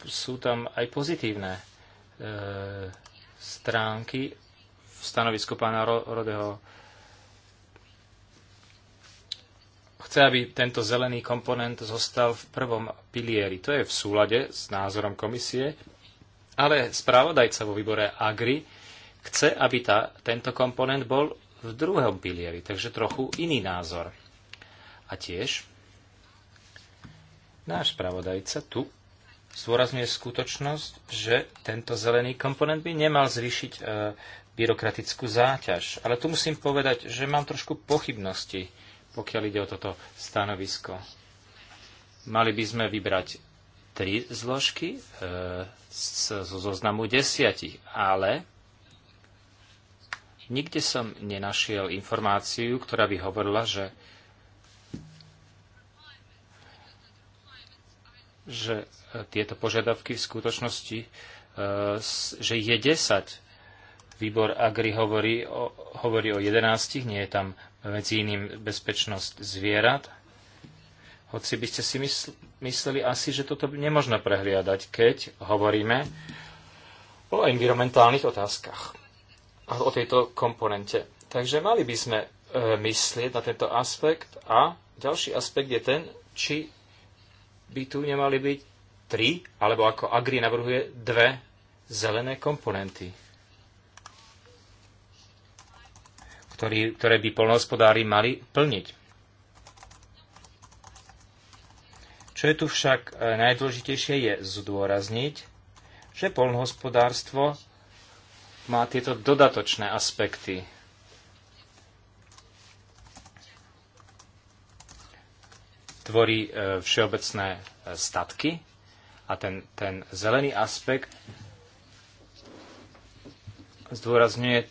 sú tam aj pozitívne e, stránky v stanovisku pána Rodeho. Chce, aby tento zelený komponent zostal v prvom pilieri. To je v súlade s názorom komisie, ale správodajca vo výbore Agri chce, aby tá, tento komponent bol v druhom pilieri, takže trochu iný názor. A tiež náš spravodajca tu zdôrazňuje skutočnosť, že tento zelený komponent by nemal zvýšiť e, byrokratickú záťaž. Ale tu musím povedať, že mám trošku pochybnosti, pokiaľ ide o toto stanovisko. Mali by sme vybrať tri zložky e, z, zo zoznamu desiatich, ale nikde som nenašiel informáciu, ktorá by hovorila, že že e, tieto požiadavky v skutočnosti, e, že je 10. Výbor Agri hovorí o, hovorí o 11, nie je tam medzi iným bezpečnosť zvierat. Hoci by ste si mysleli asi, že toto nemožno prehliadať, keď hovoríme o environmentálnych otázkach a o tejto komponente. Takže mali by sme e, myslieť na tento aspekt a ďalší aspekt je ten, či by tu nemali byť tri, alebo ako Agri navrhuje, dve zelené komponenty, ktorý, ktoré by polnohospodári mali plniť. Čo je tu však e, najdôležitejšie je zdôrazniť, že polnohospodárstvo má tieto dodatočné aspekty tvorí e, všeobecné e, statky a ten, ten zelený aspekt zdôrazňuje e,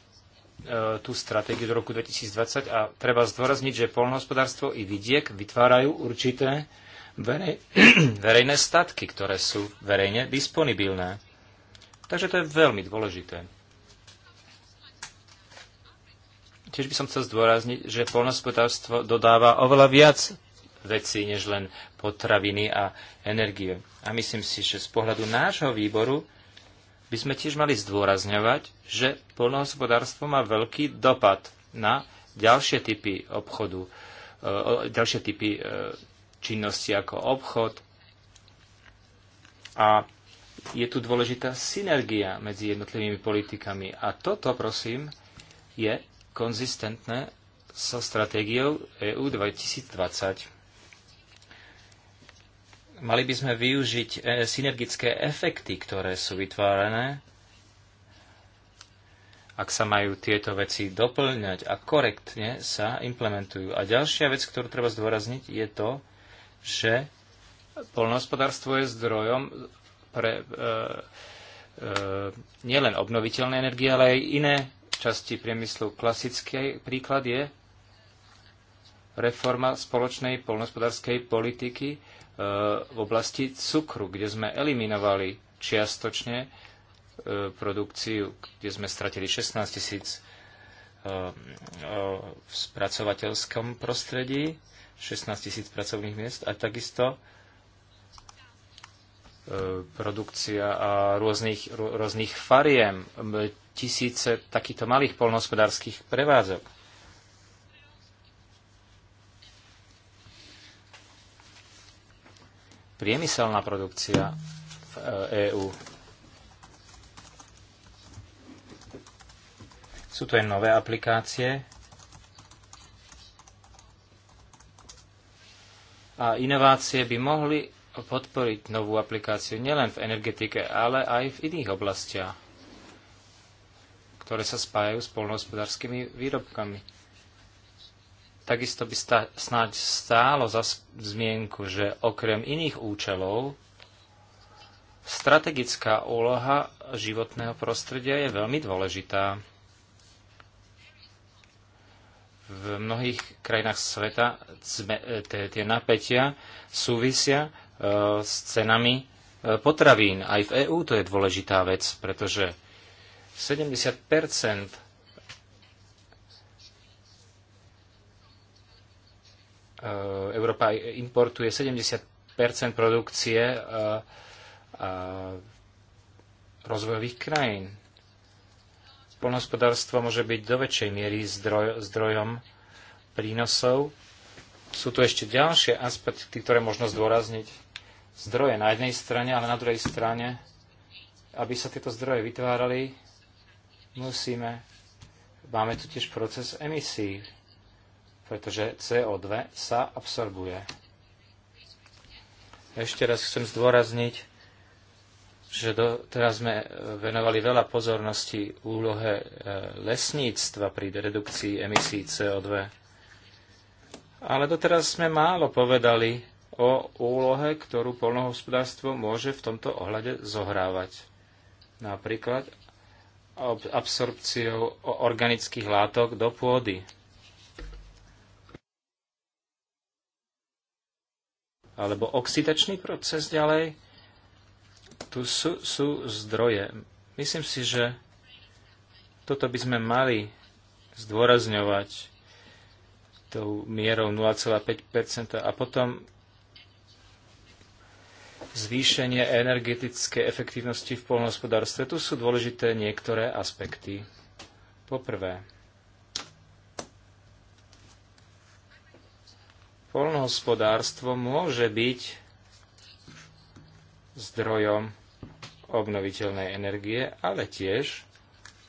tú stratégiu do roku 2020 a treba zdôrazniť, že polnohospodárstvo i vidiek vytvárajú určité verej, verejné statky, ktoré sú verejne disponibilné. Takže to je veľmi dôležité. Tiež by som chcel zdôrazniť, že polnohospodárstvo dodáva oveľa viac veci než len potraviny a energie. A myslím si, že z pohľadu nášho výboru by sme tiež mali zdôrazňovať, že polnohospodárstvo má veľký dopad na ďalšie typy obchodu, e, ďalšie typy e, činnosti ako obchod. A je tu dôležitá synergia medzi jednotlivými politikami. A toto, prosím, je konzistentné so stratégiou EU 2020. Mali by sme využiť e, synergické efekty, ktoré sú vytvárané, ak sa majú tieto veci doplňať a korektne sa implementujú. A ďalšia vec, ktorú treba zdôrazniť, je to, že polnohospodárstvo je zdrojom pre e, e, nielen obnoviteľné energie, ale aj iné časti priemyslu. Klasický príklad je reforma spoločnej polnohospodárskej politiky, v oblasti cukru, kde sme eliminovali čiastočne e, produkciu, kde sme stratili 16 tisíc e, e, v spracovateľskom prostredí, 16 tisíc pracovných miest a takisto produkcia a rôznych, rôznych fariem, tisíce takýchto malých polnohospodárských prevádzok priemyselná produkcia v EÚ. E Sú to aj nové aplikácie a inovácie by mohli podporiť novú aplikáciu nielen v energetike, ale aj v iných oblastiach, ktoré sa spájajú s polnohospodárskymi výrobkami. Takisto by sta- snáď stálo za zmienku, že okrem iných účelov strategická úloha životného prostredia je veľmi dôležitá. V mnohých krajinách sveta e, tie napätia súvisia e, s cenami e, potravín. Aj v EÚ to je dôležitá vec, pretože 70 Eh, Európa importuje 70 produkcie eh, eh, rozvojových krajín. Polnohospodárstvo môže byť do väčšej miery zdroj, zdrojom prínosov. Sú tu ešte ďalšie aspekty, ktoré možno zdôrazniť. Zdroje na jednej strane, ale na druhej strane, aby sa tieto zdroje vytvárali, musíme. Máme tu tiež proces emisí pretože CO2 sa absorbuje. Ešte raz chcem zdôrazniť, že do, teraz sme e, venovali veľa pozornosti úlohe e, lesníctva pri redukcii emisí CO2. Ale doteraz sme málo povedali o úlohe, ktorú polnohospodárstvo môže v tomto ohľade zohrávať. Napríklad absorpciou organických látok do pôdy. alebo oxidačný proces ďalej. Tu sú, sú zdroje. Myslím si, že toto by sme mali zdôrazňovať tou mierou 0,5 a potom zvýšenie energetickej efektívnosti v poľnohospodárstve. Tu sú dôležité niektoré aspekty. Poprvé, Polnohospodárstvo môže byť zdrojom obnoviteľnej energie, ale tiež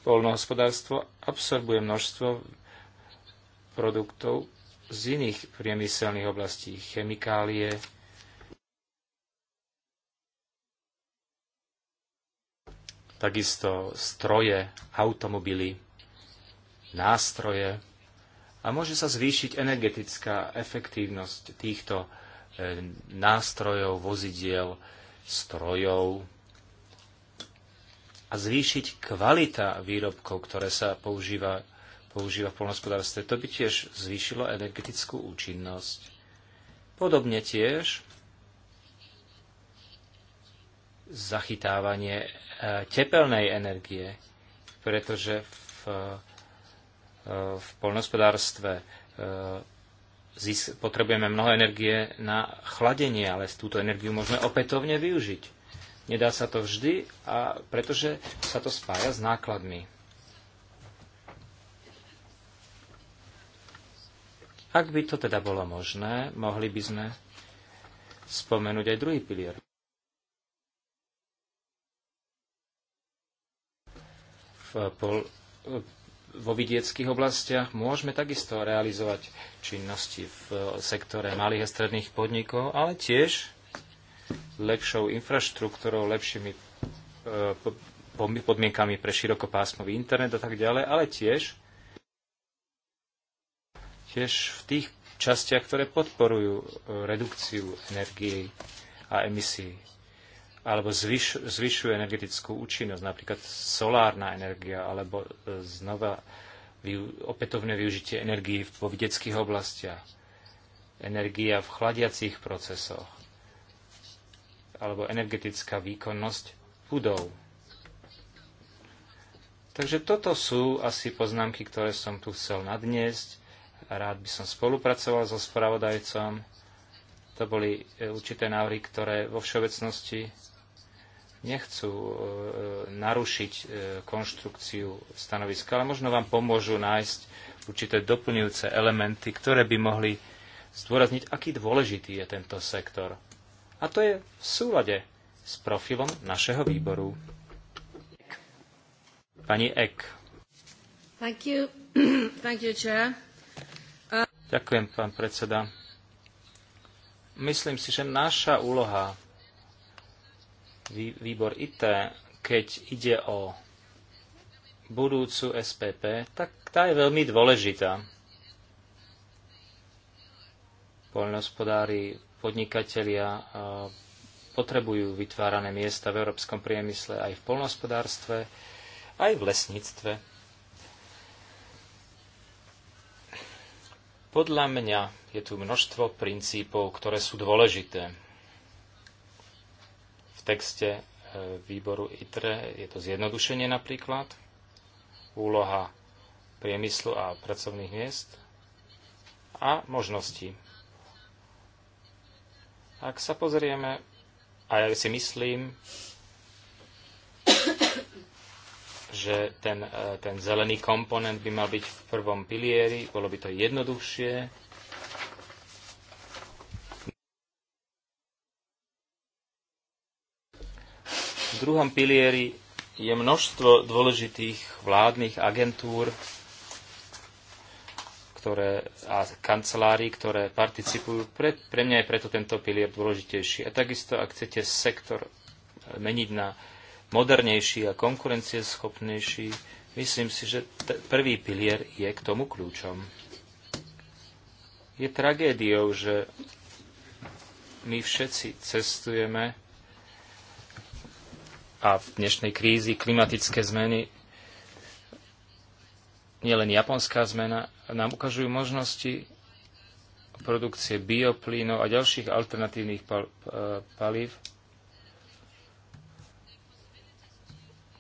polnohospodárstvo absorbuje množstvo produktov z iných priemyselných oblastí, chemikálie, takisto stroje, automobily, nástroje, a môže sa zvýšiť energetická efektívnosť týchto e, nástrojov, vozidiel, strojov a zvýšiť kvalita výrobkov, ktoré sa používa, používa v polnospodárstve. To by tiež zvýšilo energetickú účinnosť. Podobne tiež zachytávanie e, tepelnej energie, pretože v v poľnospodárstve e, potrebujeme mnoho energie na chladenie, ale túto energiu môžeme opätovne využiť. Nedá sa to vždy, a pretože sa to spája s nákladmi. Ak by to teda bolo možné, mohli by sme spomenúť aj druhý pilier. V pol, vo vidieckých oblastiach môžeme takisto realizovať činnosti v eh, sektore malých a stredných podnikov, ale tiež lepšou infraštruktúrou, lepšími eh, podmienkami pre širokopásmový internet a tak ďalej, ale tiež, tiež v tých častiach, ktoré podporujú eh, redukciu energie a emisí alebo zvyš, zvyšuje energetickú účinnosť, napríklad solárna energia alebo e, znova opätovné využitie energii vo vedeckých oblastiach, energia v chladiacich procesoch alebo energetická výkonnosť budov. Takže toto sú asi poznámky, ktoré som tu chcel nadniesť. Rád by som spolupracoval so spravodajcom. To boli e, určité návrhy, ktoré vo všeobecnosti nechcú e, e, narušiť e, konštrukciu stanoviska, ale možno vám pomôžu nájsť určité doplňujúce elementy, ktoré by mohli zdôrazniť, aký dôležitý je tento sektor. A to je v súlade s profilom našeho výboru. Pani Ek. Thank you. Thank you, chair. Uh... Ďakujem, pán predseda. Myslím si, že naša úloha výbor IT, keď ide o budúcu SPP, tak tá je veľmi dôležitá. Poľnohospodári, podnikatelia potrebujú vytvárané miesta v európskom priemysle aj v poľnohospodárstve, aj v lesníctve. Podľa mňa je tu množstvo princípov, ktoré sú dôležité v texte e, výboru ITRE. Je to zjednodušenie napríklad, úloha priemyslu a pracovných miest a možnosti. Ak sa pozrieme, a ja si myslím, že ten, e, ten zelený komponent by mal byť v prvom pilieri, bolo by to jednoduchšie, druhom pilieri je množstvo dôležitých vládnych agentúr ktoré, a kancelárií, ktoré participujú. Pre, pre mňa je preto tento pilier dôležitejší. A takisto, ak chcete sektor meniť na modernejší a konkurencieschopnejší, myslím si, že prvý pilier je k tomu kľúčom. Je tragédiou, že my všetci cestujeme a v dnešnej krízi klimatické zmeny, nielen japonská zmena, nám ukazujú možnosti produkcie bioplínov a ďalších alternatívnych pal- e, palív,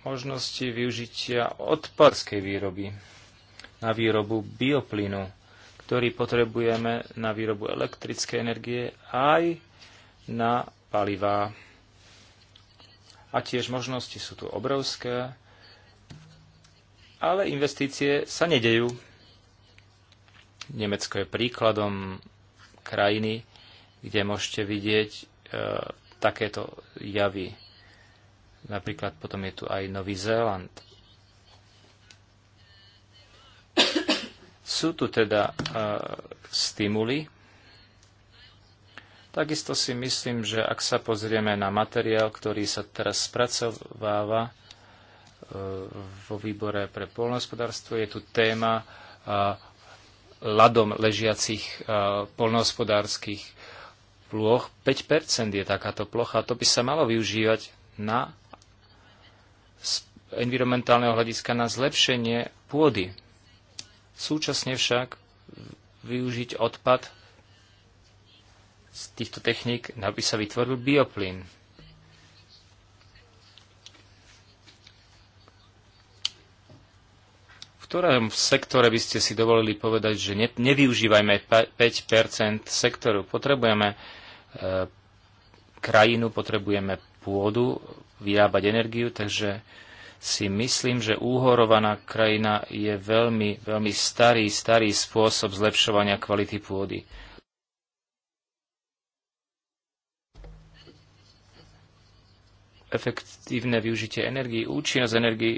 možnosti využitia odpadskej výroby na výrobu bioplynu, ktorý potrebujeme na výrobu elektrickej energie aj na palivá a tiež možnosti sú tu obrovské, ale investície sa nedejú. Nemecko je príkladom krajiny, kde môžete vidieť e, takéto javy. Napríklad potom je tu aj Nový Zéland. Sú tu teda e, stimuly, Takisto si myslím, že ak sa pozrieme na materiál, ktorý sa teraz spracováva e, vo výbore pre polnohospodárstvo, je tu téma ľadom e, ležiacich e, polnohospodárskych ploch. 5% je takáto plocha. To by sa malo využívať na z environmentálneho hľadiska na zlepšenie pôdy. Súčasne však využiť odpad z týchto techník, aby sa vytvoril bioplyn. V ktorom sektore by ste si dovolili povedať, že nevyužívajme 5 sektoru? Potrebujeme e, krajinu, potrebujeme pôdu vyrábať energiu, takže si myslím, že úhorovaná krajina je veľmi, veľmi starý, starý spôsob zlepšovania kvality pôdy. efektívne využitie energii, účinnosť energii,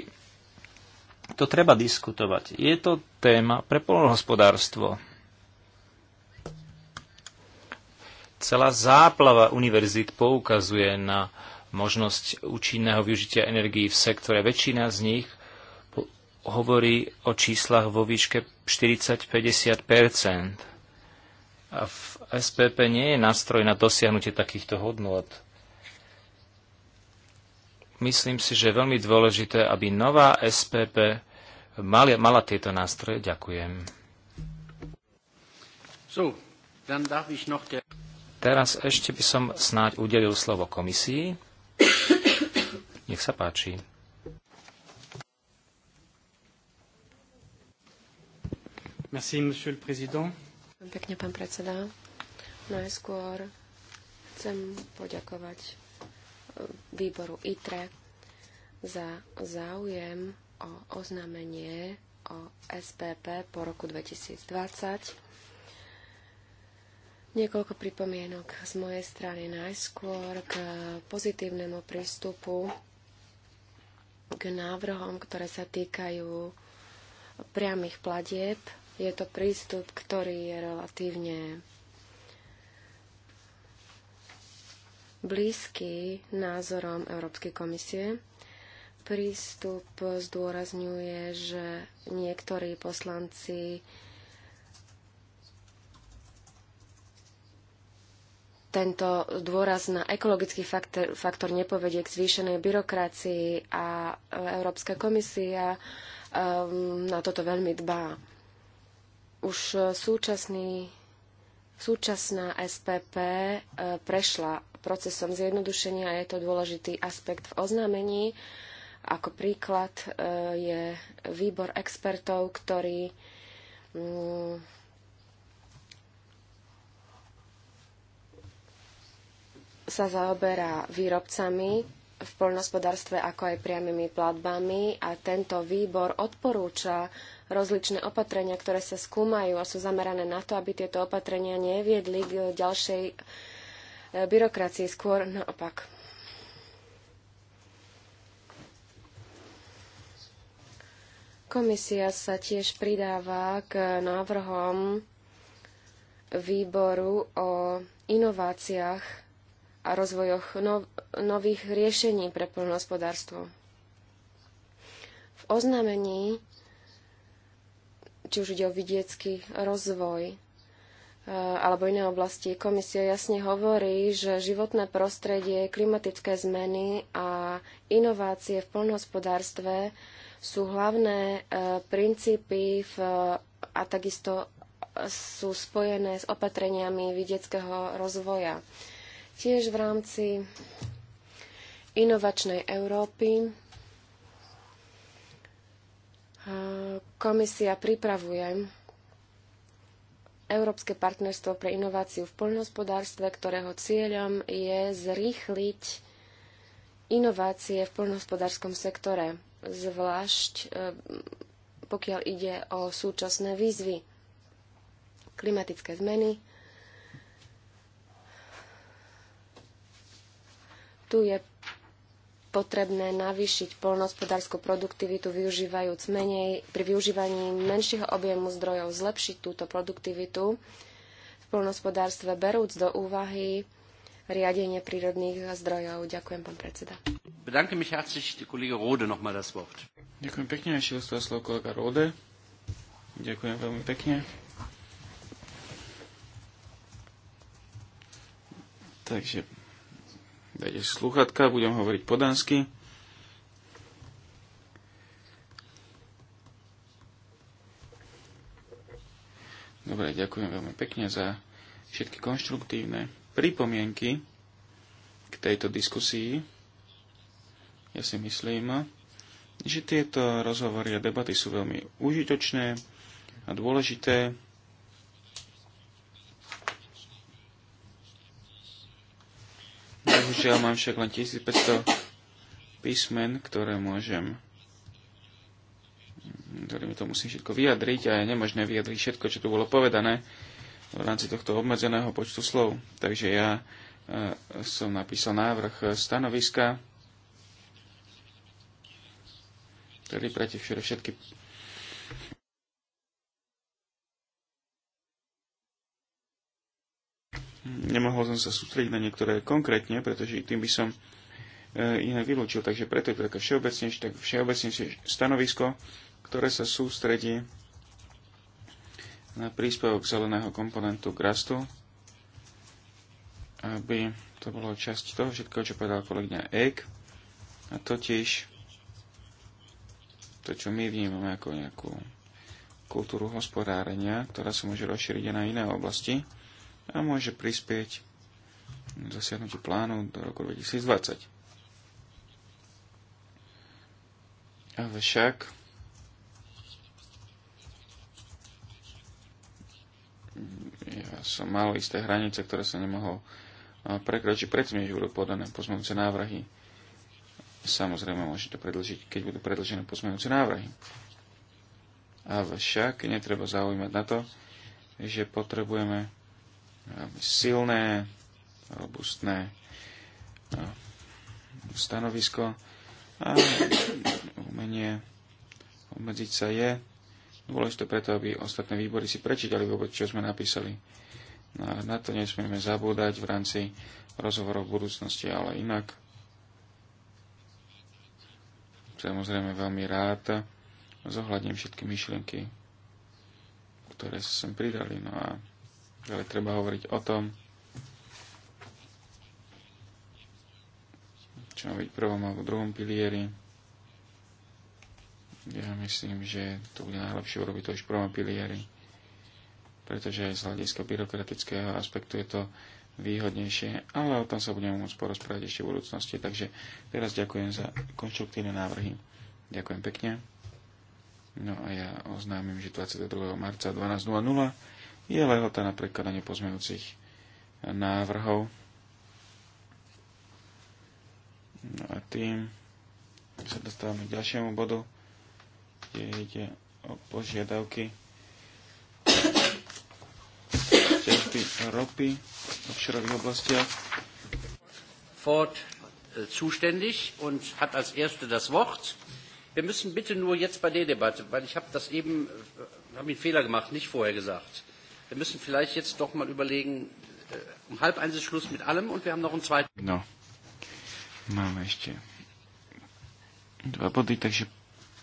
to treba diskutovať. Je to téma pre polnohospodárstvo. Celá záplava univerzít poukazuje na možnosť účinného využitia energií v sektore. Väčšina z nich hovorí o číslach vo výške 40-50 A v SPP nie je nástroj na dosiahnutie takýchto hodnot myslím si, že je veľmi dôležité, aby nová SPP mali, mala tieto nástroje. Ďakujem. So, dann darf ich noch der... Teraz ešte by som snáď udelil slovo komisii. Nech sa páči. Merci, monsieur le président. Pekne, pán predseda. Najskôr chcem poďakovať výboru ITRE za záujem o oznámenie o SPP po roku 2020. Niekoľko pripomienok z mojej strany najskôr k pozitívnemu prístupu k návrhom, ktoré sa týkajú priamých platieb. Je to prístup, ktorý je relatívne blízky názorom Európskej komisie. Prístup zdôrazňuje, že niektorí poslanci tento dôraz na ekologický faktor, faktor nepovedie k zvýšenej byrokracii a Európska komisia um, na toto veľmi dbá. Už súčasný, súčasná SPP eh, prešla procesom zjednodušenia. Je to dôležitý aspekt v oznámení. Ako príklad e, je výbor expertov, ktorý mm, sa zaoberá výrobcami v poľnospodárstve ako aj priamými platbami a tento výbor odporúča rozličné opatrenia, ktoré sa skúmajú a sú zamerané na to, aby tieto opatrenia neviedli k ďalšej byrokracie, skôr naopak. Komisia sa tiež pridáva k návrhom výboru o inováciách a rozvojoch nových riešení pre poľnohospodárstvo. V oznámení, či už ide o vidiecký rozvoj, Eh, alebo iné oblasti. Komisia jasne hovorí, že životné prostredie, klimatické zmeny a inovácie v poľnohospodárstve sú hlavné eh, princípy v, a takisto sú spojené s opatreniami vidieckého rozvoja. Tiež v rámci inovačnej Európy eh, komisia pripravuje Európske partnerstvo pre inováciu v poľnohospodárstve, ktorého cieľom je zrýchliť inovácie v poľnohospodárskom sektore, zvlášť e, pokiaľ ide o súčasné výzvy, klimatické zmeny. Tu je potrebné navýšiť polnohospodárskú produktivitu využívajúc menej, pri využívaní menšieho objemu zdrojov zlepšiť túto produktivitu v polnohospodárstve berúc do úvahy riadenie prírodných zdrojov. Ďakujem, pán predseda. Bedanke mich herzlich, kolega Rode nochmal das Wort. Ďakujem pekne, ešte dostal slovo kolega Rode. Ďakujem veľmi pekne. Takže Dajte si sluchatka, budem hovoriť po dánsky. Dobre, ďakujem veľmi pekne za všetky konštruktívne pripomienky k tejto diskusii. Ja si myslím, že tieto rozhovory a debaty sú veľmi užitočné a dôležité. Bohužiaľ mám však len 1500 písmen, ktoré môžem ktorým to musím všetko vyjadriť a je nemožné vyjadriť všetko, čo tu bolo povedané v rámci tohto obmedzeného počtu slov. Takže ja eh, som napísal návrh stanoviska, ktorý pre všetky nemohol som sa sústrediť na niektoré konkrétne, pretože tým by som eh, iné vylúčil. Takže preto je to také všeobecnejšie, tak všeobecnejšie stanovisko, ktoré sa sústredí na príspevok zeleného komponentu k rastu, aby to bolo časť toho všetkého, čo povedala kolegyňa Ek, a totiž to, čo my vnímame ako nejakú kultúru hospodárenia, ktorá sa môže rozšíriť aj na iné oblasti, a môže prispieť k zasiahnutiu plánu do roku 2020. Avšak ja som mal isté hranice, ktoré som nemohol prekročiť predtým, než budú podané pozmeňujúce návrhy. Samozrejme, môžete predlžiť, keď budú predlžené pozmenujúce návrhy. Avšak netreba zaujímať na to, že potrebujeme silné, robustné no, stanovisko a umenie obmedziť sa je dôležité preto, aby ostatné výbory si prečítali vôbec, čo sme napísali. No na to nesmieme zabúdať v rámci rozhovorov v budúcnosti, ale inak samozrejme veľmi rád zohľadním všetky myšlienky, ktoré sa sem pridali. No a ale treba hovoriť o tom, čo byť v prvom alebo druhom pilieri. Ja myslím, že to bude najlepšie urobiť to už v prvom pilieri, pretože aj z hľadiska byrokratického aspektu je to výhodnejšie, ale o tom sa budeme môcť porozprávať ešte v budúcnosti. Takže teraz ďakujem za konštruktívne návrhy. Ďakujem pekne. No a ja oznámim, že 22. marca 12.00 je lehota na prekladanie pozmeňujúcich návrhov. No a tým sa dostávame k ďalšiemu bodu, kde ide o požiadavky ťažby ropy v offshoreových oblastiach. Ford äh, zuständig und hat als erste das Wort. Wir müssen bitte nur jetzt bei der Debatte, weil ich habe das eben, äh, habe einen Fehler gemacht, nicht vorher gesagt. Wir müssen vielleicht jetzt doch mal überlegen, äh, um halb eins ist Schluss mit allem und wir haben noch einen zweiten. No. Máme ešte dva body, takže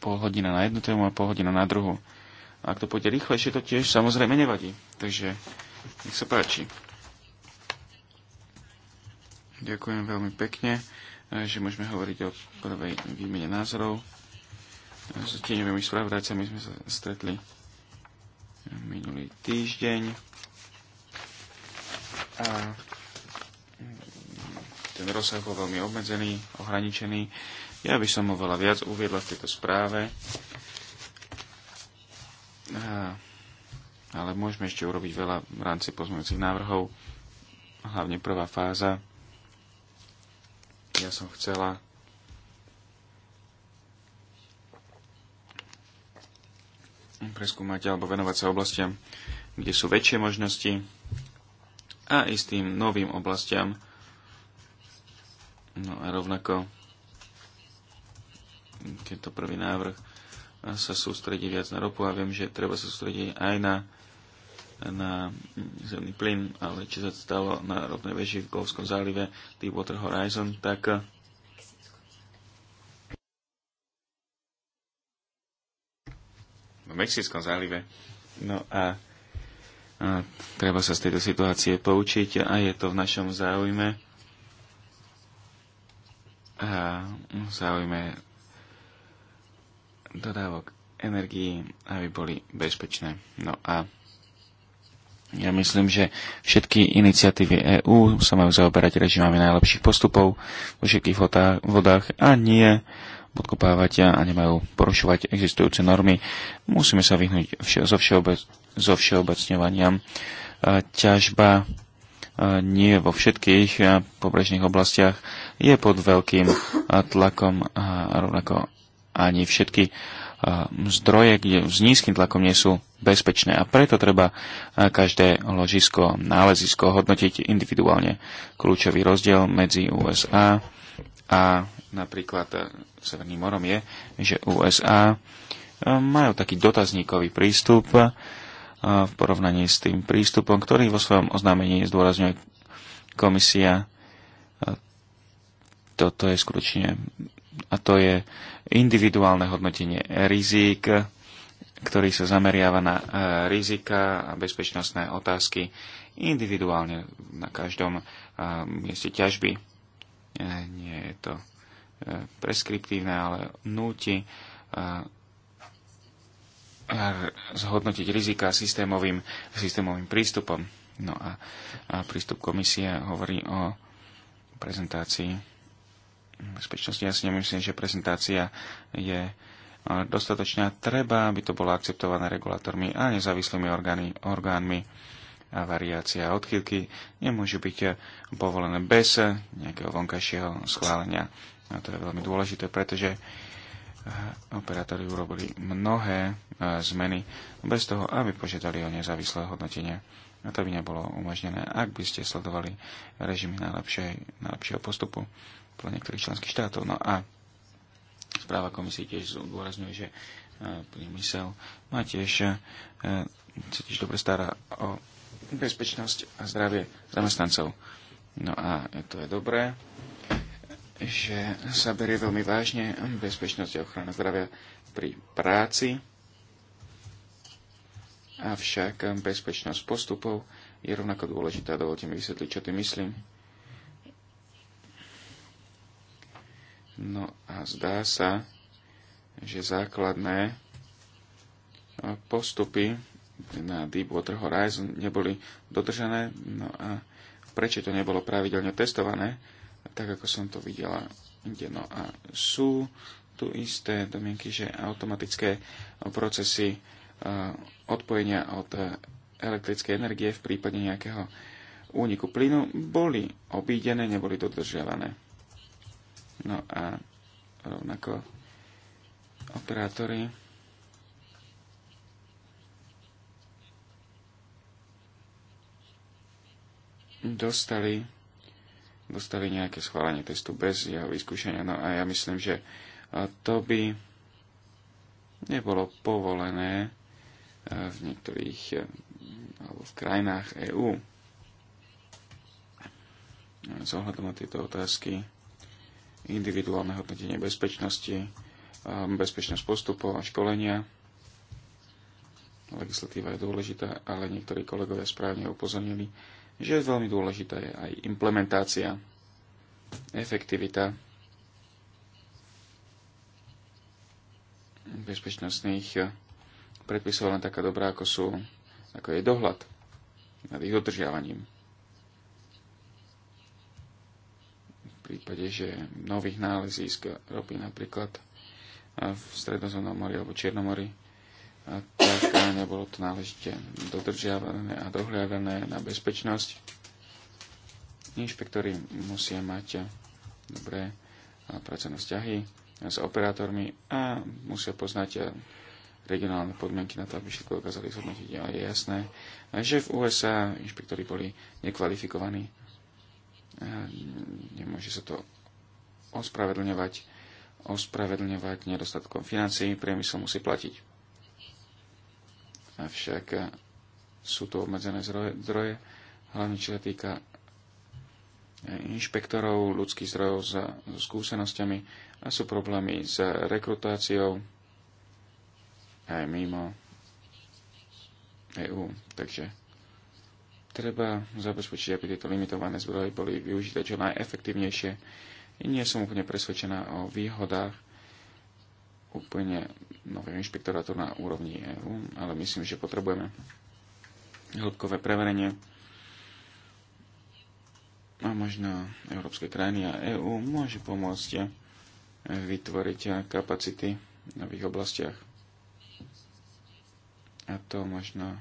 pol hodina na jednu tému a pol hodina na druhú. A ak to pôjde rýchlejšie, to tiež samozrejme nevadí. Takže nech sa páči. Ďakujem veľmi pekne, e, že môžeme hovoriť o prvej výmene názorov. E, s tieňovými spravodajcami sme sa stretli minulý týždeň. A mm, ten rozsah bol veľmi obmedzený, ohraničený. Ja by som oveľa viac uviedla v tejto správe. A, ale môžeme ešte urobiť veľa v rámci pozmeňujúcich návrhov. Hlavne prvá fáza. Ja som chcela preskúmať alebo venovať sa oblastiam, kde sú väčšie možnosti a istým novým oblastiam. No a rovnako, keď to prvý návrh sa sústredí viac na ropu a viem, že treba sa sústrediť aj na, na zemný plyn, ale či sa stalo na rovnej veži v Golfskom zálive Deepwater Horizon, tak v Mexickom zálive. No a, a treba sa z tejto situácie poučiť a je to v našom záujme a záujme dodávok energií, aby boli bezpečné. No a ja myslím, že všetky iniciatívy EÚ sa majú zaoberať režimami najlepších postupov vo všetkých vodách a nie podkopávať a nemajú porušovať existujúce normy. Musíme sa vyhnúť vše, so, všeobec, so Ťažba nie vo všetkých pobrežných oblastiach je pod veľkým tlakom a rovnako ani všetky zdroje, kde s nízkym tlakom nie sú bezpečné a preto treba každé ložisko, nálezisko hodnotiť individuálne. Kľúčový rozdiel medzi USA a napríklad e, Severným morom je, že USA e, majú taký dotazníkový prístup e, v porovnaní s tým prístupom, ktorý vo svojom oznámení zdôrazňuje komisia. Toto je skutočne a to je individuálne hodnotenie rizik, ktorý sa zameriava na rizika a bezpečnostné otázky individuálne na každom mieste ťažby. Nie je to preskriptívne, ale núti eh, zhodnotiť rizika systémovým, systémovým prístupom. No a, a prístup komisie hovorí o prezentácii bezpečnosti. Ja si nemyslím, že prezentácia je eh, dostatočná. Treba, aby to bolo akceptované regulátormi a nezávislými orgány, orgánmi. A variácia a odchýlky nemôžu byť eh, povolené bez nejakého vonkajšieho schválenia. A to je veľmi dôležité, pretože eh, operátori urobili mnohé eh, zmeny bez toho, aby požiadali o nezávislé hodnotenie. A to by nebolo umožnené, ak by ste sledovali režimy najlepšieho postupu pre niektorých členských štátov. No a správa komisie tiež zdôrazňuje, že eh, priemysel má tiež, sa tiež dobre stará o bezpečnosť a zdravie zamestnancov. No a to je dobré že sa berie veľmi vážne bezpečnosť a ochrana zdravia pri práci, avšak bezpečnosť postupov je rovnako dôležitá. Dovolte mi vysvetliť, čo tým myslím. No a zdá sa, že základné postupy na Deepwater Horizon neboli dodržané. No a prečo to nebolo pravidelne testované? tak ako som to videla inde. No a sú tu isté domienky, že automatické procesy e, odpojenia od elektrickej energie v prípade nejakého úniku plynu boli obídené, neboli dodržiavané. No a rovnako operátory dostali dostali nejaké schválenie testu bez jeho vyskúšania. No a ja myslím, že to by nebolo povolené e, v niektorých e, alebo v krajinách EÚ. Zohľadom ohľadom na tieto otázky individuálne hodnotenie bezpečnosti, e, bezpečnosť postupov a školenia. Legislatíva je dôležitá, ale niektorí kolegovia správne upozornili, že veľmi dôležitá je aj implementácia, efektivita bezpečnostných predpisov len taká dobrá, ako sú, ako je dohľad nad ich dodržiavaním. V prípade, že nových nálezísk ropy napríklad v Stredozemnom mori alebo mori, tak eh, nebolo to náležite dodržiavané a dohľadané na bezpečnosť. Inšpektori musia mať eh, dobré eh, pracovné vzťahy s operátormi a musia poznať regionálne podmienky na to, aby všetko dokázali zhodnotiť. A je jasné, že v USA inšpektori boli nekvalifikovaní. Nemôže sa to ospravedlňovať, ospravedlňovať nedostatkom financií, priemysel musí platiť. Avšak sú to obmedzené zdroje, zdroje hlavne čo sa týka e, inšpektorov, ľudských zdrojov za, so skúsenosťami a sú problémy s rekrutáciou aj mimo EÚ. Takže treba zabezpečiť, aby tieto limitované zdroje boli využité čo najefektívnejšie. Nie som úplne presvedčená o výhodách úplne nového inšpektorátu na úrovni EÚ, ale myslím, že potrebujeme hĺbkové preverenie a možno európske krajiny a EÚ môže pomôcť vytvoriť kapacity v nových oblastiach. A to možno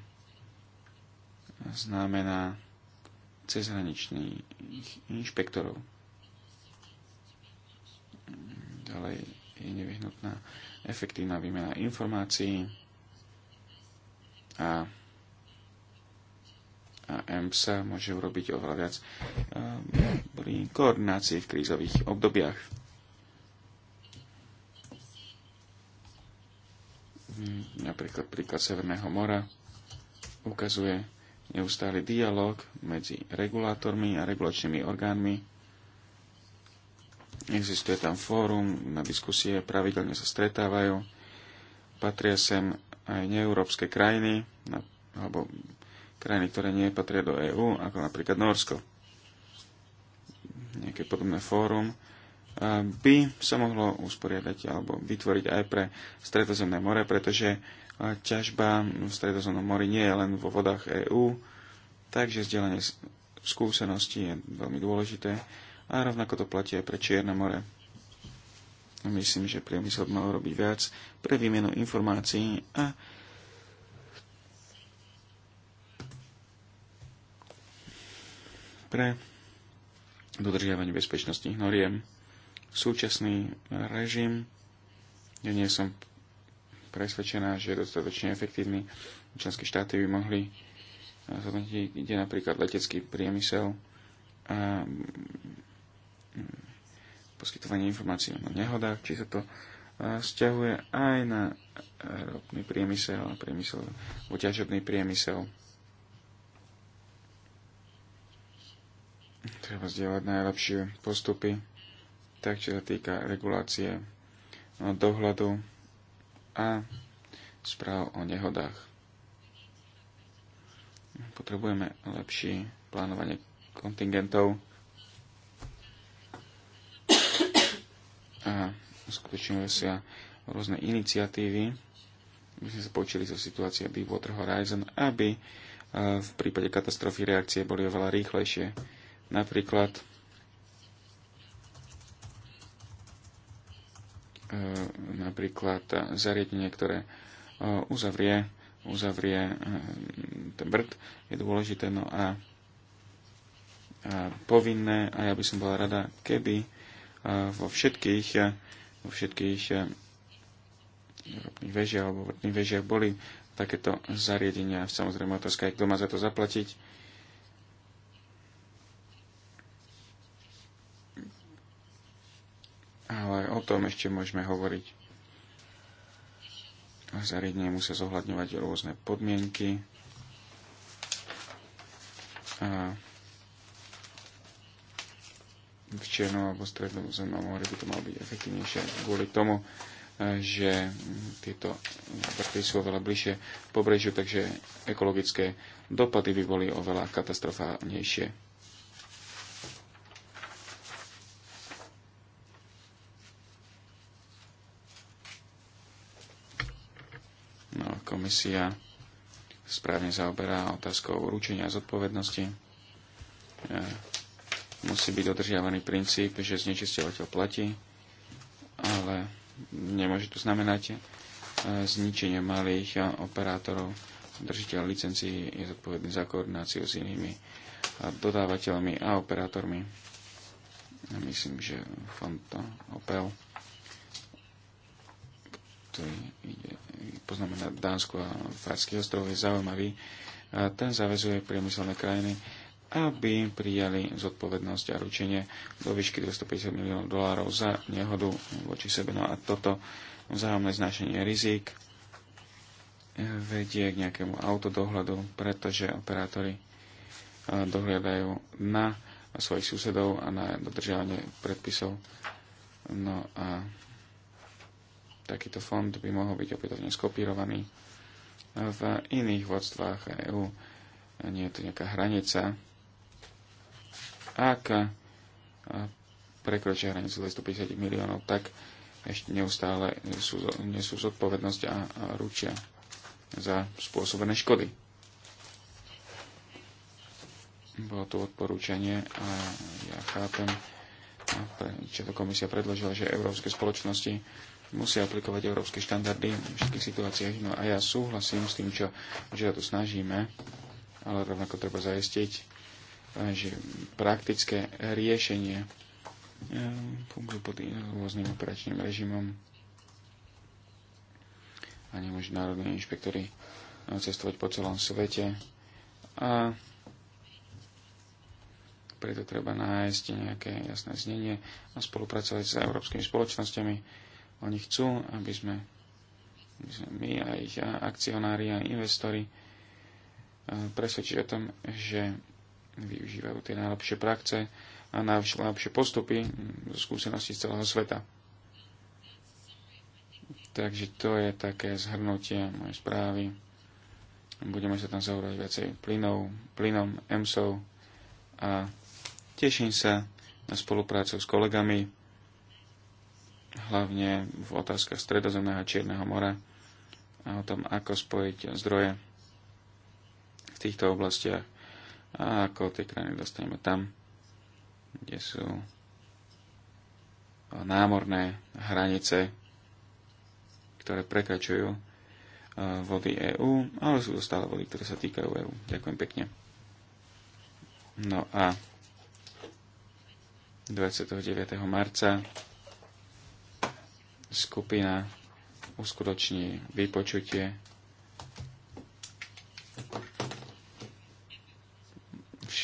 znamená cezhraničných inšpektorov. Ďalej je nevyhnutná efektívna výmena informácií a, a EMSA môže urobiť oveľa viac e, pri koordinácii v krízových obdobiach. Mm, napríklad príklad Severného mora ukazuje neustály dialog medzi regulátormi a regulačnými orgánmi Existuje tam fórum na diskusie, pravidelne sa stretávajú. Patria sem aj neeurópske krajiny, alebo krajiny, ktoré nie patria do EÚ, ako napríklad Norsko. Nejaké podobné fórum by sa mohlo usporiadať alebo vytvoriť aj pre Stredozemné more, pretože ťažba v Stredozemnom mori nie je len vo vodách EÚ, takže vzdelanie skúseností je veľmi dôležité a rovnako to platí aj pre Čierne more. Myslím, že priemysel mal robiť viac pre výmenu informácií a pre dodržiavanie bezpečnostných noriem. Súčasný režim, ja nie som presvedčená, že je dostatočne efektívny. Členské štáty by mohli eh, zhodnotiť, kde napríklad letecký priemysel a Mm. poskytovanie informácií o nehodách, či sa to eh, vzťahuje aj na eh, ropný priemysel, priemysel, ťažobný priemysel. Treba zdieľať najlepšie postupy, tak čo sa týka regulácie no, dohľadu a správ o nehodách. Potrebujeme lepšie plánovanie kontingentov a uskutočňujú sa rôzne iniciatívy. aby sme sa počili zo situácie Deepwater Horizon, aby e, v prípade katastrofy reakcie boli oveľa rýchlejšie. Napríklad e, napríklad zariadenie, ktoré e, uzavrie, uzavrie ten brd, je dôležité. No a, a povinné, a ja by som bola rada, keby vo všetkých, vo všetkých ropných vežiach alebo ropných vežiach boli takéto zariadenia. Samozrejme, otázka je, kto má za to zaplatiť. Ale o tom ešte môžeme hovoriť. Zariadenie musia zohľadňovať rôzne podmienky. A v Černom alebo Strednom zemnom mori by to malo byť efektívnejšie kvôli tomu, eh, že tieto vrty sú oveľa bližšie pobrežiu, takže ekologické dopady by boli oveľa katastrofálnejšie. No, komisia správne zaoberá otázkou ručenia zodpovednosti eh, musí byť dodržiavaný princíp, že znečisťovateľ platí, ale nemôže to znamenať e, zničenie malých e, operátorov. Držiteľ licencií je zodpovedný za koordináciu s inými e, dodávateľmi a operátormi. Myslím, že fond Opel, ktorý ide, poznamená Dánsku a Farský ostrov, je zaujímavý. A ten zavezuje priemyselné krajiny aby prijali zodpovednosť a ručenie do výšky 250 miliónov dolárov za nehodu voči sebe. No a toto vzájomné znašenie rizik vedie k nejakému autodohľadu, pretože operátori eh, dohľadajú na svojich susedov a na dodržiavanie predpisov. No a takýto fond by mohol byť opätovne skopírovaný v iných vodstvách EÚ. Nie je to nejaká hranica, ak eh, prekročia hranicu 250 miliónov, tak ešte neustále nie nesú zodpovednosť a, ručia za spôsobené škody. Bolo to odporúčanie a ja chápem, čo to komisia predložila, že európske spoločnosti musia aplikovať európske štandardy v všetkých situáciách. No a ja súhlasím s tým, čo, že to snažíme, ale rovnako treba zaistiť, že praktické riešenie eh, fungujú pod rôznym operačným režimom a nemôžu národní inšpektory eh, cestovať po celom svete a preto treba nájsť nejaké jasné znenie a spolupracovať s európskymi spoločnosťami. Oni chcú, aby sme, aby sme my a ich akcionári a investori eh, presvedčili o tom, že využívajú tie najlepšie praxe a najlepšie postupy zo skúseností z celého sveta. Takže to je také zhrnutie mojej správy. Budeme sa tam zaoberať viacej plynov, plynom, EMSov a teším sa na spoluprácu s kolegami, hlavne v otázkach Stredozemného a Čierneho mora a o tom, ako spojiť zdroje v týchto oblastiach a ako tie krajiny dostaneme tam, kde sú námorné hranice, ktoré prekračujú e, vody EÚ, ale sú to stále vody, ktoré sa týkajú EÚ. Ďakujem pekne. No a 29. marca skupina uskutoční vypočutie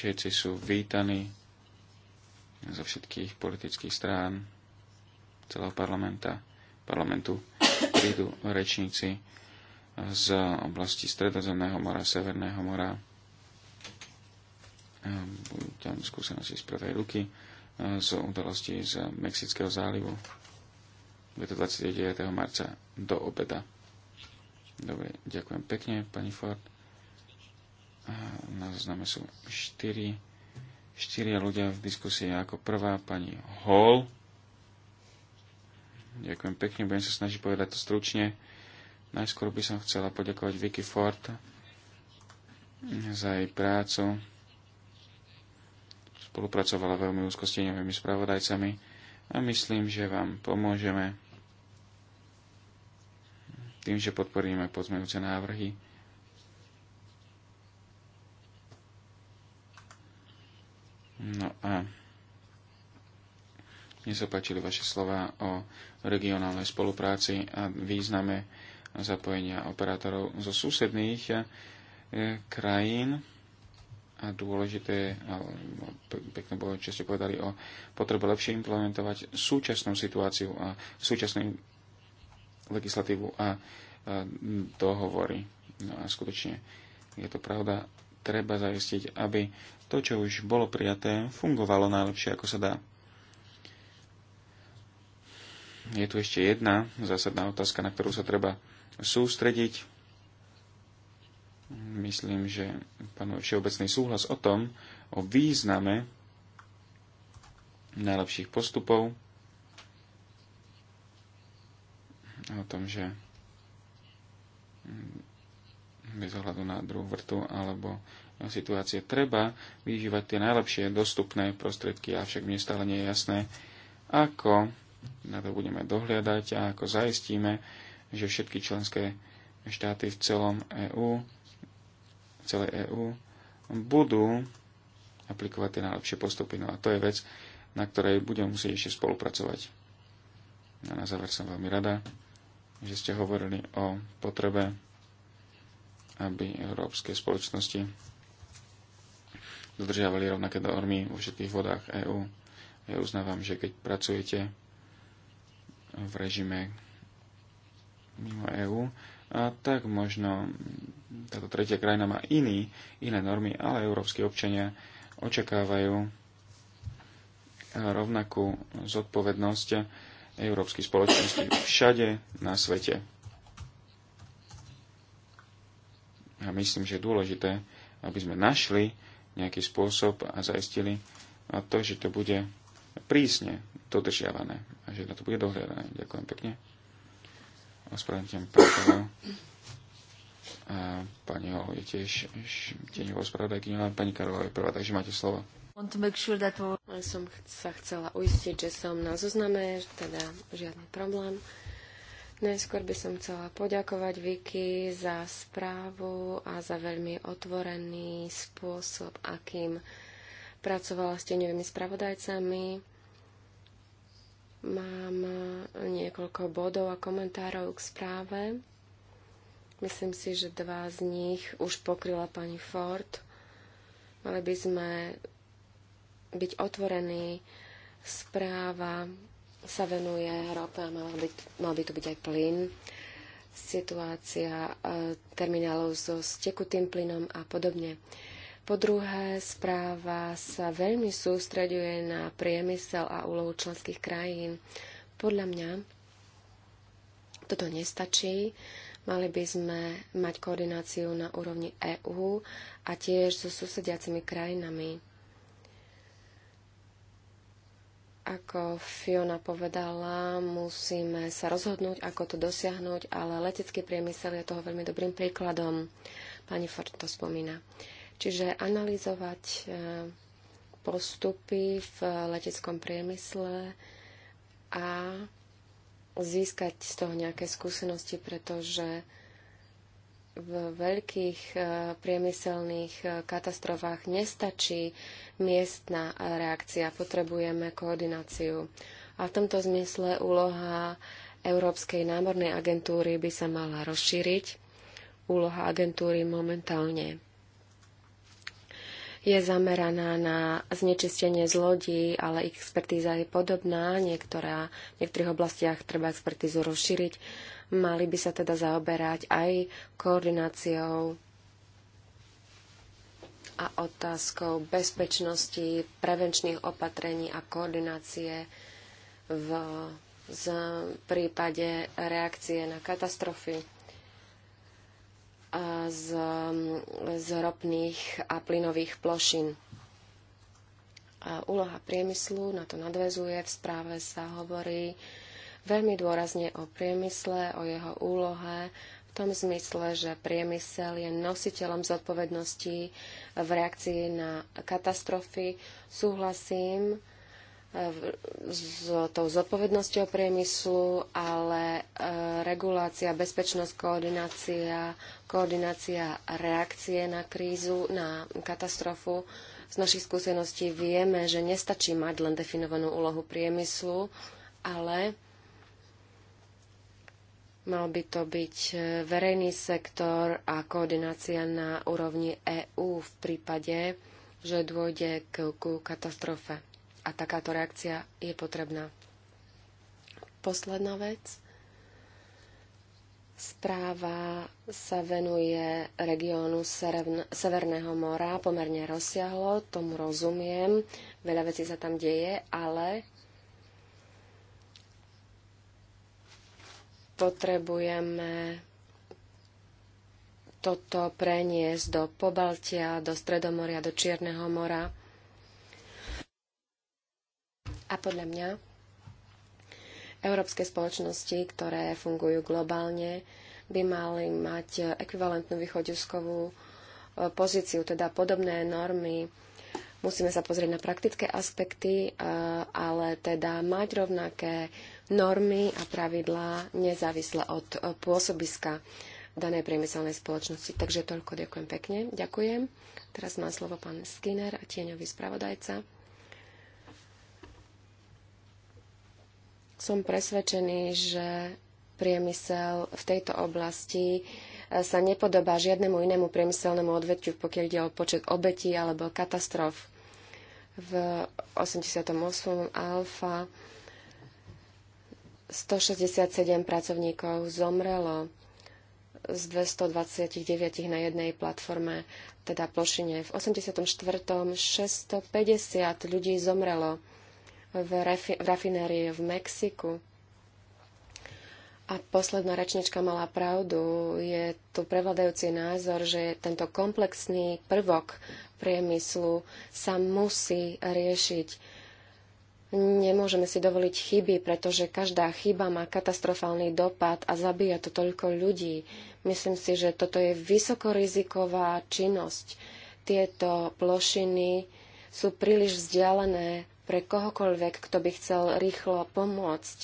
Všetci sú vítaní zo všetkých politických strán celého parlamenta, parlamentu prídu rečníci z oblasti Stredozemného mora, Severného mora. Ehm, budú tam skúsenosti z prvej ruky e, z udalosti z Mexického zálivu. to 29. marca do obeda. Dobre, ďakujem pekne, pani Ford na zozname sú 4, 4 ľudia v diskusii. Ako prvá pani Hall. Ďakujem pekne, budem sa snažiť povedať to stručne. Najskôr by som chcela poďakovať Vicky Ford za jej prácu. Spolupracovala veľmi úzko s tieňovými spravodajcami a myslím, že vám pomôžeme tým, že podporíme pozmejúce návrhy No a mne sa páčili vaše slova o regionálnej spolupráci a význame zapojenia operátorov zo susedných eh, krajín a dôležité, pekne bolo, čo ste povedali o potrebe lepšie implementovať súčasnú situáciu a súčasnú legislatívu a dohovory. No a skutočne je to pravda, treba zaistiť, aby to, čo už bolo prijaté, fungovalo najlepšie, ako sa dá. Je tu ešte jedna zásadná otázka, na ktorú sa treba sústrediť. Myslím, že panuje všeobecný súhlas o tom, o význame najlepších postupov, o tom, že bez ohľadu na druhú vrtu alebo situácie. Treba využívať tie najlepšie dostupné prostriedky, avšak mne stále nie je jasné, ako na to budeme dohliadať a ako zaistíme, že všetky členské štáty v celom EÚ, celej EÚ budú aplikovať tie najlepšie postupy. No a to je vec, na ktorej budeme musieť ešte spolupracovať. No a na záver som veľmi rada, že ste hovorili o potrebe, aby európske spoločnosti dodržiavali rovnaké normy vo všetkých vodách EÚ. Ja uznávam, že keď pracujete v režime mimo EÚ, a tak možno táto tretia krajina má iný, iné normy, ale európsky občania očakávajú rovnakú zodpovednosť európskej spoločnosti všade na svete. Ja myslím, že je dôležité, aby sme našli nejaký spôsob a zaistili to, že to bude prísne dodržiavané a že na to bude dohľadané. Ďakujem pekne. Ospravedlňujem pán a pani Hol je tiež tieňovou ale pani Karola je prvá, takže máte slovo. Sure that... Som sa chcela uistiť, že som na zozname, teda žiadny problém. Najskôr by som chcela poďakovať Vicky za správu a za veľmi otvorený spôsob, akým pracovala s teňovými spravodajcami. Mám niekoľko bodov a komentárov k správe. Myslím si, že dva z nich už pokryla pani Ford. Mali by sme byť otvorení správa sa venuje rope a mal by, mal by tu byť aj plyn. Situácia e, terminálov so stekutým plynom a podobne. Po druhé, správa sa veľmi sústreďuje na priemysel a úlohu členských krajín. Podľa mňa toto nestačí. Mali by sme mať koordináciu na úrovni EÚ a tiež so susediacimi krajinami. Ako Fiona povedala, musíme sa rozhodnúť, ako to dosiahnuť, ale letecký priemysel je toho veľmi dobrým príkladom. Pani Ford to spomína. Čiže analyzovať e, postupy v leteckom priemysle a získať z toho nejaké skúsenosti, pretože v veľkých e, priemyselných e, katastrofách nestačí miestna reakcia, potrebujeme koordináciu. A v tomto zmysle úloha Európskej námornej agentúry by sa mala rozšíriť. Úloha agentúry momentálne je zameraná na znečistenie z lodí, ale ich expertíza je podobná. Niektorá, v niektorých oblastiach treba expertízu rozšíriť Mali by sa teda zaoberať aj koordináciou a otázkou bezpečnosti, prevenčných opatrení a koordinácie v, z, prípade reakcie na katastrofy a z, z ropných a plynových plošín. A úloha priemyslu na to nadvezuje. V správe sa hovorí veľmi dôrazne o priemysle, o jeho úlohe, v tom zmysle, že priemysel je nositeľom zodpovednosti v reakcii na katastrofy. Súhlasím eh, s tou zodpovednosťou priemyslu, ale eh, regulácia, bezpečnosť, koordinácia, koordinácia reakcie na krízu, na katastrofu, z našich skúseností vieme, že nestačí mať len definovanú úlohu priemyslu, ale Mal by to byť e, verejný sektor a koordinácia na úrovni EÚ v prípade, že dôjde k, k katastrofe. A takáto reakcia je potrebná. Posledná vec. Správa sa venuje regiónu Severného mora pomerne rozsiahlo, tomu rozumiem. Veľa vecí sa tam deje, ale Potrebujeme toto preniesť do Pobaltia, do Stredomoria, do Čierneho mora. A podľa mňa európske spoločnosti, ktoré fungujú globálne, by mali mať ekvivalentnú východiskovú e, pozíciu, teda podobné normy. Musíme sa pozrieť na praktické aspekty, e, ale teda mať rovnaké normy a pravidlá nezávisle od eh, pôsobiska danej priemyselnej spoločnosti. Takže toľko ďakujem pekne. Ďakujem. Teraz má slovo pán Skinner a tieňový spravodajca. Som presvedčený, že priemysel v tejto oblasti eh, sa nepodobá žiadnemu inému priemyselnému odvetiu, pokiaľ ide o počet obetí alebo katastrof. V 88. alfa 167 pracovníkov zomrelo z 229 na jednej platforme, teda plošine. V 84. 650 ľudí zomrelo v, refi- v rafinérii v Mexiku. A posledná rečnička mala pravdu. Je tu prevladajúci názor, že tento komplexný prvok priemyslu sa musí riešiť Nemôžeme si dovoliť chyby, pretože každá chyba má katastrofálny dopad a zabíja to toľko ľudí. Myslím si, že toto je vysokoriziková činnosť. Tieto plošiny sú príliš vzdialené pre kohokoľvek, kto by chcel rýchlo pomôcť.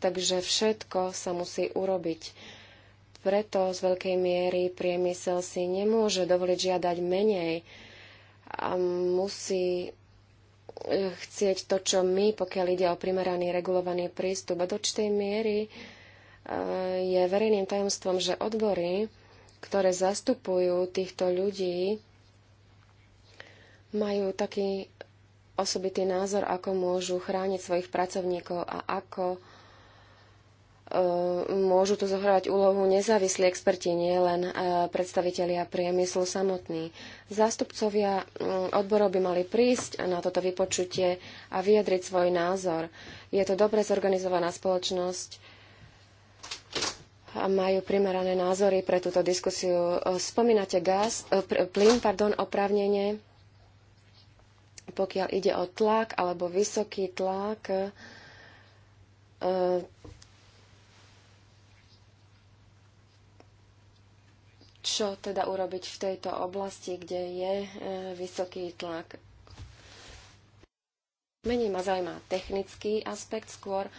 Takže všetko sa musí urobiť. Preto z veľkej miery priemysel si nemôže dovoliť žiadať menej a musí chcieť to, čo my, pokiaľ ide o primeraný regulovaný prístup. A do čtej miery e, je verejným tajomstvom, že odbory, ktoré zastupujú týchto ľudí, majú taký osobitý názor, ako môžu chrániť svojich pracovníkov a ako Ehm, môžu tu zohrávať úlohu nezávislí experti, nie len e, predstavitelia priemyslu samotný. Zástupcovia mm, odborov by mali prísť na toto vypočutie a vyjadriť svoj názor. Je to dobre zorganizovaná spoločnosť a majú primerané názory pre túto diskusiu. E, spomínate gaz, e, plyn, pardon, oprávnenie, pokiaľ ide o tlak alebo vysoký tlak, čo teda urobiť v tejto oblasti, kde je e, vysoký tlak. Menej ma zaujíma technický aspekt, skôr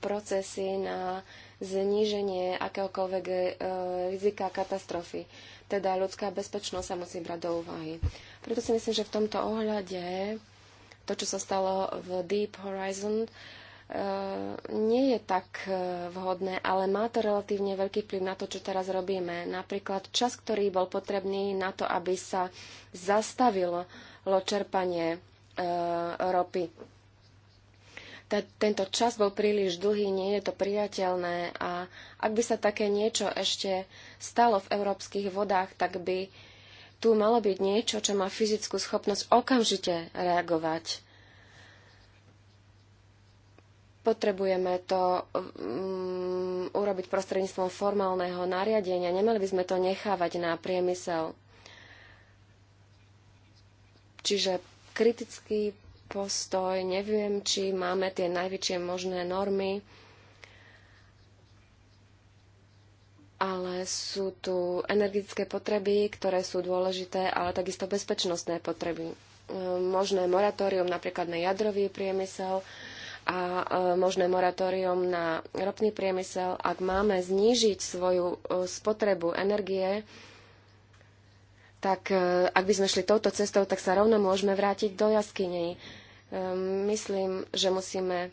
procesy na zníženie akéhokoľvek e, rizika katastrofy. Teda ľudská bezpečnosť sa musí brať do úvahy. Preto si myslím, že v tomto ohľade to, čo sa stalo v Deep Horizon, E, nie je tak e, vhodné, ale má to relatívne veľký vplyv na to, čo teraz robíme. Napríklad čas, ktorý bol potrebný na to, aby sa zastavilo čerpanie e, ropy. Tento čas bol príliš dlhý, nie je to priateľné a ak by sa také niečo ešte stalo v európskych vodách, tak by tu malo byť niečo, čo má fyzickú schopnosť okamžite reagovať Potrebujeme to um, urobiť prostredníctvom formálneho nariadenia. Nemali by sme to nechávať na priemysel. Čiže kritický postoj, neviem, či máme tie najväčšie možné normy, ale sú tu energetické potreby, ktoré sú dôležité, ale takisto bezpečnostné potreby. E, možné moratórium napríklad na jadrový priemysel, a e, možné moratórium na ropný priemysel, ak máme znížiť svoju e, spotrebu energie, tak e, ak by sme šli touto cestou, tak sa rovno môžeme vrátiť do jaskyne. Myslím, že musíme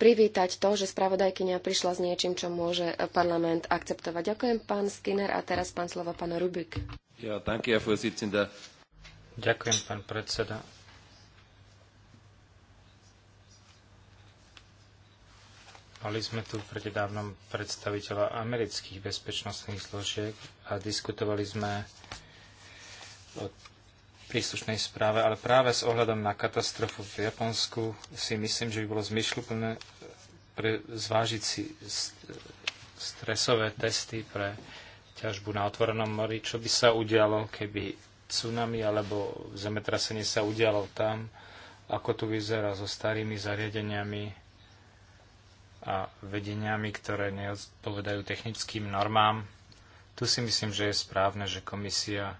privítať to, že spravodajkynia prišla s niečím, čo môže parlament akceptovať. Ďakujem, pán Skinner, a teraz pán slovo, pán Rubik. Ja, danke, Ďakujem, pán predseda. Mali sme tu prededávnom predstaviteľa amerických bezpečnostných zložiek a diskutovali sme o príslušnej správe, ale práve s ohľadom na katastrofu v Japonsku si myslím, že by bolo zmyšľuplné pre, zvážiť si stresové testy pre ťažbu na otvorenom mori, čo by sa udialo, keby tsunami alebo zemetrasenie sa udialo tam, ako tu vyzerá so starými zariadeniami, a vedeniami, ktoré neodpovedajú technickým normám. Tu si myslím, že je správne, že komisia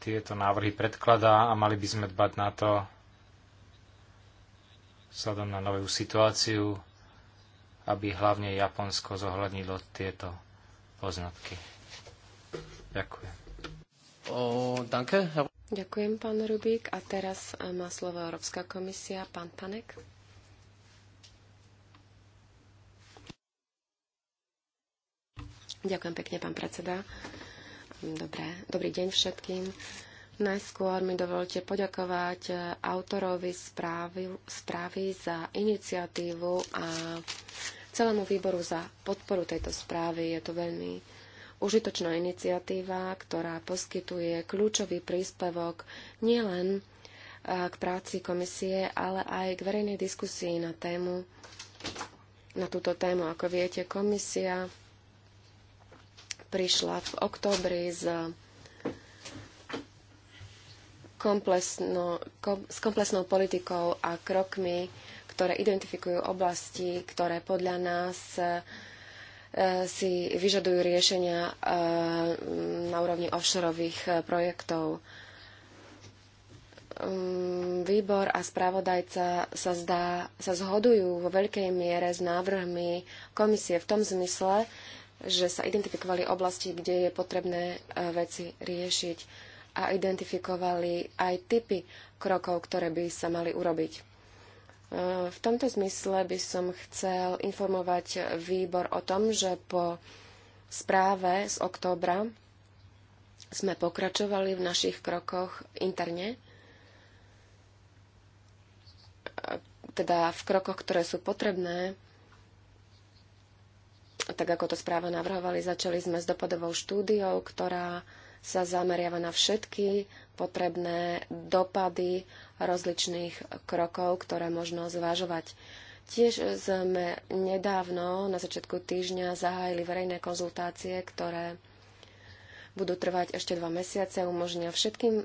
tieto návrhy predkladá a mali by sme dbať na to, vzhľadom na novú situáciu, aby hlavne Japonsko zohľadnilo tieto poznatky. Ďakujem. Ďakujem, pán Rubík. A teraz má slovo Európska komisia, pán Panek. Ďakujem pekne, pán predseda. Dobré, dobrý deň všetkým. Najskôr mi dovolte poďakovať eh, autorovi správy, správy za iniciatívu a celému výboru za podporu tejto správy. Je to veľmi užitočná iniciatíva, ktorá poskytuje kľúčový príspevok nielen eh, k práci komisie, ale aj k verejnej diskusii na tému na túto tému. Ako viete, komisia prišla v októbri s, kom, s komplexnou politikou a krokmi, ktoré identifikujú oblasti, ktoré podľa nás e, si vyžadujú riešenia e, na úrovni offshoreových e, projektov. Mm, výbor a spravodajca sa, zdá, sa zhodujú vo veľkej miere s návrhmi komisie v tom zmysle, že sa identifikovali oblasti, kde je potrebné e, veci riešiť a identifikovali aj typy krokov, ktoré by sa mali urobiť. E, v tomto zmysle by som chcel informovať výbor o tom, že po správe z októbra sme pokračovali v našich krokoch interne, e, teda v krokoch, ktoré sú potrebné tak ako to správa navrhovali, začali sme s dopadovou štúdiou, ktorá sa zameriava na všetky potrebné dopady rozličných krokov, ktoré možno zvažovať. Tiež sme nedávno, na začiatku týždňa, zahájili verejné konzultácie, ktoré budú trvať ešte dva mesiace, umožnia všetkým e,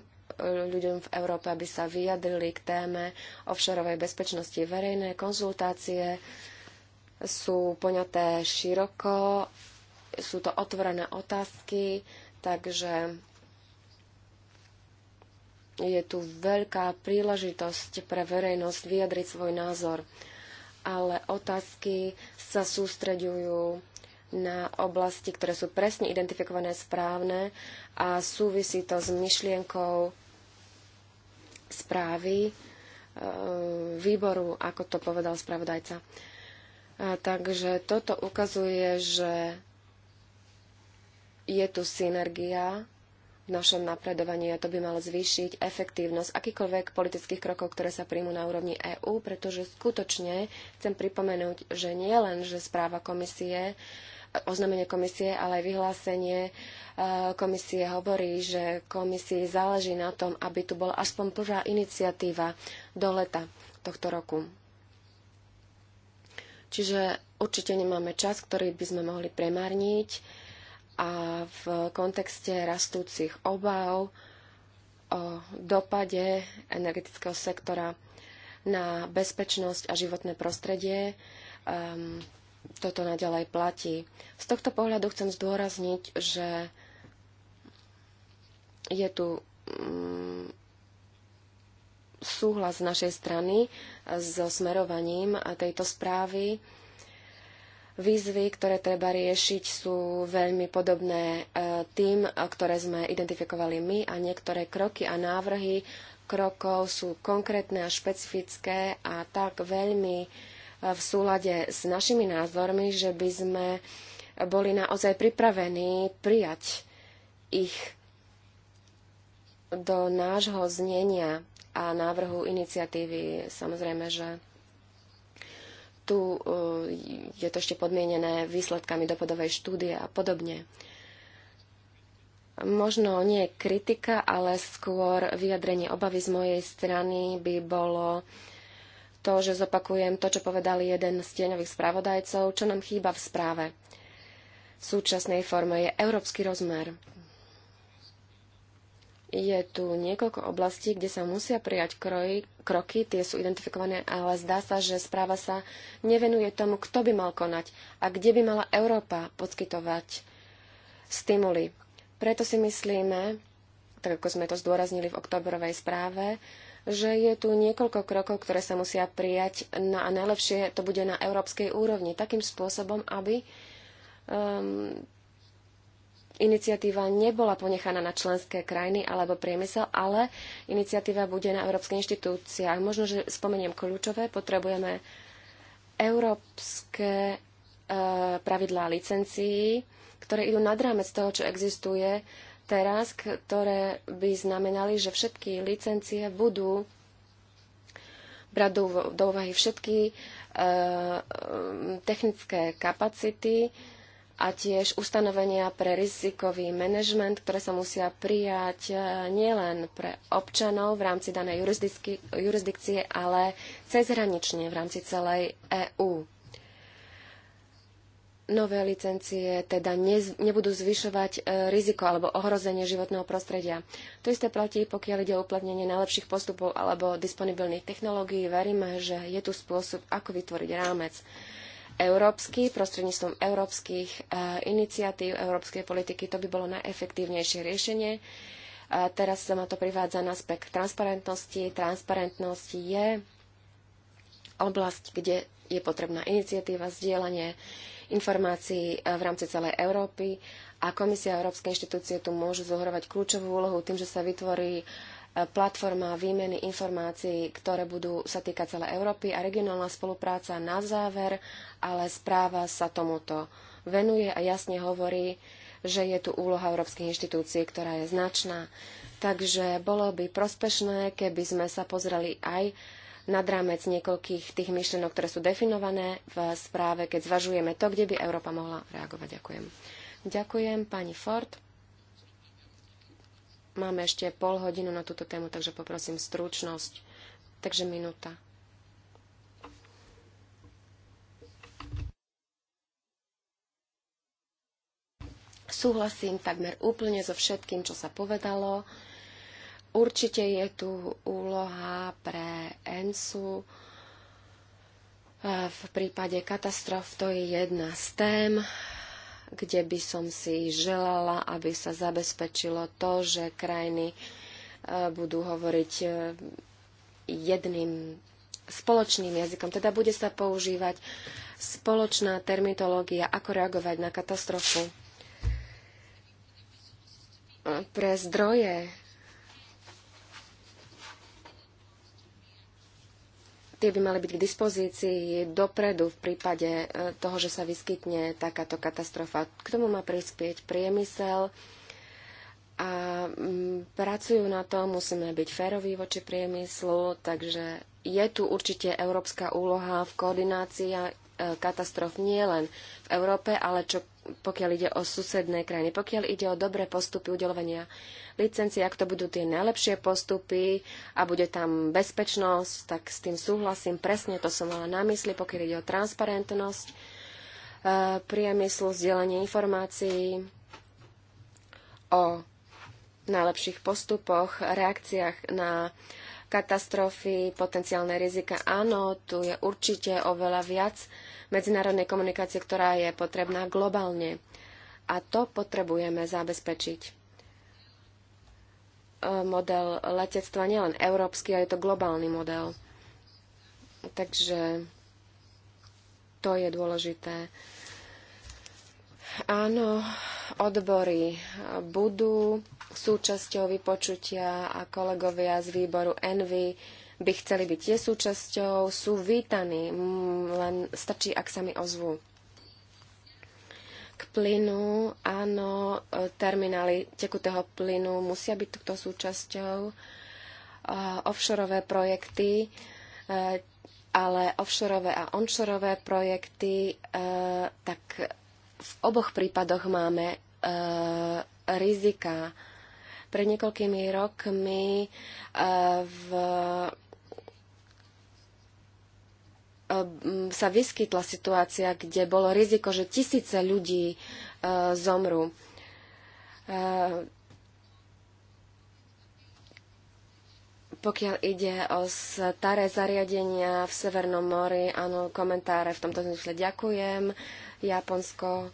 ľuďom v Európe, aby sa vyjadrili k téme offshoreovej bezpečnosti verejné konzultácie sú poňaté široko, sú to otvorené otázky, takže je tu veľká príležitosť pre verejnosť vyjadriť svoj názor. Ale otázky sa sústreďujú na oblasti, ktoré sú presne identifikované správne a súvisí to s myšlienkou správy e, výboru, ako to povedal spravodajca. A takže toto ukazuje, že je tu synergia v našom napredovaní a to by malo zvýšiť efektívnosť akýkoľvek politických krokov, ktoré sa príjmu na úrovni EÚ, pretože skutočne chcem pripomenúť, že nie len, že správa komisie, oznámenie komisie, ale aj vyhlásenie e, komisie hovorí, že komisii záleží na tom, aby tu bola aspoň prvá iniciatíva do leta tohto roku. Čiže určite nemáme čas, ktorý by sme mohli premarniť a v kontexte rastúcich obav o dopade energetického sektora na bezpečnosť a životné prostredie um, toto naďalej platí. Z tohto pohľadu chcem zdôrazniť, že je tu um, súhlas z našej strany e, so smerovaním e, tejto správy. Výzvy, ktoré treba riešiť, sú veľmi podobné e, tým, ktoré sme identifikovali my a niektoré kroky a návrhy krokov sú konkrétne a špecifické a tak veľmi v súlade s našimi názormi, že by sme boli naozaj pripravení prijať ich do nášho znenia a návrhu iniciatívy. Samozrejme, že tu eh, je to ešte podmienené výsledkami dopadovej štúdie a podobne. Možno nie kritika, ale skôr vyjadrenie obavy z mojej strany by bolo to, že zopakujem to, čo povedal jeden z tieňových spravodajcov, čo nám chýba v správe. V súčasnej forme je európsky rozmer je tu niekoľko oblastí, kde sa musia prijať kroj, kroky, tie sú identifikované, ale zdá sa, že správa sa nevenuje tomu, kto by mal konať a kde by mala Európa poskytovať stimuly. Preto si myslíme, tak ako sme to zdôraznili v oktobrovej správe, že je tu niekoľko krokov, ktoré sa musia prijať no a najlepšie to bude na európskej úrovni, takým spôsobom, aby um, iniciatíva nebola ponechaná na členské krajiny alebo priemysel, ale iniciatíva bude na európskych inštitúciách. Možno, že spomeniem kľúčové, potrebujeme európske e, pravidlá licencií, ktoré idú nad rámec toho, čo existuje teraz, ktoré by znamenali, že všetky licencie budú brať do, do úvahy všetky e, e technické kapacity, e, a tiež ustanovenia pre rizikový manažment, ktoré sa musia prijať e, nielen pre občanov v rámci danej jurisdikcie, ale cezhranične v rámci celej EÚ. Nové licencie teda nebudú zvyšovať e, riziko alebo ohrozenie životného prostredia. To isté platí, pokiaľ ide o uplatnenie najlepších postupov alebo disponibilných technológií. Veríme, že je tu spôsob, ako vytvoriť rámec európsky, prostredníctvom európskych e, iniciatív, európskej politiky. To by bolo najefektívnejšie riešenie. A e, teraz sa ma to privádza na aspekt transparentnosti. Transparentnosť je oblasť, kde je potrebná iniciatíva, zdieľanie informácií e, v rámci celej Európy a Komisia a Európske inštitúcie tu môžu zohrovať kľúčovú úlohu tým, že sa vytvorí uh, platforma výmeny informácií, ktoré budú sa týkať celej Európy a regionálna spolupráca na záver, ale správa sa tomuto venuje a jasne hovorí, že je tu úloha európskych inštitúcií, ktorá je značná. Takže bolo by prospešné, keby sme sa pozreli aj nad rámec niekoľkých tých myšlienok, ktoré sú definované v správe, keď zvažujeme to, kde by Európa mohla reagovať. Ďakujem. Ďakujem, pani Ford. Máme ešte pol hodinu na túto tému, takže poprosím stručnosť. Takže minúta. Súhlasím takmer úplne so všetkým, čo sa povedalo. Určite je tu úloha pre ENSU. Eh, v prípade katastrof to je jedna z tém kde by som si želala, aby sa zabezpečilo to, že krajiny e, budú hovoriť e, jedným spoločným jazykom. Teda bude sa používať spoločná terminológia, ako reagovať na katastrofu. E, pre zdroje Tie by mali byť k dispozícii dopredu v prípade e, toho, že sa vyskytne takáto katastrofa. K tomu má prispieť priemysel a mm, pracujú na tom, musíme byť féroví voči priemyslu, takže je tu určite európska úloha v koordinácii e, katastrof nie len v Európe, ale čo pokiaľ ide o susedné krajiny, pokiaľ ide o dobré postupy udelovania licencií, ak to budú tie najlepšie postupy a bude tam bezpečnosť, tak s tým súhlasím. Presne to som mala na mysli, pokiaľ ide o transparentnosť, e, priemyslu, vzdelanie informácií o najlepších postupoch, reakciách na katastrofy, potenciálne rizika. Áno, tu je určite oveľa viac medzinárodnej komunikácie, ktorá je potrebná globálne. A to potrebujeme zabezpečiť. E, model letectva nielen európsky, ale je to globálny model. Takže to je dôležité. Áno, odbory budú súčasťou vypočutia a kolegovia z výboru Envy by chceli byť tie súčasťou, sú vítaní, mm, len stačí, ak sa mi ozvú. K plynu, áno, e, terminály tekutého plynu musia byť túto súčasťou, e, offshoreové projekty, e, ale offshoreové a onshore projekty, tak v oboch prípadoch máme rizika. Pred niekoľkými rokmi v E, sa vyskytla situácia, kde bolo riziko, že tisíce ľudí e, zomrú. E, pokiaľ ide o staré zariadenia v Severnom mori, áno, komentáre v tomto zmysle ďakujem. Japonsko,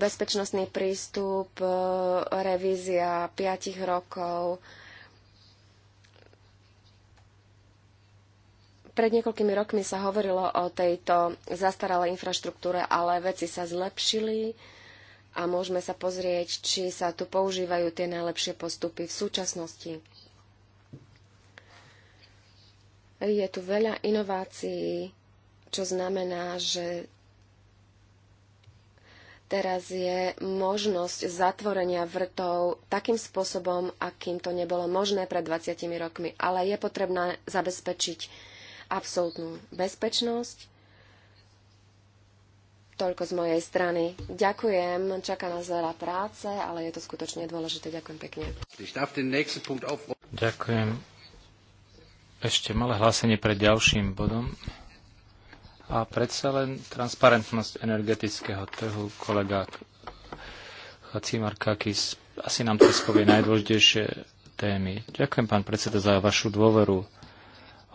bezpečnostný prístup, revízia 5 rokov, Pred niekoľkými rokmi sa hovorilo o tejto zastaralej infraštruktúre, ale veci sa zlepšili a môžeme sa pozrieť, či sa tu používajú tie najlepšie postupy v súčasnosti. Je tu veľa inovácií, čo znamená, že teraz je možnosť zatvorenia vrtov takým spôsobom, akým to nebolo možné pred 20 rokmi, ale je potrebné zabezpečiť absolútnu bezpečnosť. Toľko z mojej strany. Ďakujem, čaká nás veľa práce, ale je to skutočne dôležité. Ďakujem pekne. Ďakujem. Ešte malé hlásenie pred ďalším bodom. A predsa len transparentnosť energetického trhu, kolega Chacimar Kakis asi nám to spovie najdôležitejšie témy. Ďakujem, pán predseda, za vašu dôveru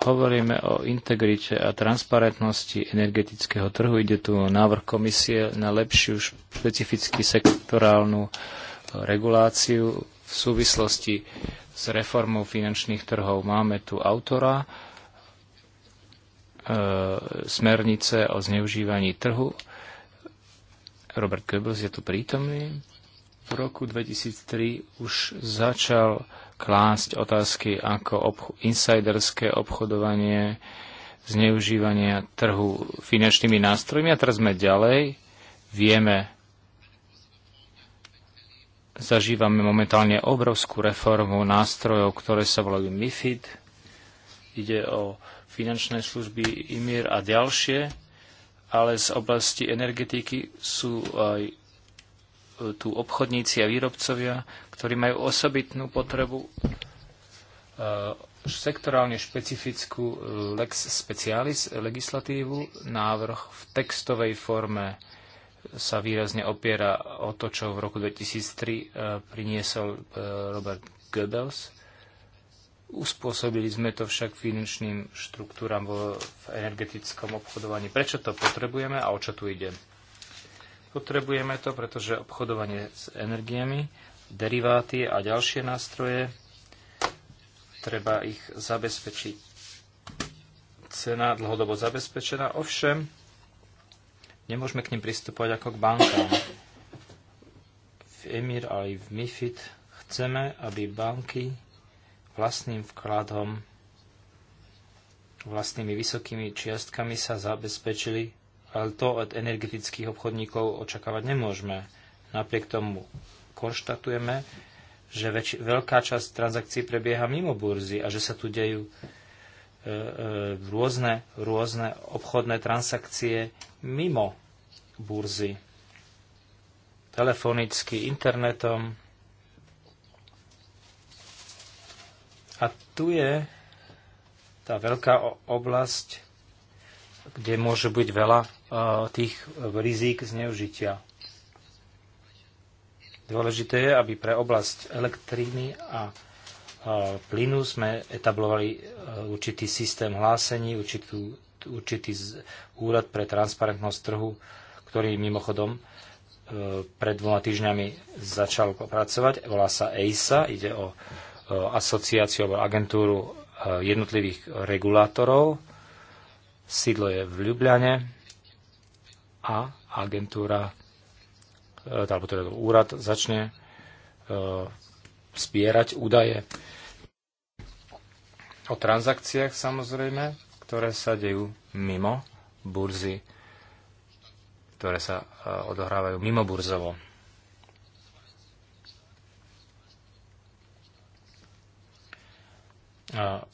hovoríme o integrite a transparentnosti energetického trhu. Ide tu o návrh komisie na lepšiu špecificky sektorálnu e, reguláciu v súvislosti s reformou finančných trhov. Máme tu autora e, smernice o zneužívaní trhu. Robert Goebbels je tu prítomný. V roku 2003 už začal klásť otázky ako obch- insiderské obchodovanie, zneužívania trhu finančnými nástrojmi. A teraz sme ďalej. Vieme, zažívame momentálne obrovskú reformu nástrojov, ktoré sa volajú MIFID. Ide o finančné služby IMIR a ďalšie, ale z oblasti energetiky sú aj tu obchodníci a výrobcovia, ktorí majú osobitnú potrebu e, sektorálne špecifickú e, lex specialis legislatívu. Návrh v textovej forme sa výrazne opiera o to, čo v roku 2003 e, priniesol Robert Goebbels. Uspôsobili sme to však finančným štruktúram v energetickom obchodovaní. Prečo to potrebujeme a o čo tu ide? Potrebujeme to, pretože obchodovanie s energiami, deriváty a ďalšie nástroje, treba ich zabezpečiť. Cena dlhodobo zabezpečená, ovšem nemôžeme k nim pristupovať ako k bankám. V EMIR aj v MIFID chceme, aby banky vlastným vkladom, vlastnými vysokými čiastkami sa zabezpečili ale to od energetických obchodníkov očakávať nemôžeme. Napriek tomu konštatujeme, že väč- veľká časť transakcií prebieha mimo burzy a že sa tu dejú e, e, rôzne, rôzne obchodné transakcie mimo burzy. Telefonicky, internetom. A tu je tá veľká oblasť, kde môže byť veľa tých e, rizík zneužitia. Dôležité je, aby pre oblasť elektriny a plynu sme etablovali e, určitý systém hlásení, určitú, určitý úrad pre transparentnosť trhu, ktorý mimochodom e, pred dvoma týždňami začal pracovať. Volá sa EISA, ide o asociáciu alebo agentúru jednotlivých regulátorov. Sídlo je v Ljubljane a agentúra, e, alebo teda úrad začne e, zbierať údaje o transakciách samozrejme, ktoré sa dejú mimo burzy, ktoré sa e, odohrávajú mimo burzovo.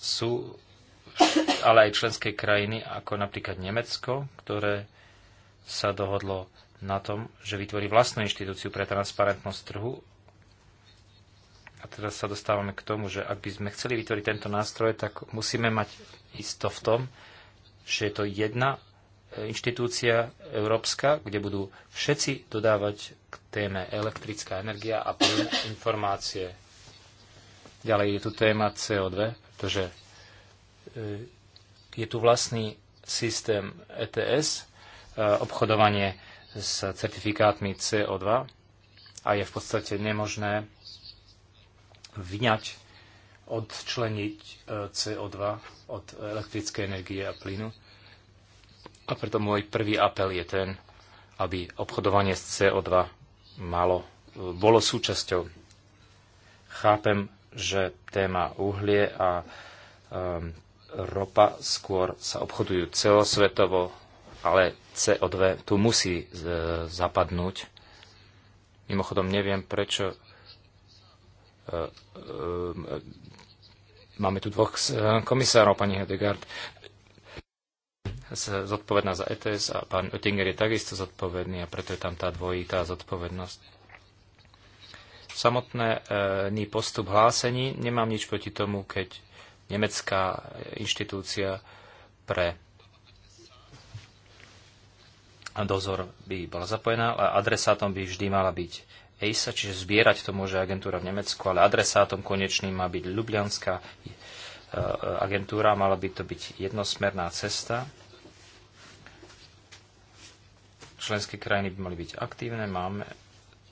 Sú ale aj členské krajiny, ako napríklad Nemecko, ktoré sa dohodlo na tom, že vytvorí vlastnú inštitúciu pre transparentnosť trhu. A teraz sa dostávame k tomu, že ak by sme chceli vytvoriť tento nástroj, tak musíme mať isto v tom, že je to jedna e, inštitúcia európska, kde budú všetci dodávať k téme elektrická energia a plyn informácie. Ďalej je tu téma CO2, pretože e, je tu vlastný systém ETS, Eh, obchodovanie s certifikátmi CO2 a je v podstate nemožné vyňať, odčleniť eh, CO2 od elektrickej energie a plynu. A preto môj prvý apel je ten, aby obchodovanie s CO2 malo, eh, bolo súčasťou. Chápem, že téma uhlie a um, ropa skôr sa obchodujú celosvetovo ale CO2 tu musí e, zapadnúť. Mimochodom, neviem, prečo e, e, máme tu dvoch komisárov, pani Hedegaard, zodpovedná za ETS a pán Oettinger je takisto zodpovedný a preto je tam tá dvojitá zodpovednosť. Samotný postup hlásení nemám nič proti tomu, keď nemecká inštitúcia pre dozor by bola zapojená, ale adresátom by vždy mala byť EISA, čiže zbierať to môže agentúra v Nemecku, ale adresátom konečným má byť Ljubljanská e, agentúra, mala by to byť jednosmerná cesta. Členské krajiny by mali byť aktívne, máme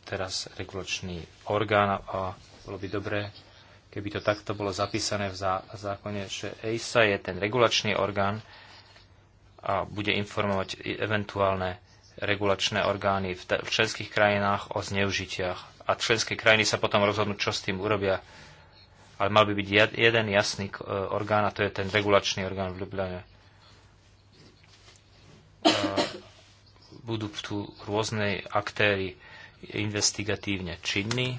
teraz regulačný orgán a bolo by dobré, keby to takto bolo zapísané v zákone, že EISA je ten regulačný orgán, a bude informovať eventuálne regulačné orgány v členských krajinách o zneužitiach. A členské krajiny sa potom rozhodnú, čo s tým urobia. Ale mal by byť jeden jasný e, orgán a to je ten regulačný orgán v Ljubljane. Budú tu rôzne aktéry investigatívne činní.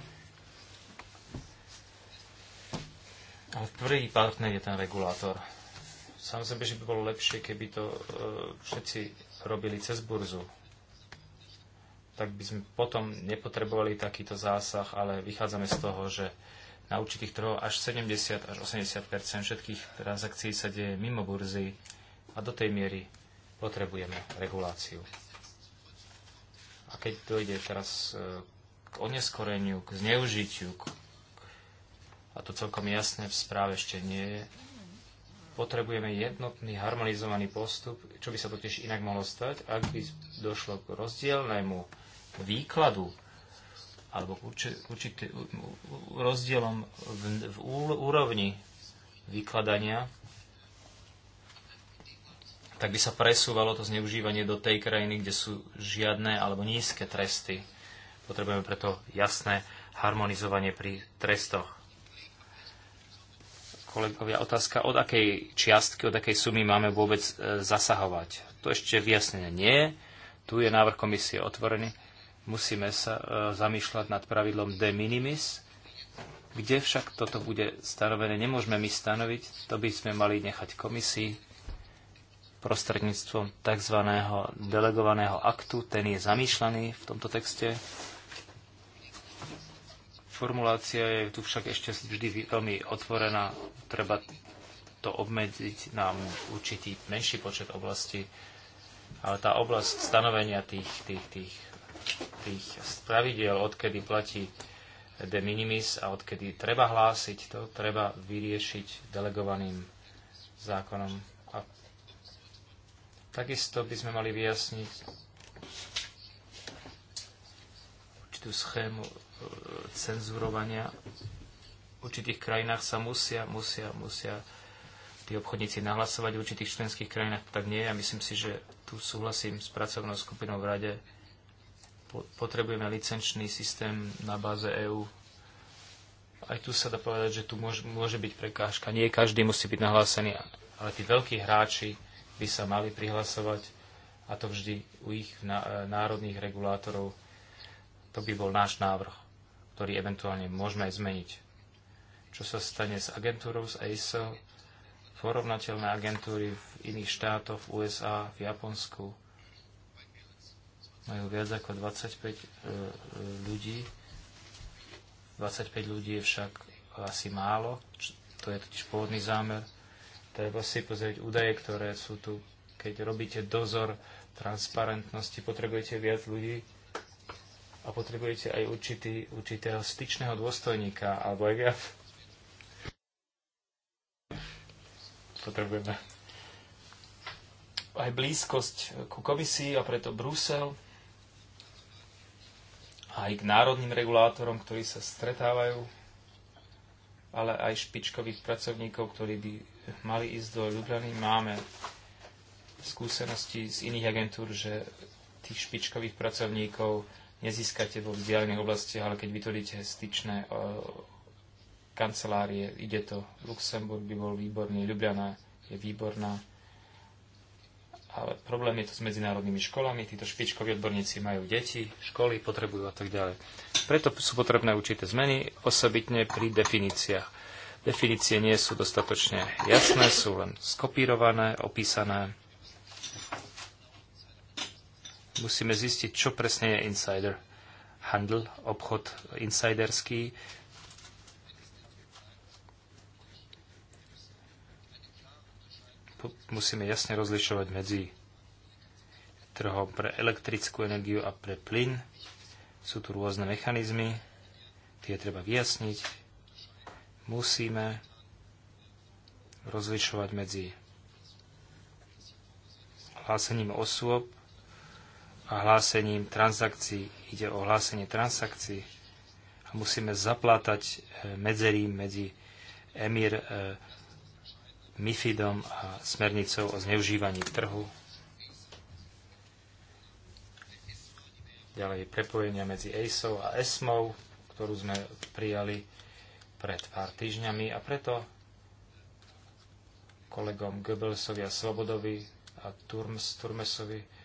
Ale prvý partner je ten regulátor samozrejme, že by bolo lepšie, keby to e, všetci robili cez burzu. Tak by sme potom nepotrebovali takýto zásah, ale vychádzame z toho, že na určitých trhoch až 70 až 80 všetkých transakcií sa deje mimo burzy a do tej miery potrebujeme reguláciu. A keď dojde teraz e, k oneskoreniu, k zneužitiu, a to celkom jasné v správe ešte nie je, potrebujeme jednotný, harmonizovaný postup, čo by sa totiž inak malo stať, ak by došlo k rozdielnemu výkladu alebo určitým rozdielom v, v úrovni vykladania, tak by sa presúvalo to zneužívanie do tej krajiny, kde sú žiadne alebo nízke tresty. Potrebujeme preto jasné harmonizovanie pri trestoch kolegovia, otázka, od akej čiastky, od akej sumy máme vôbec e, zasahovať. To ešte vyjasnené nie Tu je návrh komisie otvorený. Musíme sa e, zamýšľať nad pravidlom de minimis. Kde však toto bude stanovené, nemôžeme my stanoviť. To by sme mali nechať komisii prostredníctvom tzv. delegovaného aktu. Ten je zamýšľaný v tomto texte Formulácia je tu však ešte vždy veľmi otvorená. Treba to obmedziť na určitý menší počet oblastí, ale tá oblasť stanovenia tých, tých, tých, tých pravidiel, odkedy platí de minimis a odkedy treba hlásiť, to treba vyriešiť delegovaným zákonom. A takisto by sme mali vyjasniť určitú schému cenzurovania v určitých krajinách sa musia, musia, musia tí obchodníci nahlasovať v určitých členských krajinách, tak nie. Ja myslím si, že tu súhlasím s pracovnou skupinou v Rade. Potrebujeme licenčný systém na báze EÚ. Aj tu sa dá povedať, že tu môže, môže byť prekážka. Nie každý musí byť nahlásený, ale tí veľkí hráči by sa mali prihlasovať a to vždy u ich e, národných regulátorov. To by bol náš návrh ktorý eventuálne môžeme aj zmeniť. Čo sa stane s agentúrou, z ASO, porovnateľné agentúry v iných štátoch, v USA, v Japonsku, majú viac ako 25 e, e, ľudí. 25 ľudí je však asi málo, to je totiž pôvodný zámer. Treba si pozrieť údaje, ktoré sú tu. Keď robíte dozor transparentnosti, potrebujete viac ľudí, a potrebujete aj určitý, určitého styčného dôstojníka alebo viac. Potrebujeme aj blízkosť ku komisii a preto Brusel aj k národným regulátorom, ktorí sa stretávajú, ale aj špičkových pracovníkov, ktorí by mali ísť do Ljubljany. Máme skúsenosti z iných agentúr, že tých špičkových pracovníkov nezískate vo vzdialených oblastiach, ale keď vytvoríte styčné kancelárie, ide to. Luxemburg by bol výborný, Ljubljana je výborná. Ale problém je to s medzinárodnými školami, títo špičkoví odborníci majú deti, školy potrebujú a tak ďalej. Preto sú potrebné určité zmeny, osobitne pri definíciách. Definície nie sú dostatočne jasné, sú len skopírované, opísané. Musíme zistiť, čo presne je insider handel, obchod insiderský. Musíme jasne rozlišovať medzi trhom pre elektrickú energiu a pre plyn. Sú tu rôzne mechanizmy, tie treba vyjasniť. Musíme rozlišovať medzi hlásením osôb a hlásením transakcií. Ide o hlásenie transakcií a musíme zaplátať e, medzery medzi EMIR, e, MIFIDom a smernicou o zneužívaní trhu. Ďalej prepojenia medzi ASO a ESMO, ktorú sme prijali pred pár týždňami a preto kolegom Goebbelsovi a Svobodovi a Turms, Turmesovi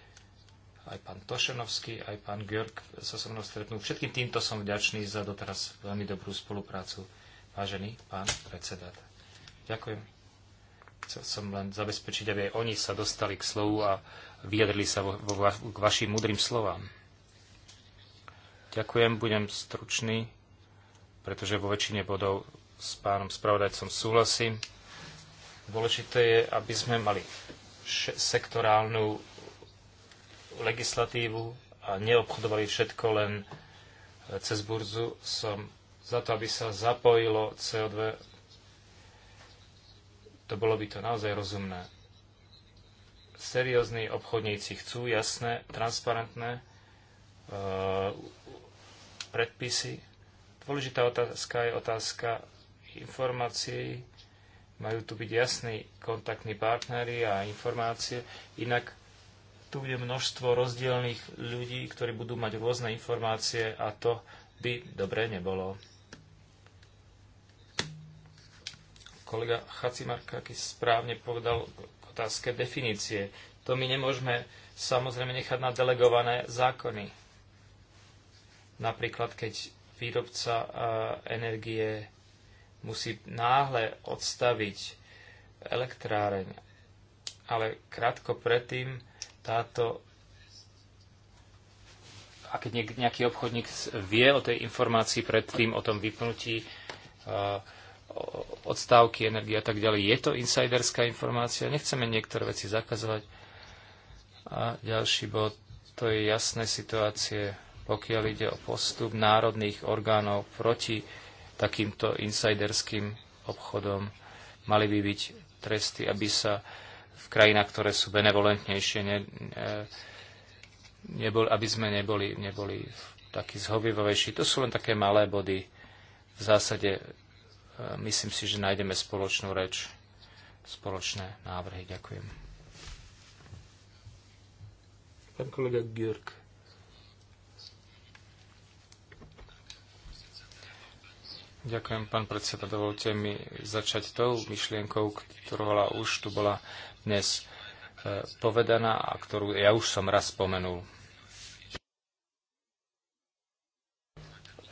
aj pán Tošenovský, aj pán Görg sa so mnou stretnú. Všetkým týmto som vďačný za doteraz veľmi dobrú spoluprácu, vážený pán predseda. Ďakujem. Chcel som len zabezpečiť, aby aj oni sa dostali k slovu a vyjadrili sa vo, vo, k vašim múdrym slovám. Ďakujem, budem stručný, pretože vo väčšine bodov s pánom spravodajcom súhlasím. Dôležité je, aby sme mali sektorálnu legislatívu a neobchodovali všetko len e, cez burzu. Som za to, aby sa zapojilo CO2. To bolo by to naozaj rozumné. Seriózni obchodníci chcú jasné, transparentné e, predpisy. Dôležitá otázka je otázka informácií majú tu byť jasní kontaktní partnery a informácie, inak tu bude množstvo rozdielných ľudí, ktorí budú mať rôzne informácie a to by dobre nebolo. Kolega Chacimarkakis správne povedal k otázke definície. To my nemôžeme samozrejme nechať na delegované zákony. Napríklad, keď výrobca energie musí náhle odstaviť elektráreň, ale krátko predtým táto a keď nejaký obchodník vie o tej informácii predtým, o tom vypnutí odstávky energie a tak ďalej, je to insiderská informácia, nechceme niektoré veci zakazovať. A ďalší bod, to je jasné situácie, pokiaľ ide o postup národných orgánov proti takýmto insiderským obchodom. Mali by byť tresty, aby sa v krajinách, ktoré sú benevolentnejšie, ne, nebol, aby sme neboli, neboli takí zhovivovejší. To sú len také malé body. V zásade e, myslím si, že nájdeme spoločnú reč, spoločné návrhy. Ďakujem. Pán kolega Gjörg. Ďakujem, pán predseda. Dovolte mi začať tou myšlienkou, ktorá už tu bola dnes e, povedaná a ktorú ja už som raz spomenul.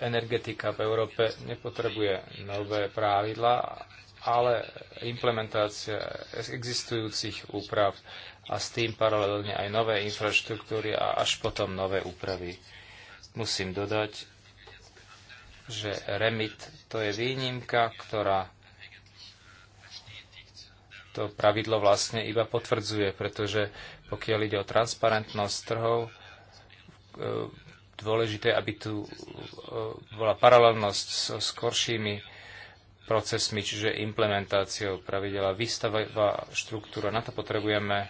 Energetika v Európe nepotrebuje nové právidla, ale implementácia existujúcich úprav a s tým paralelne aj nové infraštruktúry a až potom nové úpravy. Musím dodať, že REMIT to je výnimka, ktorá to pravidlo vlastne iba potvrdzuje, pretože pokiaľ ide o transparentnosť trhov, e, dôležité, aby tu e, bola paralelnosť s so skoršími procesmi, čiže implementáciou pravidela. Výstavová štruktúra, na to potrebujeme e,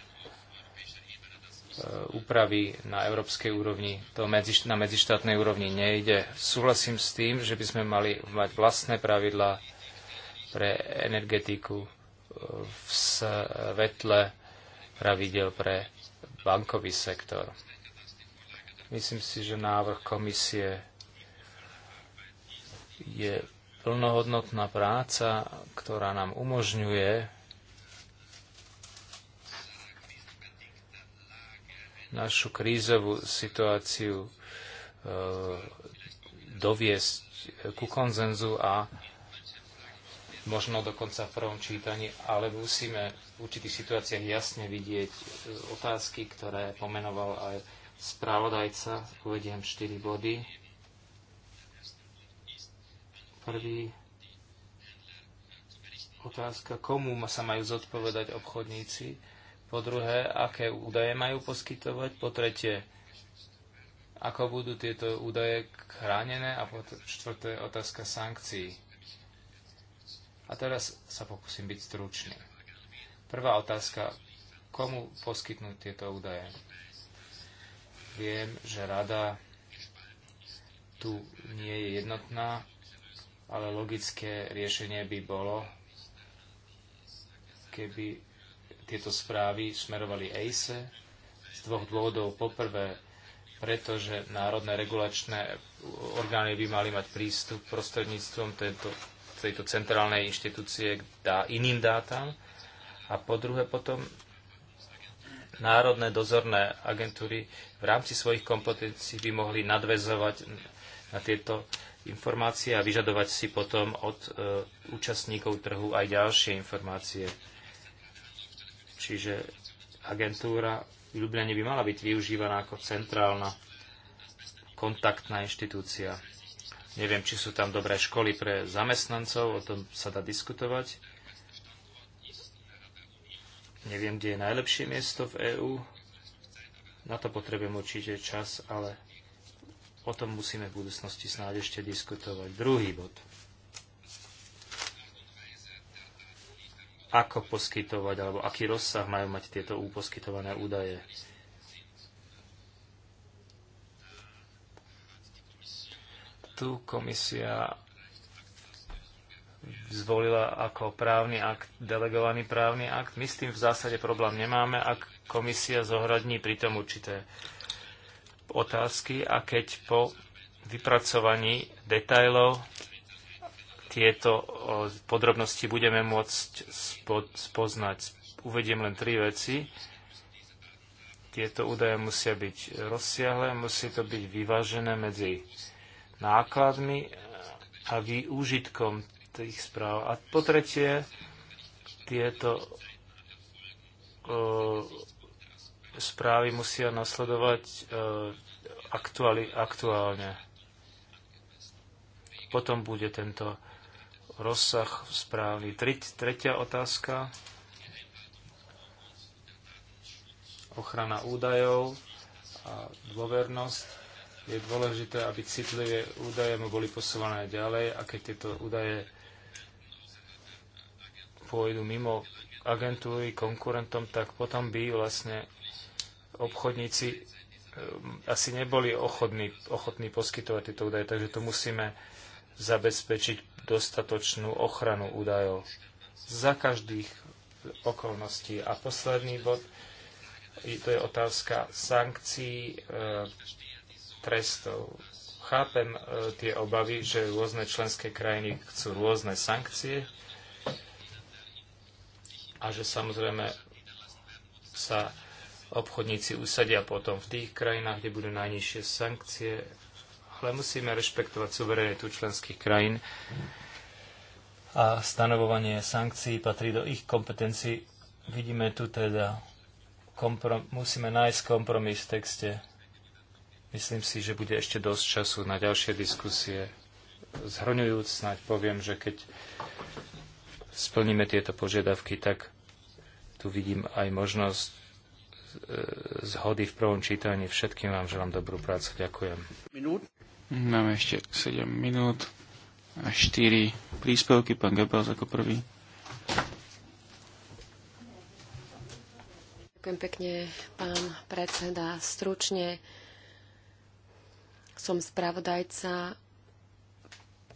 úpravy na európskej úrovni, to medzi, na medzištátnej úrovni nejde. Súhlasím s tým, že by sme mali mať vlastné pravidlá pre energetiku, v svetle pravidel pre bankový sektor. Myslím si, že návrh komisie je plnohodnotná práca, ktorá nám umožňuje našu krízovú situáciu eh, doviesť ku konzenzu a možno dokonca v prvom čítaní, ale musíme v určitých situáciách jasne vidieť e, otázky, ktoré pomenoval aj správodajca. Uvediem 4 body. Prvý otázka, komu sa majú zodpovedať obchodníci, po druhé, aké údaje majú poskytovať, po tretie, ako budú tieto údaje chránené a po štvrté otázka sankcií. A teraz sa pokúsim byť stručný. Prvá otázka, komu poskytnúť tieto údaje? Viem, že rada tu nie je jednotná, ale logické riešenie by bolo, keby tieto správy smerovali EISE z dvoch dôvodov. Poprvé, pretože národné regulačné orgány by mali mať prístup prostredníctvom tento, tejto centrálnej inštitúcie dá iným dátam. A po druhé potom národné dozorné agentúry v rámci svojich kompetencií by mohli nadvezovať na tieto informácie a vyžadovať si potom od e, účastníkov trhu aj ďalšie informácie. Čiže agentúra v Ljubljane by mala byť využívaná ako centrálna kontaktná inštitúcia. Neviem, či sú tam dobré školy pre zamestnancov, o tom sa dá diskutovať. Neviem, kde je najlepšie miesto v EÚ. Na to potrebujem určite čas, ale o tom musíme v budúcnosti snáď ešte diskutovať. Druhý bod. Ako poskytovať, alebo aký rozsah majú mať tieto poskytované údaje. tu komisia zvolila ako právny akt, delegovaný právny akt. My s tým v zásade problém nemáme, ak komisia zohradní pritom určité otázky a keď po vypracovaní detajlov tieto podrobnosti budeme môcť spoznať. Uvediem len tri veci. Tieto údaje musia byť rozsiahle, musí to byť vyvážené medzi nákladmi a výužitkom tých správ. A po tretie, tieto uh, správy musia nasledovať uh, aktuali, aktuálne. Potom bude tento rozsah správny. Tretia otázka. Ochrana údajov a dôvernosť je dôležité, aby citlivé údaje mu boli posúvané ďalej a keď tieto údaje pôjdu mimo agentúry konkurentom, tak potom by vlastne obchodníci e, asi neboli ochotní, ochotní poskytovať tieto údaje, takže tu musíme zabezpečiť dostatočnú ochranu údajov za každých okolností. A posledný bod, to je otázka sankcií, e, trestov. Chápem e, tie obavy, že rôzne členské krajiny chcú rôzne sankcie a že samozrejme sa obchodníci usadia potom v tých krajinách, kde budú najnižšie sankcie, ale musíme rešpektovať suverenitu členských krajín a stanovovanie sankcií patrí do ich kompetencií. Vidíme tu teda, musíme nájsť kompromis v texte. Myslím si, že bude ešte dosť času na ďalšie diskusie. Zhrňujúc snáď poviem, že keď splníme tieto požiadavky, tak tu vidím aj možnosť e, zhody v prvom čítaní. Všetkým vám želám dobrú prácu. Ďakujem. Minút. Máme ešte 7 minút a 4 príspevky. Pán Gabels ako prvý. Ďakujem pekne, pán predseda. Stručne som spravodajca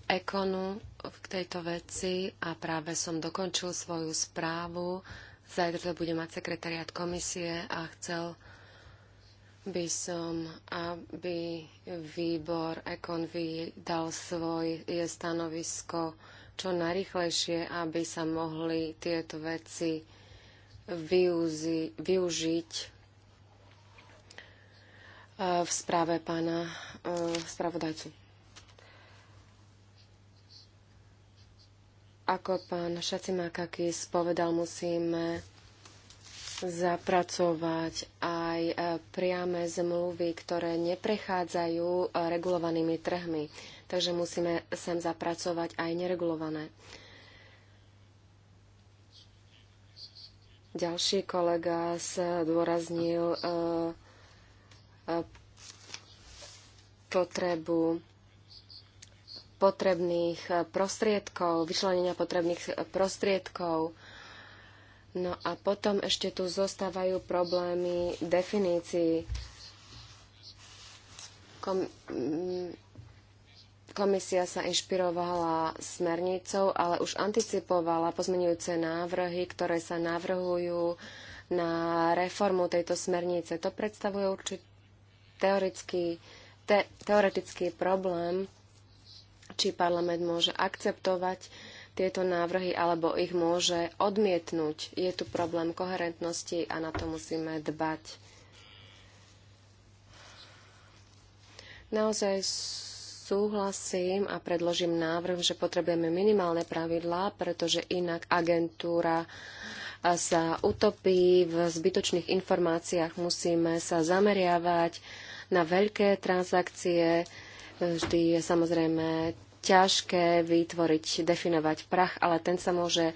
Ekonu v tejto veci a práve som dokončil svoju správu. Zajtra to bude mať sekretariat komisie a chcel by som, aby výbor Ekon vydal svoje stanovisko čo najrychlejšie, aby sa mohli tieto veci využi- využiť v správe pána e, spravodajcu. Ako pán Šacimákakis povedal, musíme zapracovať aj e, priame zmluvy, ktoré neprechádzajú e, regulovanými trhmi. Takže musíme sem zapracovať aj neregulované. Ďalší kolega zdôraznil e, potrebu potrebných prostriedkov, vyčlenenia potrebných prostriedkov. No a potom ešte tu zostávajú problémy definícií. Kom- komisia sa inšpirovala smernicou, ale už anticipovala pozmenujúce návrhy, ktoré sa navrhujú na reformu tejto smernice. To predstavuje určitú teoretický, te, teoretický problém, či parlament môže akceptovať tieto návrhy alebo ich môže odmietnúť. Je tu problém koherentnosti a na to musíme dbať. Naozaj súhlasím a predložím návrh, že potrebujeme minimálne pravidlá, pretože inak agentúra sa utopí v zbytočných informáciách. Musíme sa zameriavať na veľké transakcie. Vždy je samozrejme ťažké vytvoriť, definovať prach, ale ten sa môže e,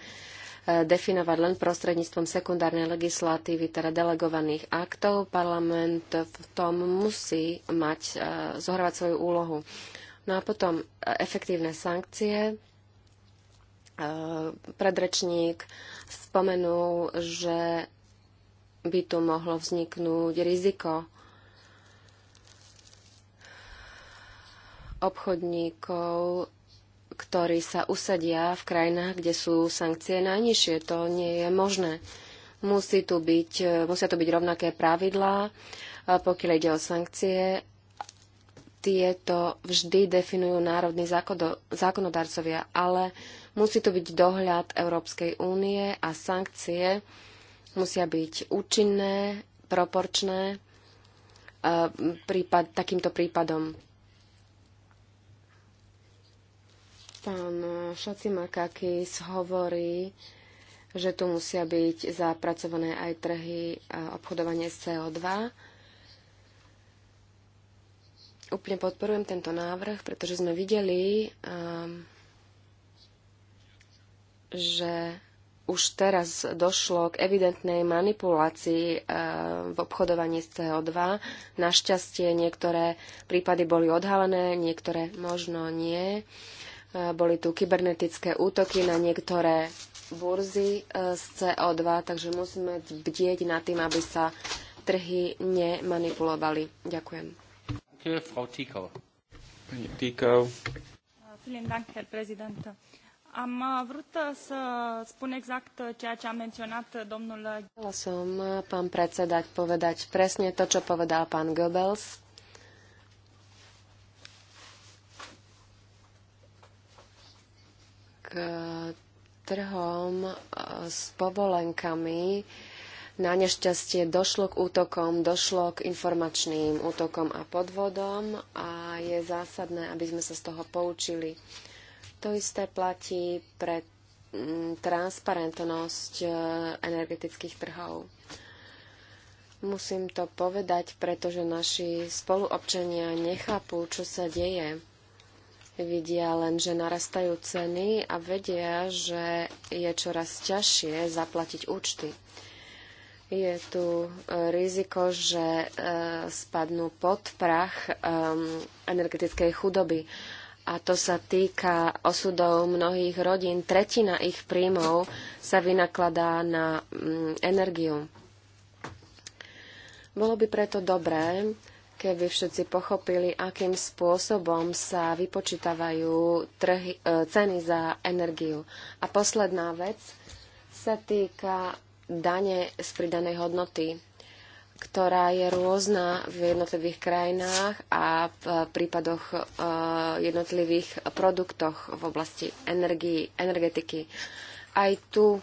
definovať len prostredníctvom sekundárnej legislatívy, teda delegovaných aktov. Parlament v tom musí mať, e, zohrávať svoju úlohu. No a potom e, efektívne sankcie. Predrečník spomenul, že by tu mohlo vzniknúť riziko obchodníkov, ktorí sa usadia v krajinách, kde sú sankcie najnižšie. To nie je možné. Musí tu byť, e, musia tu byť rovnaké pravidlá, pokiaľ ide o sankcie. Tieto vždy definujú národní zákonodarcovia, ale musí tu byť dohľad Európskej únie a sankcie musia byť účinné, proporčné e, prípad, takýmto prípadom. pán Šacimakakis hovorí, že tu musia byť zapracované aj trhy a obchodovanie s CO2. Úplne podporujem tento návrh, pretože sme videli, ehm, že už teraz došlo k evidentnej manipulácii ehm, v obchodovaní s CO2. Našťastie niektoré prípady boli odhalené, niektoré možno nie. Boli tu kybernetické útoky na niektoré burzy e, z CO2, takže musíme bdieť nad tým, aby sa trhy nemanipulovali. Ďakujem. Am uh, vrut uh, să spun exact uh, ceea ce a menționat domnul... Chcela som, pán predseda, povedať presne to, čo povedal pán Goebbels. E, trhom e, s povolenkami na nešťastie došlo k útokom, došlo k informačným útokom a podvodom a je zásadné, aby sme sa z toho poučili. To isté platí pre transparentnosť e, energetických trhov. Musím to povedať, pretože naši spoluobčania nechápu, čo sa deje vidia len, že narastajú ceny a vedia, že je čoraz ťažšie zaplatiť účty. Je tu e, riziko, že e, spadnú pod prach e, energetickej chudoby. A to sa týka osudov mnohých rodín. Tretina ich príjmov sa vynakladá na mm, energiu. Bolo by preto dobré, keby všetci pochopili, akým spôsobom sa vypočítavajú trhy, e, ceny za energiu. A posledná vec sa týka dane z pridanej hodnoty, ktorá je rôzna v jednotlivých krajinách a v prípadoch e, jednotlivých produktoch v oblasti energii, energetiky. Aj tu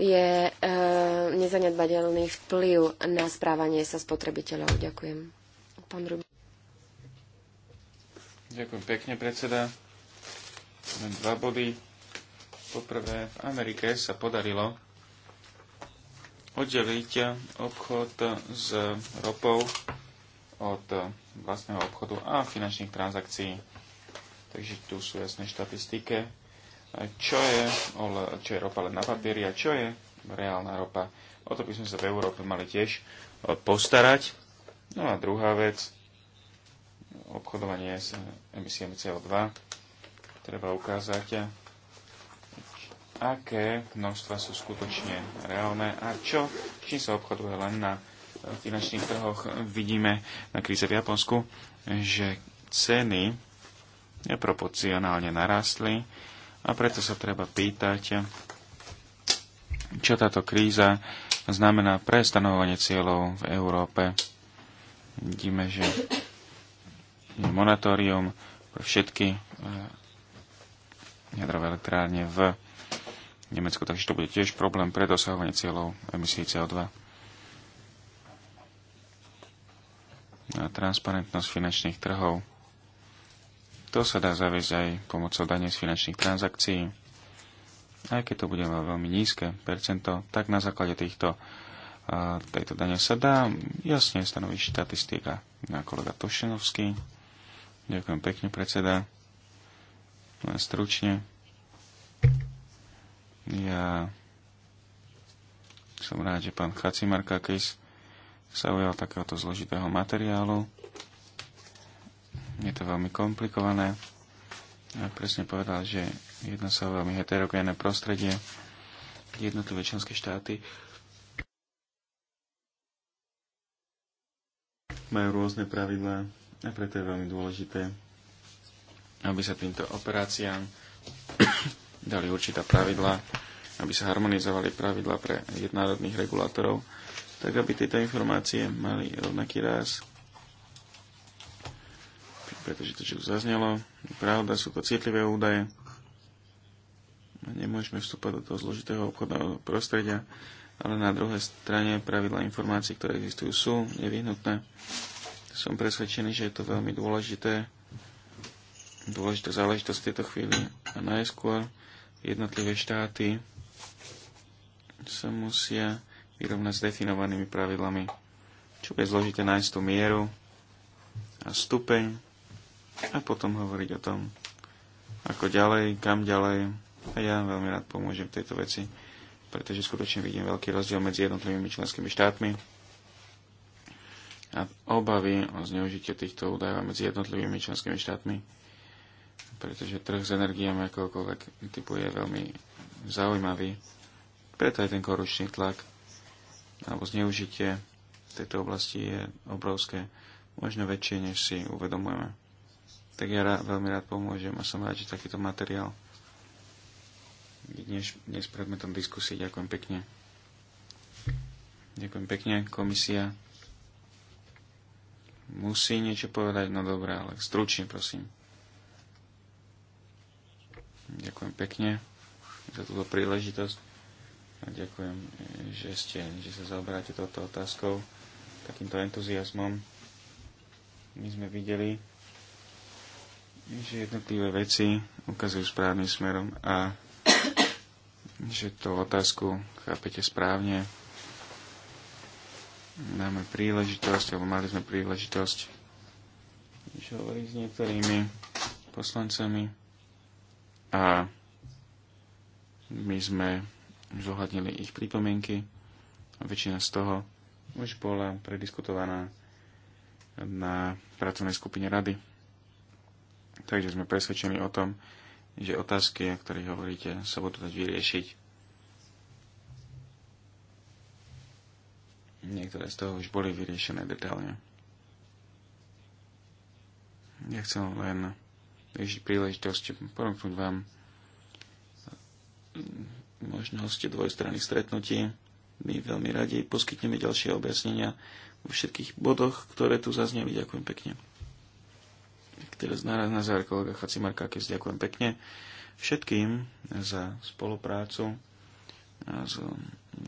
je e, nezanedbateľný vplyv na správanie sa spotrebiteľov. Ďakujem. Pán Rubin. Ďakujem pekne, predseda. Len dva body. Poprvé, v Amerike sa podarilo oddeliť obchod s ropou od vlastného obchodu a finančných transakcií. Takže tu sú jasné štatistike čo je, čo je ropa len na papieri a čo je reálna ropa. O to by sme sa v Európe mali tiež e, postarať. No a druhá vec, obchodovanie s emisiami CO2. Treba ukázať, e, aké množstva sú skutočne reálne a čo, čím sa obchoduje len na finančných trhoch. Vidíme na kríze v Japonsku, že ceny neproporcionálne narastli a preto sa treba pýtať, čo táto kríza znamená pre stanovovanie cieľov v Európe. Vidíme, že je monatórium pre všetky eh, jadrové elektrárne v Nemecku, takže to bude tiež problém pre dosahovanie cieľov emisí CO2. A transparentnosť finančných trhov to sa dá zaviesť aj pomocou dane z finančných transakcií. Aj keď to bude veľmi nízke percento, tak na základe týchto, tejto dane sa dá jasne stanoviť štatistika. Na kolega Tošenovský. Ďakujem pekne, predseda. Len stručne. Ja som rád, že pán Chacimarkakis sa ujal takéhoto zložitého materiálu je to veľmi komplikované. Ja presne povedal, že jedno sa o veľmi heterogénne prostredie, jednotlivé členské štáty majú rôzne pravidlá a preto je veľmi dôležité, aby sa týmto operáciám dali určitá pravidlá, aby sa harmonizovali pravidlá pre jednárodných regulátorov, tak aby tieto informácie mali rovnaký ráz pretože to, čo už zaznelo, pravda, sú to citlivé údaje. Nemôžeme vstúpať do toho zložitého obchodného prostredia, ale na druhej strane pravidla informácií, ktoré existujú, sú nevyhnutné. Som presvedčený, že je to veľmi dôležité, dôležitá záležitosť v tejto chvíli. A najskôr jednotlivé štáty sa musia vyrovnať s definovanými pravidlami, čo je zložité nájsť tú mieru a stupeň a potom hovoriť o tom, ako ďalej, kam ďalej. A ja veľmi rád pomôžem v tejto veci, pretože skutočne vidím veľký rozdiel medzi jednotlivými členskými štátmi a obavy o zneužitie týchto údajov medzi jednotlivými členskými štátmi, pretože trh s energiami akokoľvek typu je veľmi zaujímavý. Preto aj ten korupčný tlak alebo zneužitie v tejto oblasti je obrovské, možno väčšie, než si uvedomujeme tak ja rá, veľmi rád pomôžem a som rád, že takýto materiál je dnes, dnes predmetom diskusie. Ďakujem pekne. Ďakujem pekne. Komisia musí niečo povedať. No dobré, ale stručne, prosím. Ďakujem pekne za túto príležitosť a ďakujem, že, ste, že sa zaoberáte touto otázkou takýmto entuziasmom. My sme videli, že jednotlivé veci ukazujú správnym smerom a že tú otázku chápete správne. Máme príležitosť, alebo mali sme príležitosť hovoriť s niektorými poslancami a my sme zohľadnili ich pripomienky a väčšina z toho už bola prediskutovaná na pracovnej skupine rady. Takže sme presvedčení o tom, že otázky, o ktorých hovoríte, sa budú dať vyriešiť. Niektoré z toho už boli vyriešené detailne. Ja chcem len využiť príležitosť ponúknuť vám možnosti dvojstranných stretnutí. My veľmi radi poskytneme ďalšie objasnenia vo všetkých bodoch, ktoré tu zazneli. Ďakujem pekne teraz raz na záver kolega keď Ďakujem pekne všetkým za spoluprácu a za,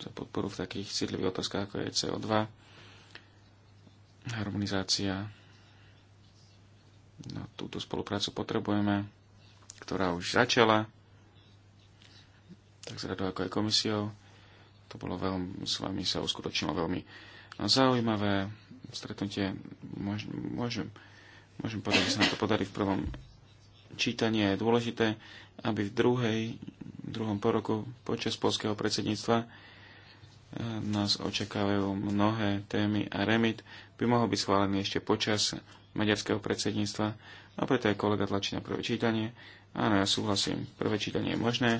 za podporu v takých citlivých otázkach ako je CO2, harmonizácia. No, túto spoluprácu potrebujeme, ktorá už začala, tak z radou ako aj komisiou. To bolo veľmi, s vami sa uskutočnilo veľmi zaujímavé stretnutie. Môž, môžem, môžem Môžem povedať, že sa nám to podarí v prvom čítaní je dôležité, aby v druhej, v druhom poroku počas polského predsedníctva eh, nás očakávajú mnohé témy a remit by mohol byť schválený ešte počas maďarského predsedníctva a preto aj kolega tlačí na prvé čítanie. Áno, ja súhlasím, prvé čítanie je možné,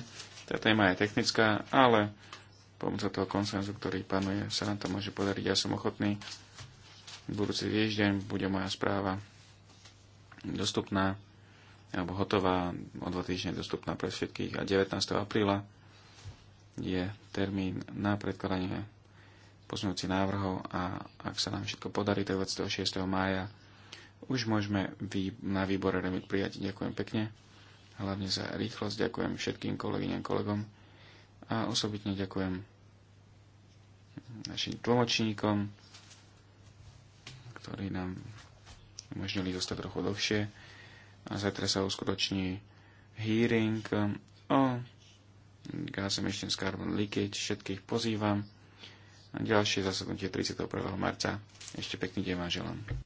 tá téma je technická, ale pomocou toho konsenzu, ktorý panuje, sa nám to môže podariť. Ja som ochotný. V budúci týždeň bude moja správa dostupná alebo hotová, o dva týždne dostupná pre všetkých. A 19. apríla je termín na predkladanie pozmeňujúcich návrhov a ak sa nám všetko podarí, tak 26. mája už môžeme vý, na výbore remit prijať. Ďakujem pekne, hlavne za rýchlosť, ďakujem všetkým kolegyňam, kolegom a osobitne ďakujem našim tlmočníkom, ktorí nám umožnili zostať trochu dlhšie. A zajtra sa uskutoční hearing um, o gas emissions carbon leakage. Všetkých pozývam. A ďalšie zasadnutie 31. marca. Ešte pekný deň vám želám.